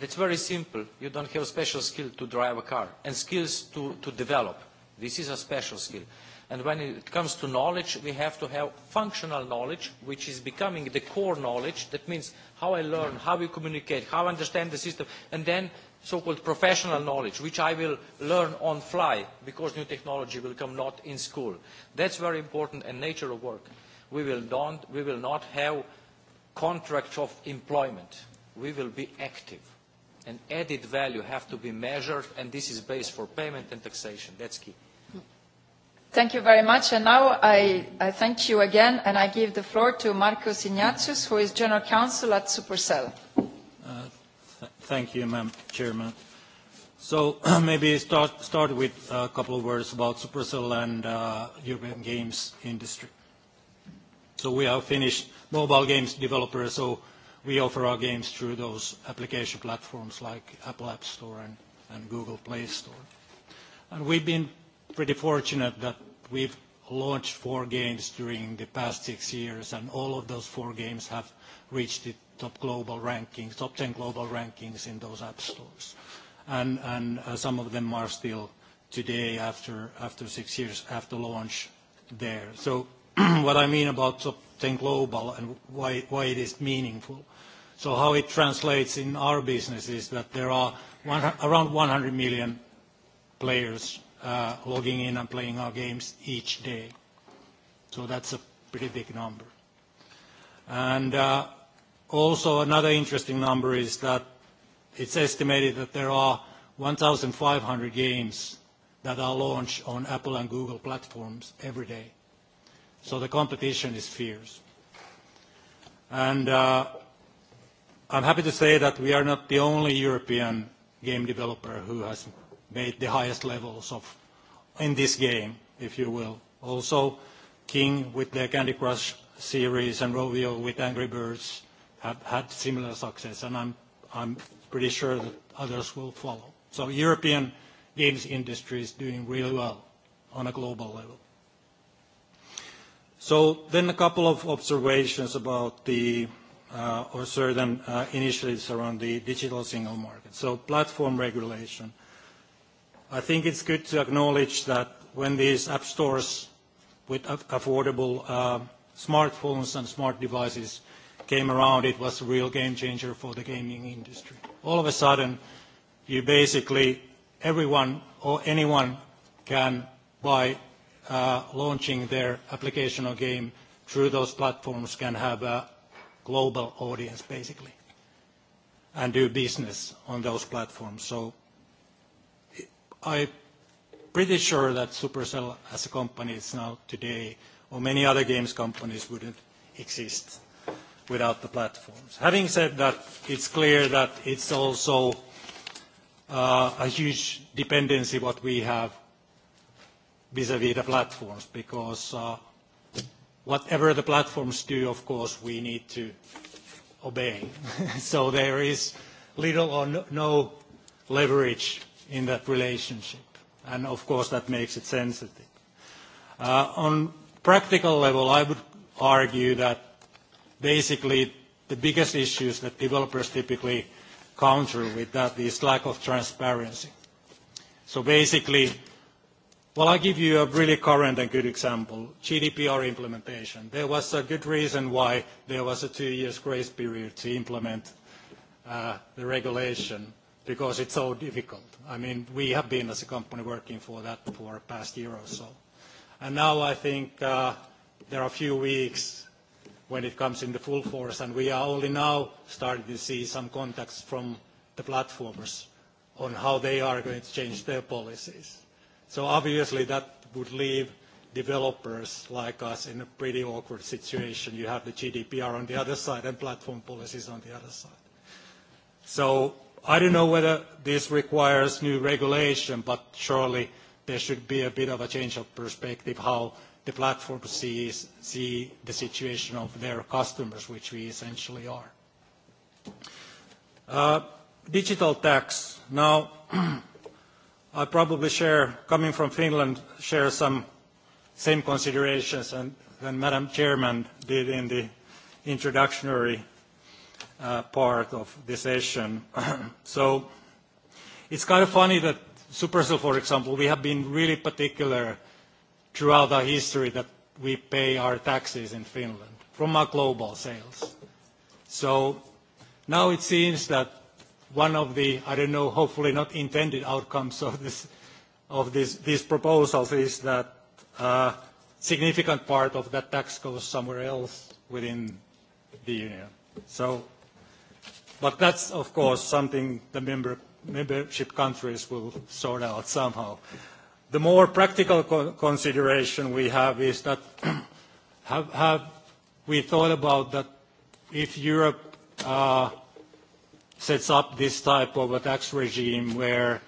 That's very simple. You don't have special skill to drive a car. And skills to, to develop. This is a special skill. And when it comes to knowledge, we have to have functional knowledge, which is becoming the core knowledge. That means how I learn, how we communicate, how I understand the system, and then so-called professional knowledge, which I will learn on fly because new technology will come not in school. That's very important and nature of work. We will not have contracts of employment. We will be active. And added value have to be measured, and this is based for payment and taxation. That's key. Thank you very much. And now I thank you again, and I give the floor to Marcos Ignatius, who is General Counsel at Supercell. Thank you, Madam Chairman. So maybe start with a couple of words about Supercell and European games industry. So we are finished mobile games developer, so we offer our games through those application platforms like Apple App Store and Google Play Store. And we've been pretty fortunate that we've launched four games during the past six years, and all of those four games have reach the top global rankings, top 10 global rankings in those app stores. And some of them are still today after six years after launch there. So what I mean about top 10 global and why it is meaningful. So how it translates in our business is that there are around 100 million players logging in and playing our games each day. So that's a pretty big number. And Also, another interesting number is that it's estimated that there are 1,500 games that are launched on Apple and Google platforms every day. So the competition is fierce. And I'm happy to say that we are not the only European game developer who has made the highest levels of in this game, if you will. Also, King with their Candy Crush series and Rovio with Angry Birds have had similar success, and I'm pretty sure that others will follow. So European games industry is doing really well on a global level. So then a couple of observations about the or certain initiatives around the digital single market. So platform regulation. I think it's good to acknowledge that when these app stores with affordable smartphones and smart devices came around, it was a real game changer for the gaming industry. All of a sudden, you basically, everyone or anyone can, by launching their application or game through those platforms, can have a global audience, basically, and do business on those platforms. So I'm pretty sure that Supercell as a company is now today, or many other games companies, wouldn't exist without the platforms. Having said that, it's clear that it's also a huge dependency what we have vis-à-vis the platforms, because whatever the platforms do, of course, we need to obey. So there is little or no leverage in that relationship, and of course, that makes it sensitive. On practical level, I would argue that basically the biggest issues that developers typically counter with that is lack of transparency. So basically, well, I'll give you a really current and good example, GDPR implementation. There was a good reason why there was a two years grace period to implement the regulation because it's so difficult. I mean, we have been as a company working for that for the past year or so. And now I think there are a few weeks when it comes in the full force, and we are only now starting to see some contacts from the platformers on how they are going to change their policies. So obviously that would leave developers like us in a pretty awkward situation. You have the GDPR on the other side and platform policies on the other side. So I don't know whether this requires new regulation, but surely there should be a bit of a change of perspective how the platform to see the situation of their customers, which we essentially are. Digital tax. Now, I probably share, coming from Finland, share some same considerations than Madam Chairman did in the introductory part of the session. So it's kind of funny that Supercell, for example, we have been really particular throughout our history that we pay our taxes in Finland from our global sales. So now it seems that one of the, I don't know, hopefully not intended outcomes of these proposals is that a significant part of that tax goes somewhere else within the union. So, but that's of course something the membership countries will sort out somehow. The more practical consideration we have is that have we thought about that if Europe sets up this type of a tax regime where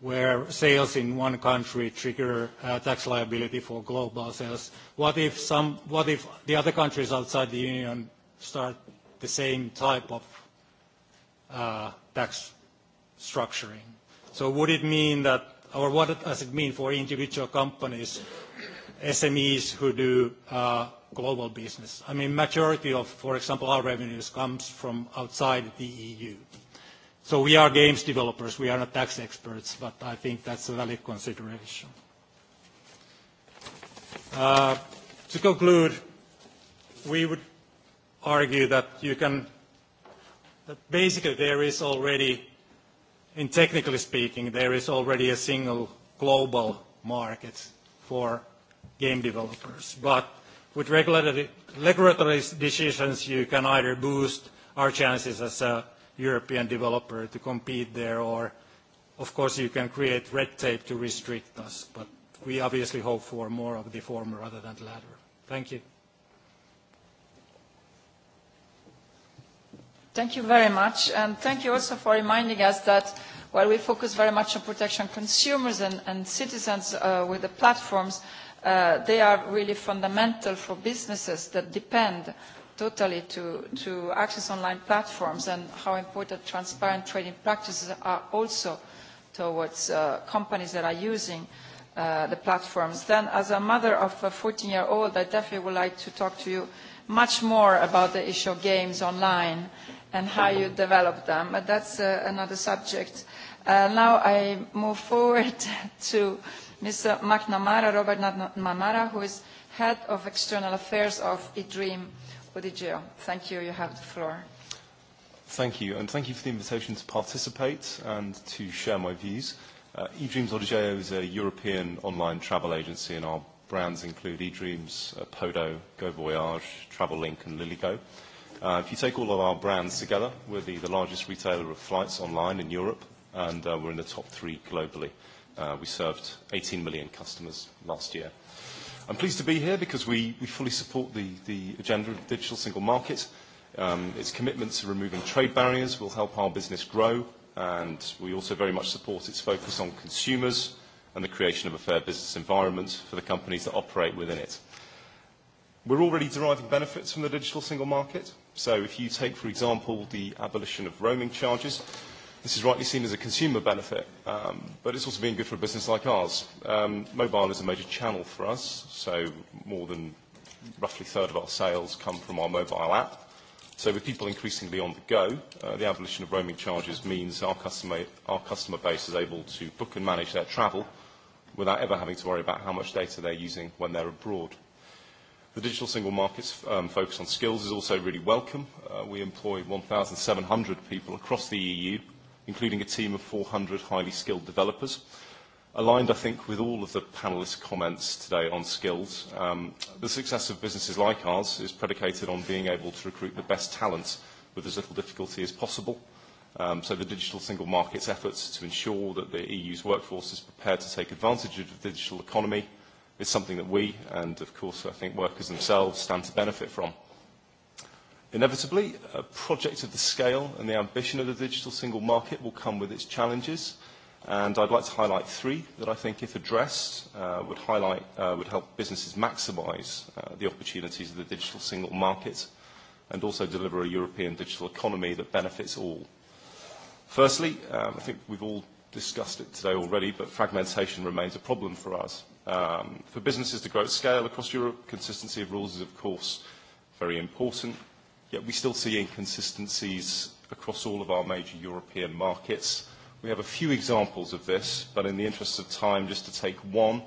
where sales in one country trigger tax liability for global sales, what if some what if the other countries outside the Union start the same type of tax structuring? So would it mean that or what does it mean for individual companies, SMEs who do global business? I mean, majority of, for example, our revenues comes from outside the EU. So we are games developers, we are not tax experts, but I think that's a valid consideration. To conclude, we would argue that you can, that basically there is already in technically speaking, there is already a single global market for game developers. But with regulatory decisions, you can either boost our chances as a European developer to compete there, or, of course, you can create red tape to restrict us. But we obviously hope for more of the former rather than the latter. Thank you. Thank you very much, and thank you also for reminding us that while we focus very much on protection consumers and citizens with the platforms, they are really fundamental for businesses that depend totally to access online platforms and how important transparent trading practices are also towards companies that are using the platforms. Then, as a mother of a 14-year-old, I definitely would like to talk to you much more about the issue of games online and how you develop them. But that's another subject. Now I move forward to Mr. McNamara, Robert McNamara, who is Head of External Affairs of eDream Odigeo. Thank you. You have the floor. Thank you, and thank you for the invitation to participate and to share my views. eDreams Odigeo is a European online travel agency, and our brands include eDreams, Podo, Go Voyage, Travel Link, and Liligo. If you take all of our brands together, we're the largest retailer of flights online in Europe, and we're in the top three globally. We served 18 million customers last year. I'm pleased to be here because we fully support the agenda of the digital single market. Its commitment to removing trade barriers will help our business grow, and we also very much support its focus on consumers and the creation of a fair business environment for the companies that operate within it. We're already deriving benefits from the digital single market. So if you take, for example, the abolition of roaming charges, this is rightly seen as a consumer benefit, but it's also been good for a business like ours. Mobile is a major channel for us, so more than roughly a third of our sales come from our mobile app. So with people increasingly on the go, the abolition of roaming charges means our customer base is able to book and manage their travel without ever having to worry about how much data they're using when they're abroad. The digital single market's focus on skills is also really welcome. We employ 1,700 people across the EU, including a team of 400 highly skilled developers. Aligned, I think, with all of the panelists' comments today on skills, the success of businesses like ours is predicated on being able to recruit the best talent with as little difficulty as possible. So the digital single market's efforts to ensure that the EU's workforce is prepared to take advantage of the digital economy is something that we, and of course I think workers themselves, stand to benefit from. Inevitably, a project of the scale and the ambition of the digital single market will come with its challenges, and I'd like to highlight three that I think, if addressed, would highlight would help businesses maximise the opportunities of the digital single market and also deliver a European digital economy that benefits all. Firstly, I think we've all discussed it today already, but fragmentation remains a problem for us. For businesses to grow at scale across Europe, consistency of rules is, of course, very important, yet we still see inconsistencies across all of our major European markets. We have a few examples of this, but in the interest of time, just to take one,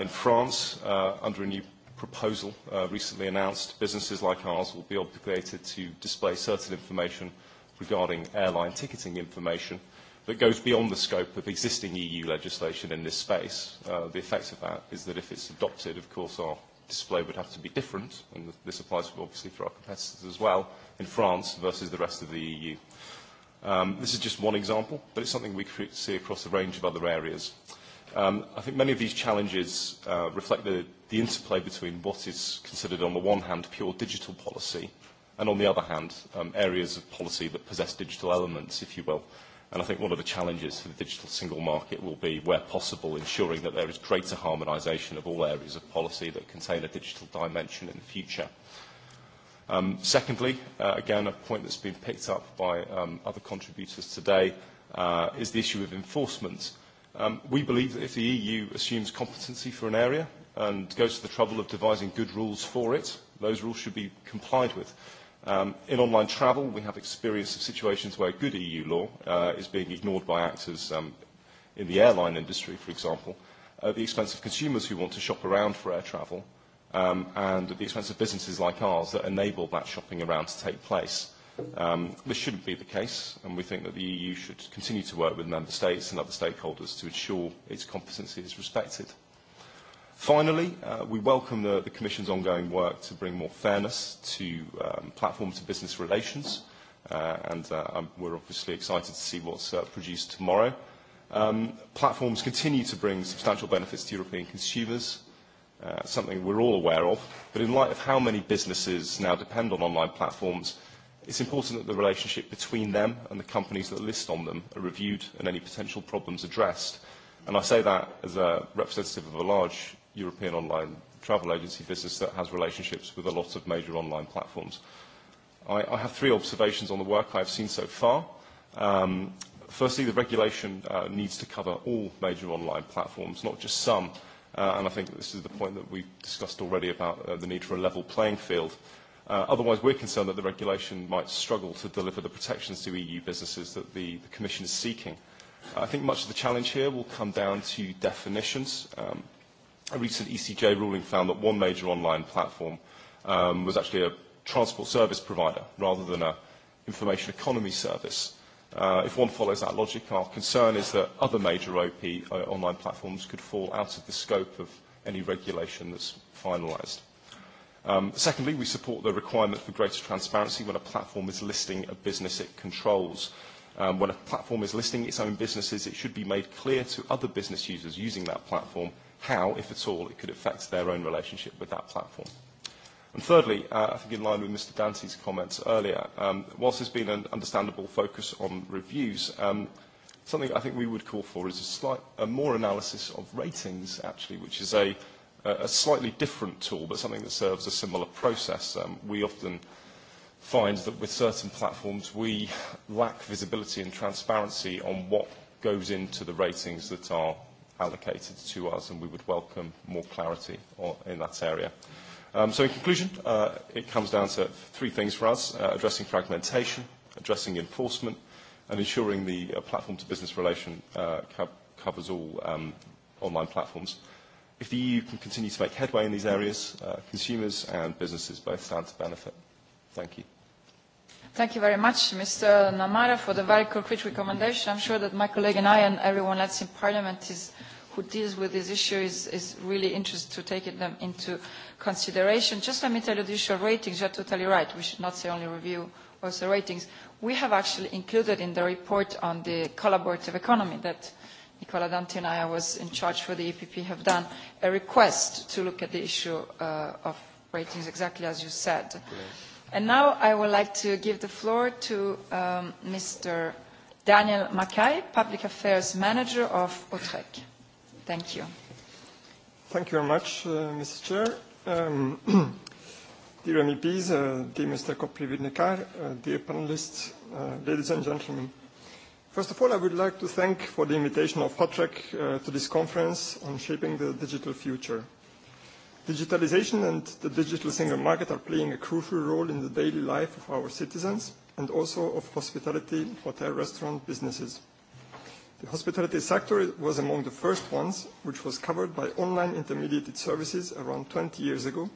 in France, under a new proposal recently announced, businesses like ours will be obligated to display certain information regarding airline ticketing information that goes beyond the scope of existing EU legislation in this space. The effect of that is that if it's adopted, of course, our display would have to be different, and this applies obviously for our competitors as well, in France versus the rest of the EU. This is just one example, but it's something we see across a range of other areas. I think many of these challenges reflect the interplay between what is considered on the one hand pure digital policy and on the other hand, areas of policy that possess digital elements, if you will. And I think one of the challenges for the digital single market will be, where possible, ensuring that there is greater harmonisation of all areas of policy that contain a digital dimension in the future. Secondly, again, a point that's been picked up by other contributors today, is the issue of enforcement. We believe that if the EU assumes competency for an area and goes to the trouble of devising good rules for it, those rules should be complied with. In online travel, we have experience of situations where good EU law is being ignored by actors in the airline industry, for example, at the expense of consumers who want to shop around for air travel, and at the expense of businesses like ours that enable that shopping around to take place. This shouldn't be the case, and we think that the EU should continue to work with member states and other stakeholders to ensure its competency is respected. Finally, we welcome the Commission's ongoing work to bring more fairness to platform-to-business relations, and we're obviously excited to see what's produced tomorrow. Platforms continue to bring substantial benefits to European consumers, something we're all aware of, but in light of how many businesses now depend on online platforms, it's important that the relationship between them and the companies that list on them are reviewed and any potential problems addressed. And I say that as a representative of a large European online travel agency business that has relationships with a lot of major online platforms. I have three observations on the work I have seen so far. Firstly, the regulation needs to cover all major online platforms, not just some. And I think this is the point that we've discussed already about the need for a level playing field. Otherwise, we're concerned that the regulation might struggle to deliver the protections to EU businesses that the Commission is seeking. I think much of the challenge here will come down to definitions a recent ECJ ruling found that one major online platform was actually a transport service provider rather than an information economy service. If one follows that logic, our concern is that other major OP online platforms could fall out of the scope of any regulation that's finalised. Secondly, we support the requirement for greater transparency when a platform is listing a business it controls. When a platform is listing its own businesses, it should be made clear to other business users using that platform how, if at all, it could affect their own relationship with that platform. And thirdly, I think in line with Mr. Dante's comments earlier, whilst there's been an understandable focus on reviews, something I think we would call for is a slight a more analysis of ratings, actually, which is a a slightly different tool, but something that serves a similar process. We often find that with certain platforms, we lack visibility and transparency on what goes into the ratings that are allocated to us, and we would welcome more clarity in that area. So in conclusion, it comes down to three things for us, addressing fragmentation, addressing enforcement, and ensuring the platform-to-business relation covers all online platforms. If the EU can continue to make headway in these areas, consumers and businesses both stand to benefit. Thank you. Thank you very much, Mr. Namara, for the very concrete recommendation. I'm sure that my colleague and I and everyone else in Parliament is, who deals with this issue is, is really interested to take them into consideration. Just let me tell you the issue of ratings. You're totally right. We should not say only review also ratings. We have actually included in the report on the collaborative economy that Nicola Dante and I was in charge for the EPP have done a request to look at the issue of ratings exactly as you said. And now I would like to give the floor to Mr. Daniel Mackay, Public Affairs Manager of Utrecht. Thank you. Thank you very much, Mr. Chair. Dear MEPs, dear Mr. Koprividnikar, dear panelists, ladies and gentlemen. First of all, I would like to thank for the invitation of HOTREC to this conference on shaping the digital future. Digitalization and the digital single market are playing a crucial role in the daily life of our citizens and also of hospitality, hotel, restaurant businesses. The hospitality sector was among the first ones which was covered by online intermediated services around 20 years ago,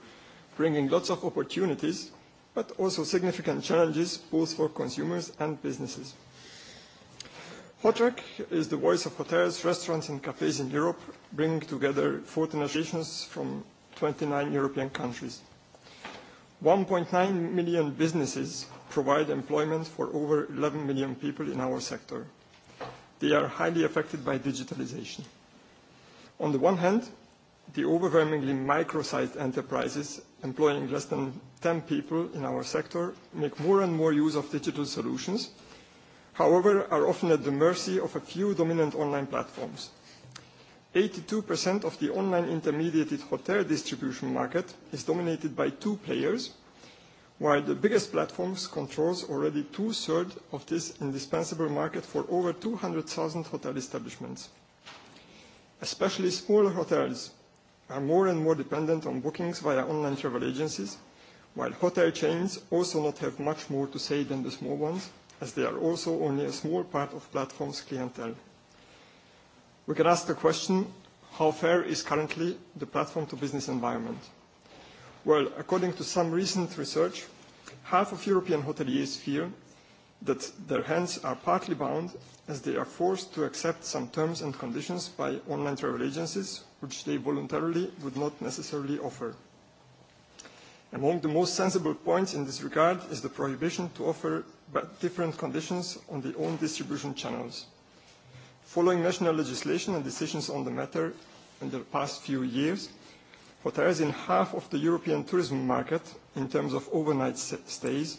bringing lots of opportunities but also significant challenges both for consumers and businesses. Hotrec is the voice of hotels, restaurants and cafes in Europe, bringing together 14 nations from 29 European countries. 1.9 million businesses provide employment for over 11 million people in our sector. They are highly affected by digitalization. On the one hand, the overwhelmingly micro-sized enterprises employing less than 10 people in our sector make more and more use of digital solutions, however, are often at the mercy of a few dominant online platforms. 82% of the online intermediated hotel distribution market is dominated by two players, while the biggest platforms controls already two-thirds of this indispensable market for over 200,000 hotel establishments. Especially smaller hotels are more and more dependent on bookings via online travel agencies, while hotel chains also not have much more to say than the small ones, as they are also only a small part of platforms' clientele. We can ask the question, how fair is currently the platform-to-business environment? Well, according to some recent research, half of European hoteliers fear that their hands are partly bound as they are forced to accept some terms and conditions by online travel agencies which they voluntarily would not necessarily offer. Among the most sensible points in this regard is the prohibition to offer different conditions on their own distribution channels. Following national legislation and decisions on the matter in the past few years, hotels in half of the European tourism market, in terms of overnight stays,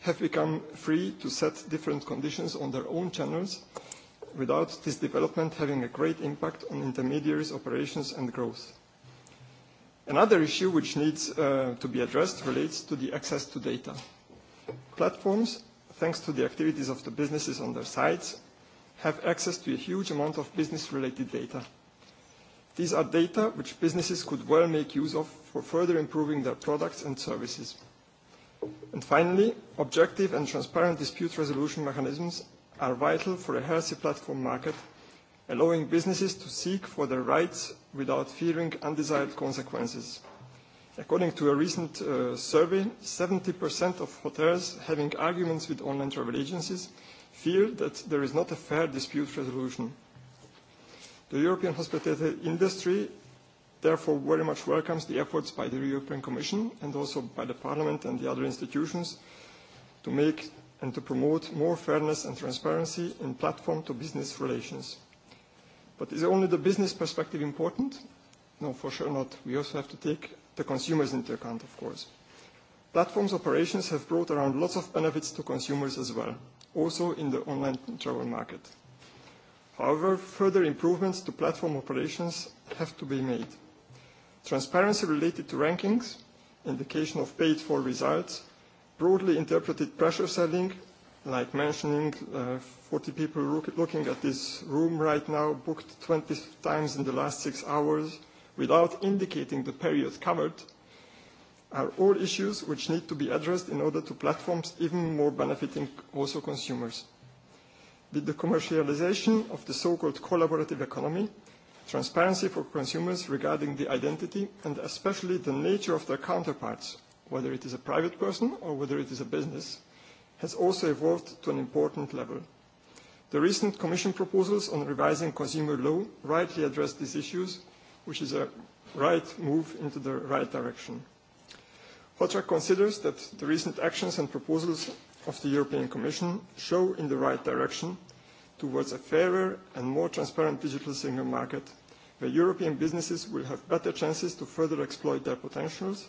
have become free to set different conditions on their own channels, without this development having a great impact on intermediaries' operations and growth. Another issue which needs to be addressed relates to the access to data. Platforms, thanks to the activities of the businesses on their sites, have access to a huge amount of business-related data. These are data which businesses could well make use of for further improving their products and services. And finally, objective and transparent dispute resolution mechanisms are vital for a healthy platform market, allowing businesses to seek for their rights without fearing undesired consequences. According to a recent survey, 70% of hotels having arguments with online travel agencies Feel that there is not a fair dispute resolution. The European hospitality industry therefore very much welcomes the efforts by the European Commission and also by the Parliament and the other institutions to make and to promote more fairness and transparency in platform-to-business relations. But is only the business perspective important? No, for sure not. We also have to take the consumers into account, of course. Platforms' operations have brought around lots of benefits to consumers as well also in the online travel market. However, further improvements to platform operations have to be made. Transparency related to rankings, indication of paid-for results, broadly interpreted pressure selling, like mentioning 40 people looking at this room right now, booked 20 times in the last six hours, without indicating the period covered, are all issues which need to be addressed in order to platforms even more benefiting also consumers. With the commercialization of the so-called collaborative economy, transparency for consumers regarding the identity and especially the nature of their counterparts, whether it is a private person or whether it is a business, has also evolved to an important level. The recent Commission proposals on revising consumer law rightly address these issues, which is a right move into the right direction. Hotra considers that the recent actions and proposals of the European Commission show in the right direction towards a fairer and more transparent digital single market, where European businesses will have better chances to further exploit their potentials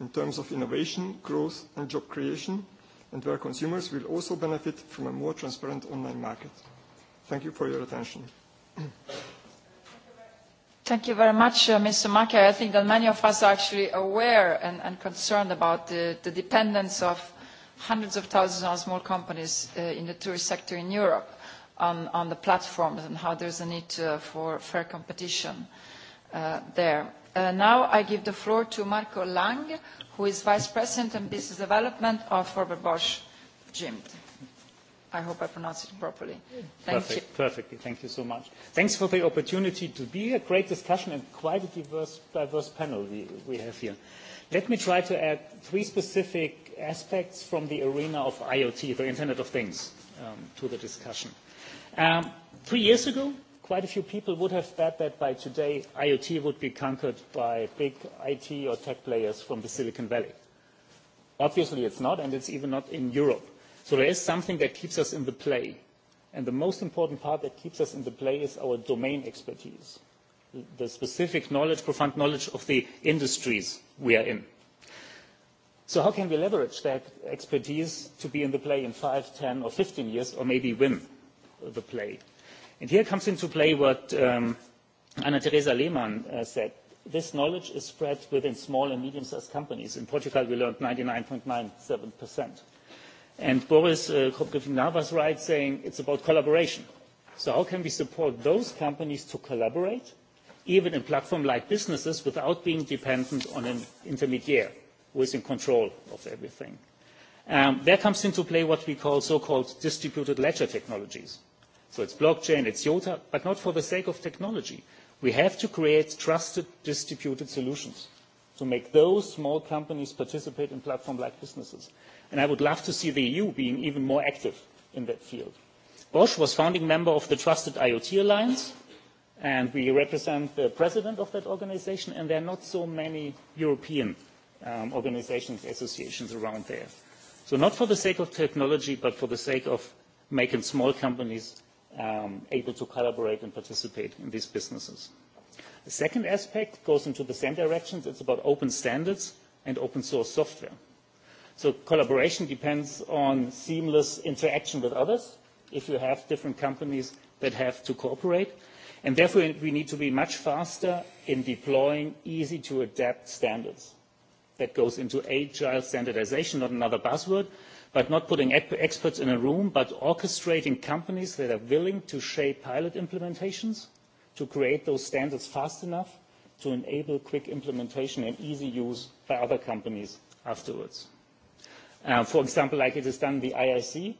in terms of innovation, growth and job creation, and where consumers will also benefit from a more transparent online market. Thank you for your attention. Thank you very much, Mr. Mackey. I think that many of us are actually aware and concerned about the dependence of hundreds of thousands of small companies in the tourist sector in Europe on the platforms and how there is a need for fair competition there. Now I give the floor to Marco Lang, who is Vice President and Business Development of Robert Bosch. Jim. I hope I pronounced it properly. Thank you. Perfectly. Thank you so much. Thanks for the opportunity to be here. Great discussion and quite a diverse, diverse panel we, we have here. Let me try to add three specific aspects from the arena of IoT, the Internet of Things, um, to the discussion. Um, three years ago, quite a few people would have bet that by today IoT would be conquered by big IT or tech players from the Silicon Valley. Obviously it's not, and it's even not in Europe So there is something that keeps us in the play. And the most important part that keeps us in the play is our domain expertise, the specific knowledge, profound knowledge of the industries we are in. So how can we leverage that expertise to be in the play in 5, 10, or 15 years, or maybe win the play? And here comes into play what Anna-Teresa Lehmann said. This knowledge is spread within small and medium-sized companies. In Portugal, we learned 99.97%. And Boris Kropotkin was right saying it's about collaboration. So how can we support those companies to collaborate, even in platform-like businesses, without being dependent on an intermediary who is in control of everything? There comes into play what we call so-called distributed ledger technologies. So it's blockchain, it's IOTA, but not for the sake of technology. We have to create trusted distributed solutions to make those small companies participate in platform-like businesses. And I would love to see the EU being even more active in that field. Bosch was founding member of the Trusted IoT Alliance, and we represent the president of that organization, and there are not so many European organizations, associations around there. So not for the sake of technology, but for the sake of making small companies able to collaborate and participate in these businesses. The second aspect goes into the same direction. It's about open standards and open source software. So collaboration depends on seamless interaction with others if you have different companies that have to cooperate. And therefore, we need to be much faster in deploying easy-to-adapt standards. That goes into agile standardisation, not another buzzword, but not putting experts in a room, but orchestrating companies that are willing to shape pilot implementations to create those standards fast enough to enable quick implementation and easy use by other companies afterwards. For example, like it is done the IIC,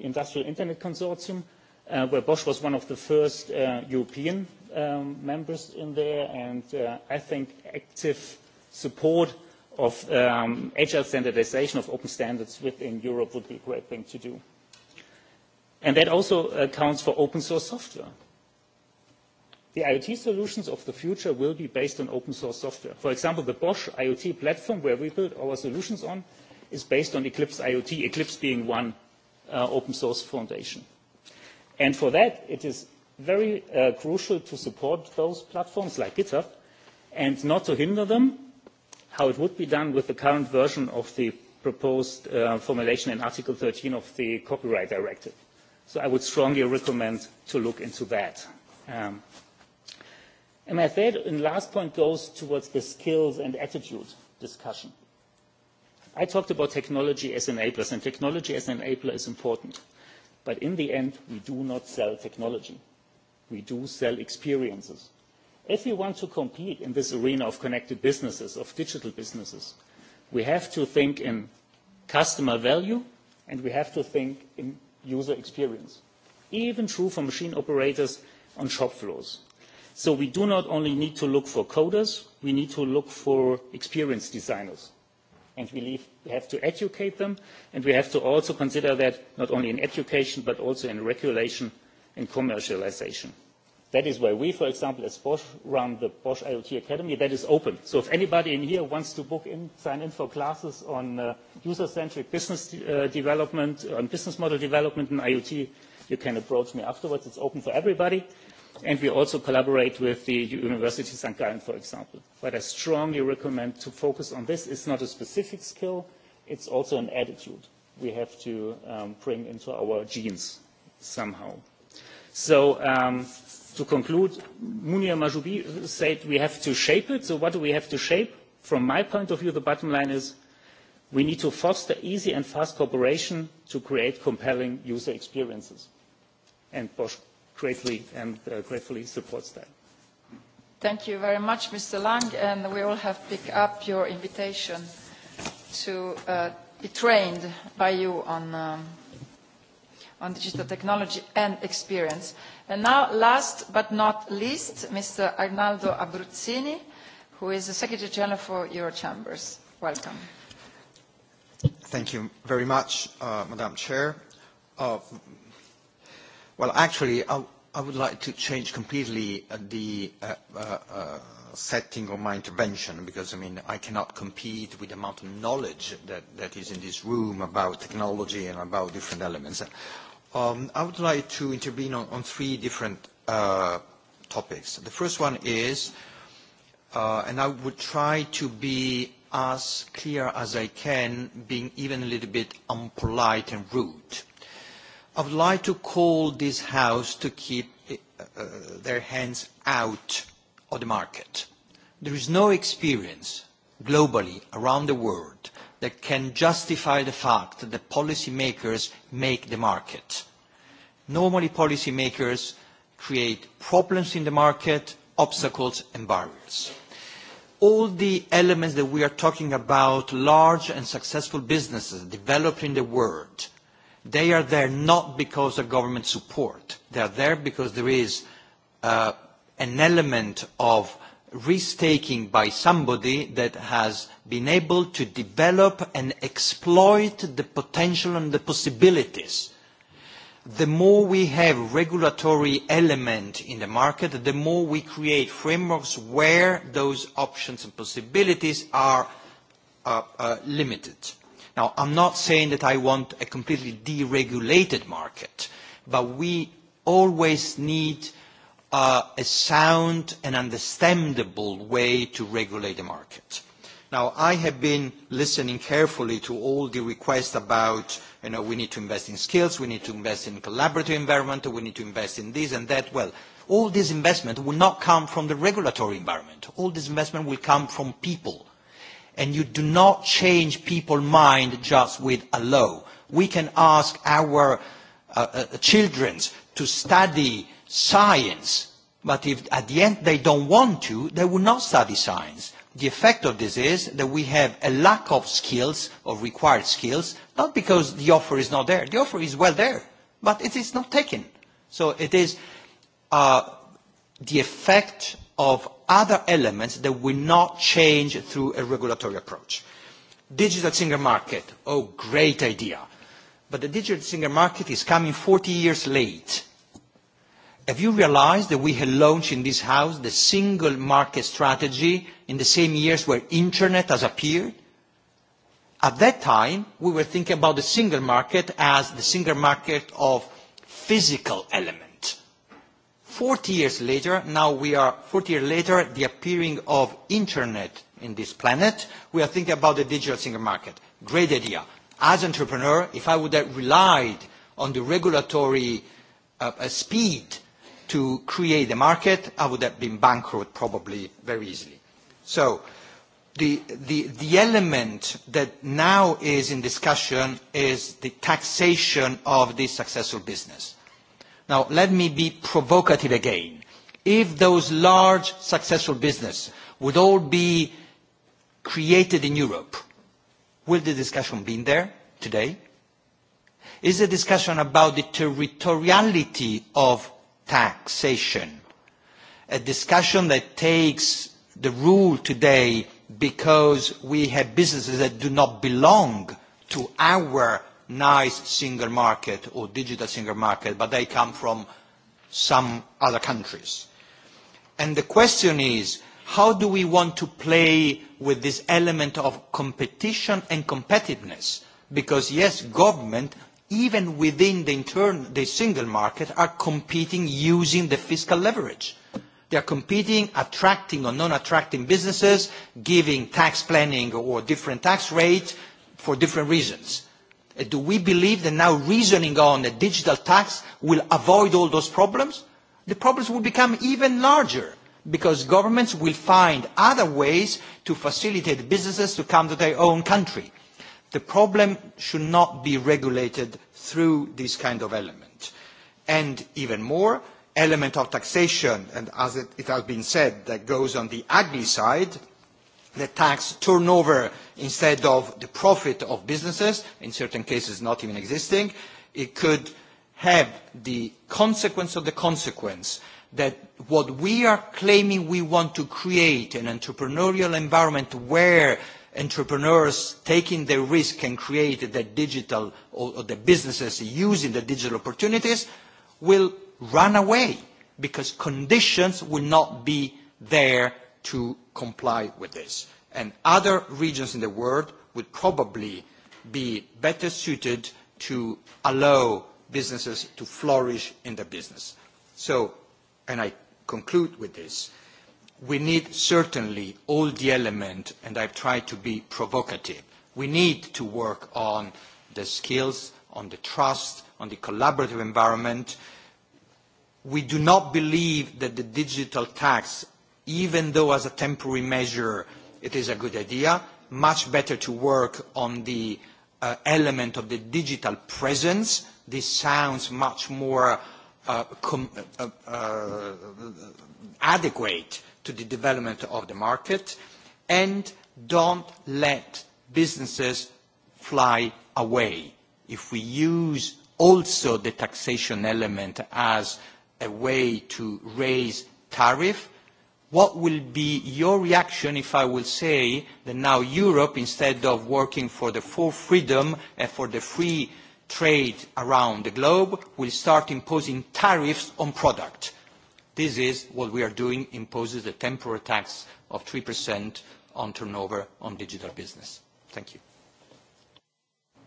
Industrial Internet Consortium, where Bosch was one of the first European members in there, and I think active support of agile standardization of open standards within Europe would be a great thing to do. And that also accounts for open source software. The IoT solutions of the future will be based on open source software. For example, the Bosch IoT platform where we build our solutions on is based on Eclipse IoT, Eclipse being one open source foundation. And for that, it is very crucial to support those platforms like GitHub and not to hinder them, how it would be done with the current version of the proposed formulation in Article 13 of the Copyright Directive. So I would strongly recommend to look into that. And my third and last point goes towards the skills and attitude discussion. I talked about technology as enablers, and technology as an enabler is important. But in the end, we do not sell technology. We do sell experiences. If we want to compete in this arena of connected businesses, of digital businesses, we have to think in customer value and we have to think in user experience. Even true for machine operators on shop floors So we do not only need to look for coders, we need to look for experienced designers. And we have to educate them, and we have to also consider that not only in education, but also in regulation and commercialization. That is why we, for example, as Bosch, run the Bosch IoT Academy. That is open. So if anybody in here wants to book in, sign in for classes on user-centric business development, on business model development in IoT, you can approach me afterwards. It's open for everybody and we also collaborate with the University St. Gallen, for example. But I strongly recommend to focus on this. It's not a specific skill, it's also an attitude we have to bring into our genes somehow. So to conclude, Munia Majoubi said we have to shape it. So what do we have to shape? From my point of view, the bottom line is we need to foster easy and fast cooperation to create compelling user experiences. And greatly and gratefully supports that. Thank you very much, Mr. Lang, and we all have picked up your invitation to be trained by you on on digital technology and experience. And now, last but not least, Mr. Arnaldo Abruzzini, who is the Secretary General for Eurochambers. Welcome. Thank you very much, Madam Chair. Well, actually, I would like to change completely the setting of my intervention because, I mean, I cannot compete with the amount of knowledge that is in this room about technology and about different elements. I would like to intervene on three different topics. The first one is, and I would try to be as clear as I can, being even a little bit unpolite and rude. I would like to call this House to keep their hands out of the market. There is no experience globally around the world that can justify the fact that policymakers make the market. Normally policymakers create problems in the market, obstacles and barriers. All the elements that we are talking about, large and successful businesses developed in the world, They are there not because of government support. They are there because there is an element of risk-taking by somebody that has been able to develop and exploit the potential and the possibilities. The more we have regulatory element in the market, the more we create frameworks where those options and possibilities are limited. Now, I'm not saying that I want a completely deregulated market, but we always need a sound and understandable way to regulate the market. Now, I have been listening carefully to all the requests about, you know, we need to invest in skills, we need to invest in collaborative environment, we need to invest in this and that. Well, all this investment will not come from the regulatory environment. All this investment will come from people and you do not change people's mind just with a law. We can ask our children to study science, but if at the end they don't want to, they will not study science. The effect of this is that we have a lack of skills, of required skills, not because the offer is not there. The offer is well there, but it is not taken. So it is the effect of other elements that will not change through a regulatory approach. Digital single market, oh, great idea. But the digital single market is coming 40 years late. Have you realized that we had launched in this house the single market strategy in the same years where Internet has appeared? At that time, we were thinking about the single market as the single market of physical elements 40 years later, now we are 40 years later, the appearing of Internet in this planet, we are thinking about the digital single market. Great idea. As entrepreneur, if I would have relied on the regulatory speed to create the market, I would have been bankrupt probably very easily. So the element that now is in discussion is the taxation of this successful business. Now, let me be provocative again. If those large, successful businesses would all be created in Europe, will the discussion be there today? Is the discussion about the territoriality of taxation a discussion that takes the rule today because we have businesses that do not belong to our nice single market or digital single market, but they come from some other countries. And the question is, how do we want to play with this element of competition and competitiveness? Because, yes, government, even within the single market, are competing using the fiscal leverage. They are competing, attracting or non-attracting businesses, giving tax planning or different tax rates for different reasons do we believe that now reasoning on a digital tax will avoid all those problems? The problems will become even larger because governments will find other ways to facilitate businesses to come to their own country. The problem should not be regulated through this kind of element. And even more, element of taxation, and as it has been said, that goes on the ugly side, the tax turnover instead of the profit of businesses, in certain cases not even existing, it could have the consequence of the consequence that what we are claiming we want to create, an entrepreneurial environment where entrepreneurs taking the risk can create the digital or the businesses using the digital opportunities, will run away because conditions will not be there to comply with this and other regions in the world would probably be better suited to allow businesses to flourish in their business. So, and I conclude with this, we need certainly all the element, and I've tried to be provocative. We need to work on the skills, on the trust, on the collaborative environment. We do not believe that the digital tax, even though as a temporary measure it is a good idea. Much better to work on the element of the digital presence. This sounds much more adequate to the development of the market. And don't let businesses fly away. If we use also the taxation element as a way to raise tariff, What will be your reaction if I will say that now Europe, instead of working for the full freedom and for the free trade around the globe, will start imposing tariffs on product. This is what we are doing, imposes a temporary tax of 3% on turnover on digital business. Thank you.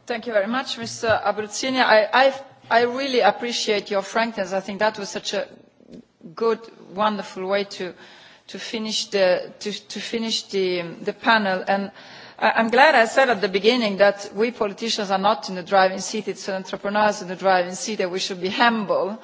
Thank you very much, Mr. Abruzzini. I really appreciate your frankness. I think that was such a good, wonderful way to to finish the panel. And I'm glad I said at the beginning that we politicians are not in the driving seat. It's entrepreneurs in the driving seat that we should be humble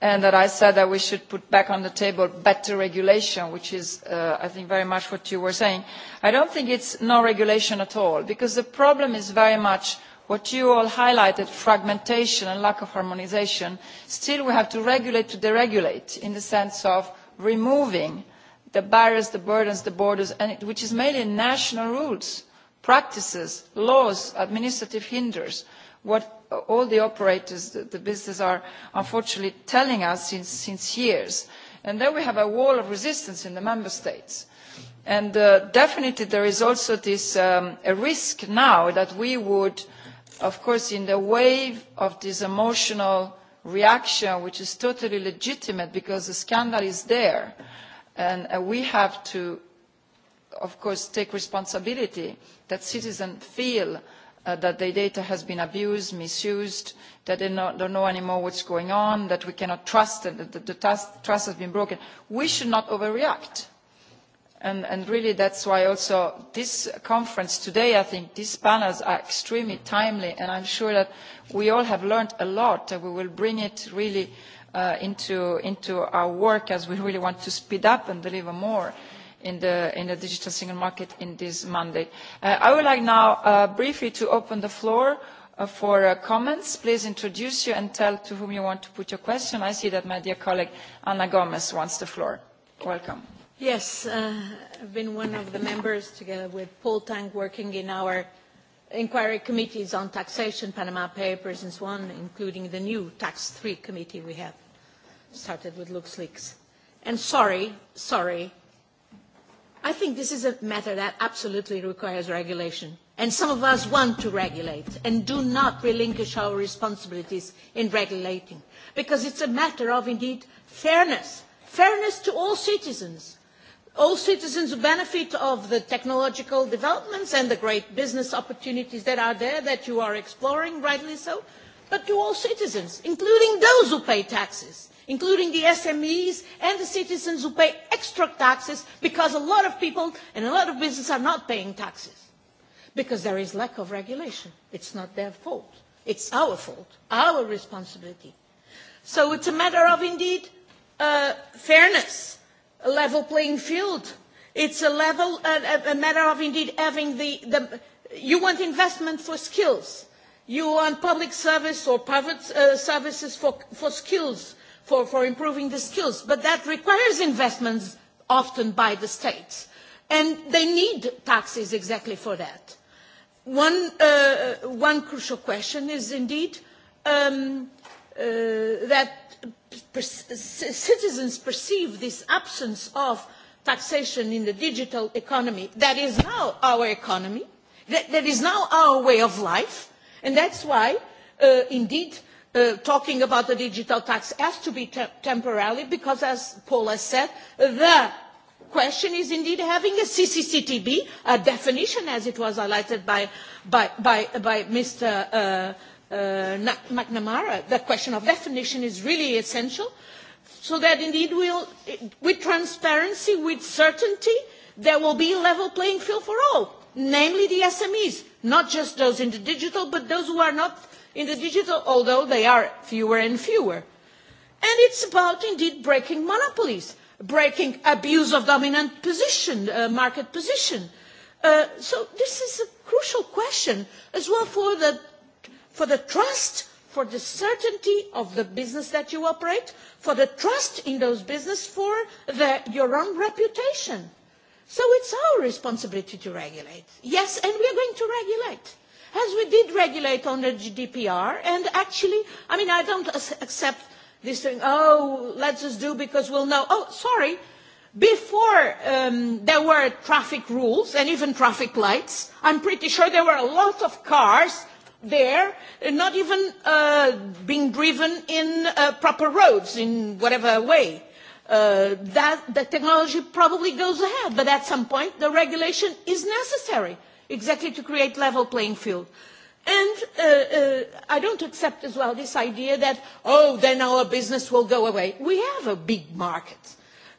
and that I said that we should put back on the table better regulation, which is, I think, very much what you were saying. I don't think it's no regulation at all, because the problem is very much what you all highlighted, fragmentation and lack of harmonisation. Still, we have to regulate to deregulate in the sense of removing the barriers the burdens the borders and which is mainly national rules practices laws administrative hinders, what all the operators the business are unfortunately telling us since years and then we have a wall of resistance in the member states and definitely there is also this risk now that we would of course in the wave of this emotional reaction which is totally legitimate because the scandal is there and we have to of course take responsibility that citizens feel that their data has been abused misused that they don't know anymore what's going on that we cannot trust them that the trust has been broken. we should not overreact and really that's why also this conference today i think these panels are extremely timely and i'm sure that we all have learned a lot and we will bring it really into our work as we really want to speed up and deliver more in the digital single market in this mandate. I would like now briefly to open the floor for comments. Please introduce you and tell to whom you want to put your question. I see that my dear colleague Anna Gomez wants the floor. Welcome. Yes, I've been one of the members together with Paul Tang working in our inquiry committees on taxation, Panama Papers and so on, including the new Tax 3 committee we have, started with LuxLeaks. And sorry, sorry, I think this is a matter that absolutely requires regulation. And some of us want to regulate and do not relinquish our responsibilities in regulating, because it's a matter of, indeed, fairness. Fairness to all citizens all citizens benefit of the technological developments and the great business opportunities that are there that you are exploring, rightly so, but to all citizens, including those who pay taxes, including the SMEs and the citizens who pay extra taxes because a lot of people and a lot of businesses are not paying taxes because there is lack of regulation. It's not their fault. It's our fault, our responsibility. So it's a matter of, indeed, fairness a level playing field. It's a level, a matter of indeed having the, you want investment for skills. You want public service or private services for skills, for improving the skills. But that requires investments often by the states. And they need taxes exactly for that. One crucial question is indeed that citizens perceive this absence of taxation in the digital economy that is now our economy, that is now our way of life, and that's why, indeed, talking about the digital tax has to be temporary because, as Paul has said, the question is indeed having a CCCTB, a definition as it was highlighted by Mr. McNamara, the question of definition is really essential, so that indeed with transparency, with certainty, there will be a level playing field for all, namely the SMEs, not just those in the digital, but those who are not in the digital, although they are fewer and fewer. And it's about indeed breaking monopolies, breaking abuse of dominant position, market position. So this is a crucial question as well for the for the trust for the certainty of the business that you operate for the trust in those business, for your own reputation. so it's our responsibility to regulate yes and we are going to regulate as we did regulate on the gdpr and actually i mean i don't accept this thing oh let's just do because we'll know oh sorry before there were traffic rules and even traffic lights i'm pretty sure there were a lot of cars there, not even being driven in proper roads in whatever way. That the technology probably goes ahead, but at some point the regulation is necessary, exactly to create level playing field. And I don't accept as well this idea that oh then our business will go away. We have a big market.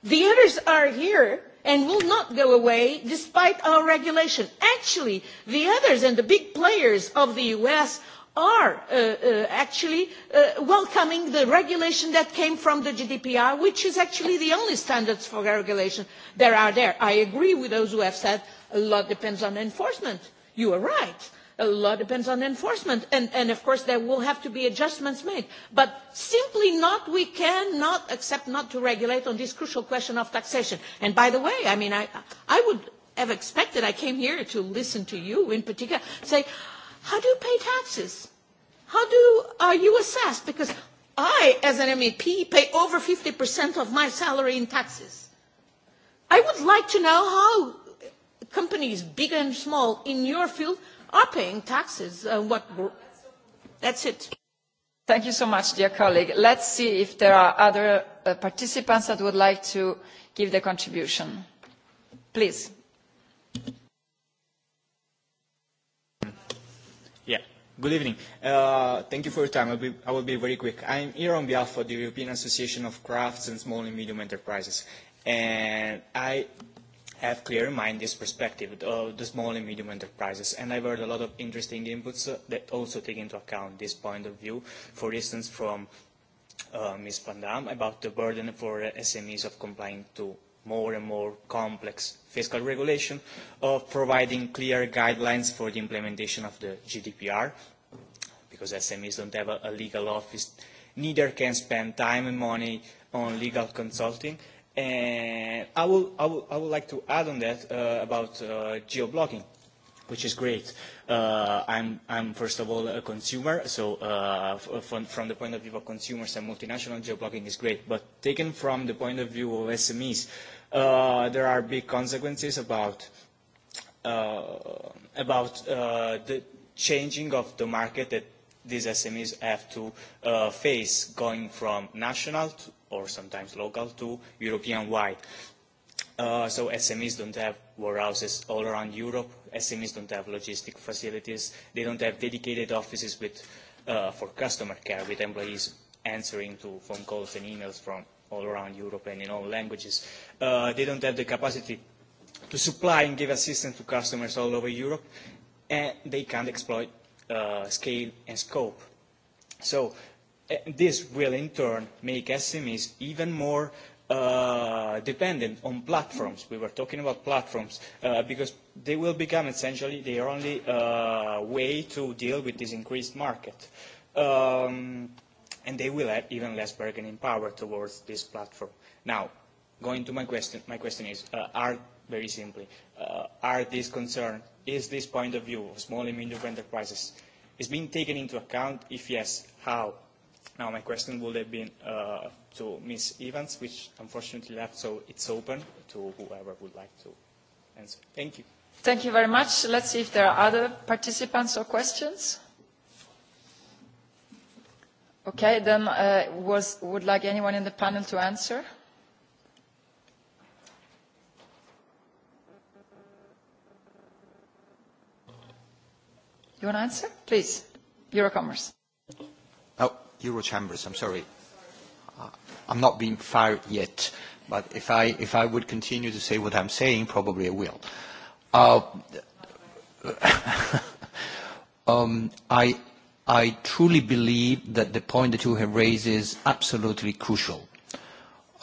The others are here and will not go away despite our regulation. Actually, the others and the big players of the US are actually welcoming the regulation that came from the GDPR, which is actually the only standards for regulation that are there. I agree with those who have said a lot depends on enforcement. You are right a lot depends on enforcement and of course there will have to be adjustments made but simply not we cannot accept not to regulate on this crucial question of taxation and by the way i mean i would have expected i came here to listen to you in particular say how do you pay taxes how do are you assessed because i as an mep pay over 50% of my salary in taxes i would like to know how companies big and small in your field are paying taxes. What? That's it. Thank you so much, dear colleague. Let's see if there are other participants that would like to give their contribution. Please. Good evening. Thank you for your time. I will be very quick. I'm here on behalf of the European Association of Crafts and Small and Medium Enterprises, and I have clear in mind this perspective of the small and medium enterprises. And I've heard a lot of interesting inputs that also take into account this point of view, for instance, from Ms. Van Damme about the burden for SMEs of complying to more and more complex fiscal regulation, of providing clear guidelines for the implementation of the GDPR, because SMEs don't have a legal office, neither can spend time and money on legal consulting, I I would like to add on that about geo blocking, which is great. I'm I'm first of all a consumer, so from the point of view of consumers and multinational geo blocking is great. But taken from the point of view of SMEs, there are big consequences about about the changing of the market that these SMEs have to face, going from national to or sometimes local to European-wide. So SMEs don't have warehouses all around Europe. SMEs don't have logistic facilities. They don't have dedicated offices for customer care with employees answering to phone calls and emails from all around Europe and in all languages. They don't have the capacity to supply and give assistance to customers all over Europe, and they can't exploit scale and scope. So This will in turn make SMEs even more dependent on platforms. We were talking about platforms because they will become essentially the only way to deal with this increased market. And they will have even less bargaining power towards this platform. Now, going to my question, my question is, are very simply, are this concern, is this point of view of small and medium enterprises is being taken into account? If yes, how? Now my question would have been to Ms. Evans, which unfortunately left, so it's open to whoever would like to answer. Thank you. Thank you very much. Let's see if there are other participants or questions. Okay, then would like anyone in the panel to answer? You want to answer? Please. Eurocommerce. Chambers, I'm sorry. I'm not being fired yet, but if I, if I would continue to say what I'm saying, probably I will. um, I, I truly believe that the point that you have raised is absolutely crucial.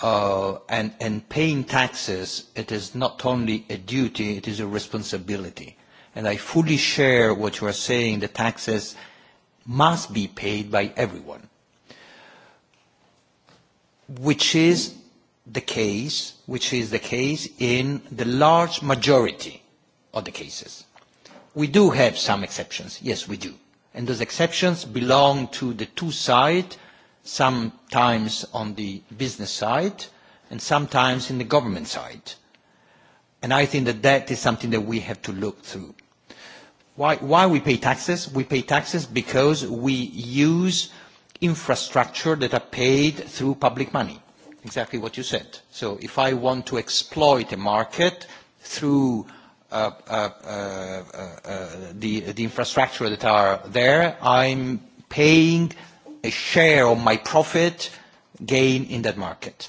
Uh, and, and paying taxes, it is not only a duty, it is a responsibility. And I fully share what you are saying, the taxes must be paid by everyone, which is the case, which is the case in the large majority of the cases. We do have some exceptions, yes, we do, and those exceptions belong to the two sides, sometimes on the business side and sometimes in the government side, and I think that that is something that we have to look through. Why why we pay taxes? We pay taxes because we use infrastructure that are paid through public money. Exactly what you said. So if I want to exploit a market through the infrastructure that are there, I'm paying a share of my profit gain in that market.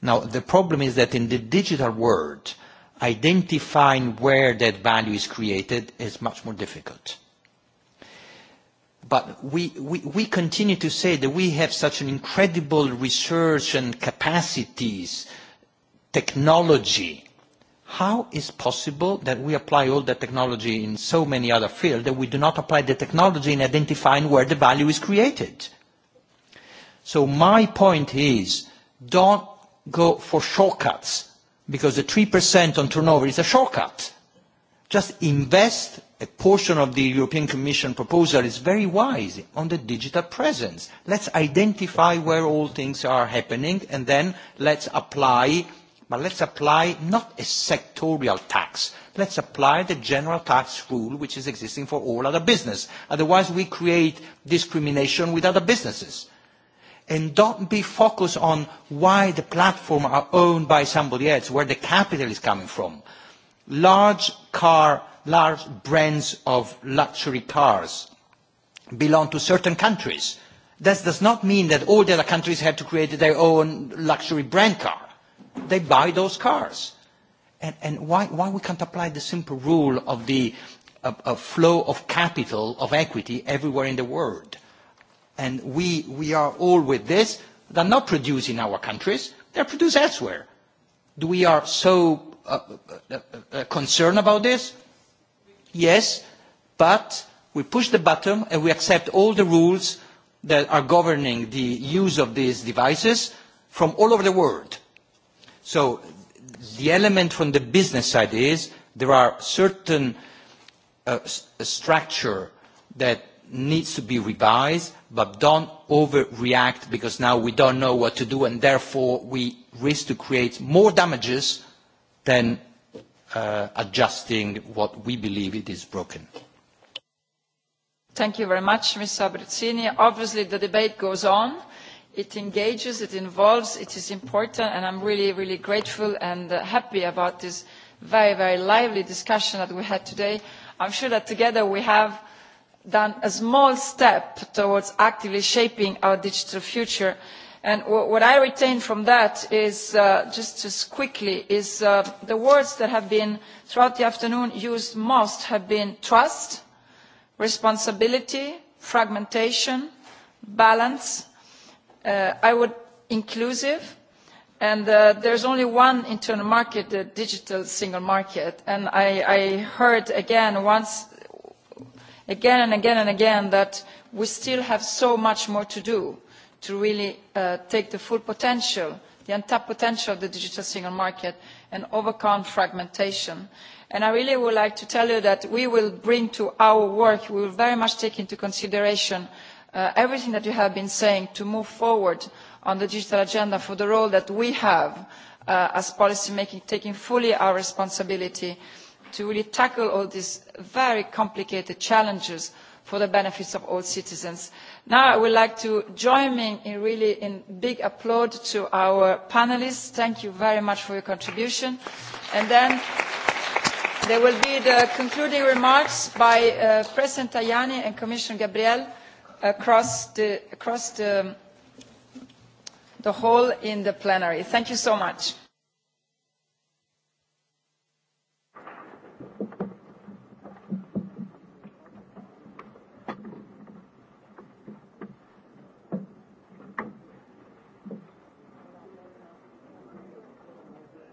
Now, the problem is that in the digital world, identifying where that value is created is much more difficult. But we we continue to say that we have such an incredible research and capacities, technology. How is possible that we apply all that technology in so many other fields that we do not apply the technology in identifying where the value is created? So my point is, don't go for shortcuts because the 3% on turnover is a shortcut. Just invest a portion of the European Commission proposal is very wise on the digital presence. Let's identify where all things are happening and then let's apply, but let's apply not a sectorial tax. Let's apply the general tax rule which is existing for all other businesses. Otherwise we create discrimination with other businesses and don't be focused on why the platforms are owned by somebody else, where the capital is coming from. Large car, large brands of luxury cars belong to certain countries. That does not mean that all the other countries have to create their own luxury brand car. They buy those cars. And why we can't apply the simple rule of the flow of capital, of equity, everywhere in the world? and we we are all with this, are not produced in our countries, they are produced elsewhere. Do we are so concerned about this? Yes, but we push the button and we accept all the rules that are governing the use of these devices from all over the world. So the element from the business side is there are certain structure that needs to be revised, but don't overreact because now we don't know what to do and therefore we risk to create more damages than adjusting what we believe it is broken. Thank you very much, Ms. Abruzzini. Obviously, the debate goes on. It engages, it involves, it is important, and I'm really, really grateful and happy about this very, very lively discussion that we had today. I'm sure that together we have done a small step towards actively shaping our digital future. And what I retain from that is, just quickly, is the words that have been, throughout the afternoon, used most have been trust, responsibility, fragmentation, balance. I would inclusive. And there is only one internal market, the digital single market. And I heard again once again and again and again that we still have so much more to do to really take the full potential, the untapped potential of the digital single market and overcome fragmentation. I really would like to tell you that we will bring to our work, we will very much take into consideration everything that you have been saying to move forward on the digital agenda for the role that we have as policymakers, taking fully our responsibility to really tackle all these very complicated challenges for the benefits of all citizens. Now I would like to join me in really in big applaud to our panelists. Thank you very much for your contribution. And then there will be the concluding remarks by President Tajani and Commissioner Gabriel across the hall in the plenary. Thank you so much.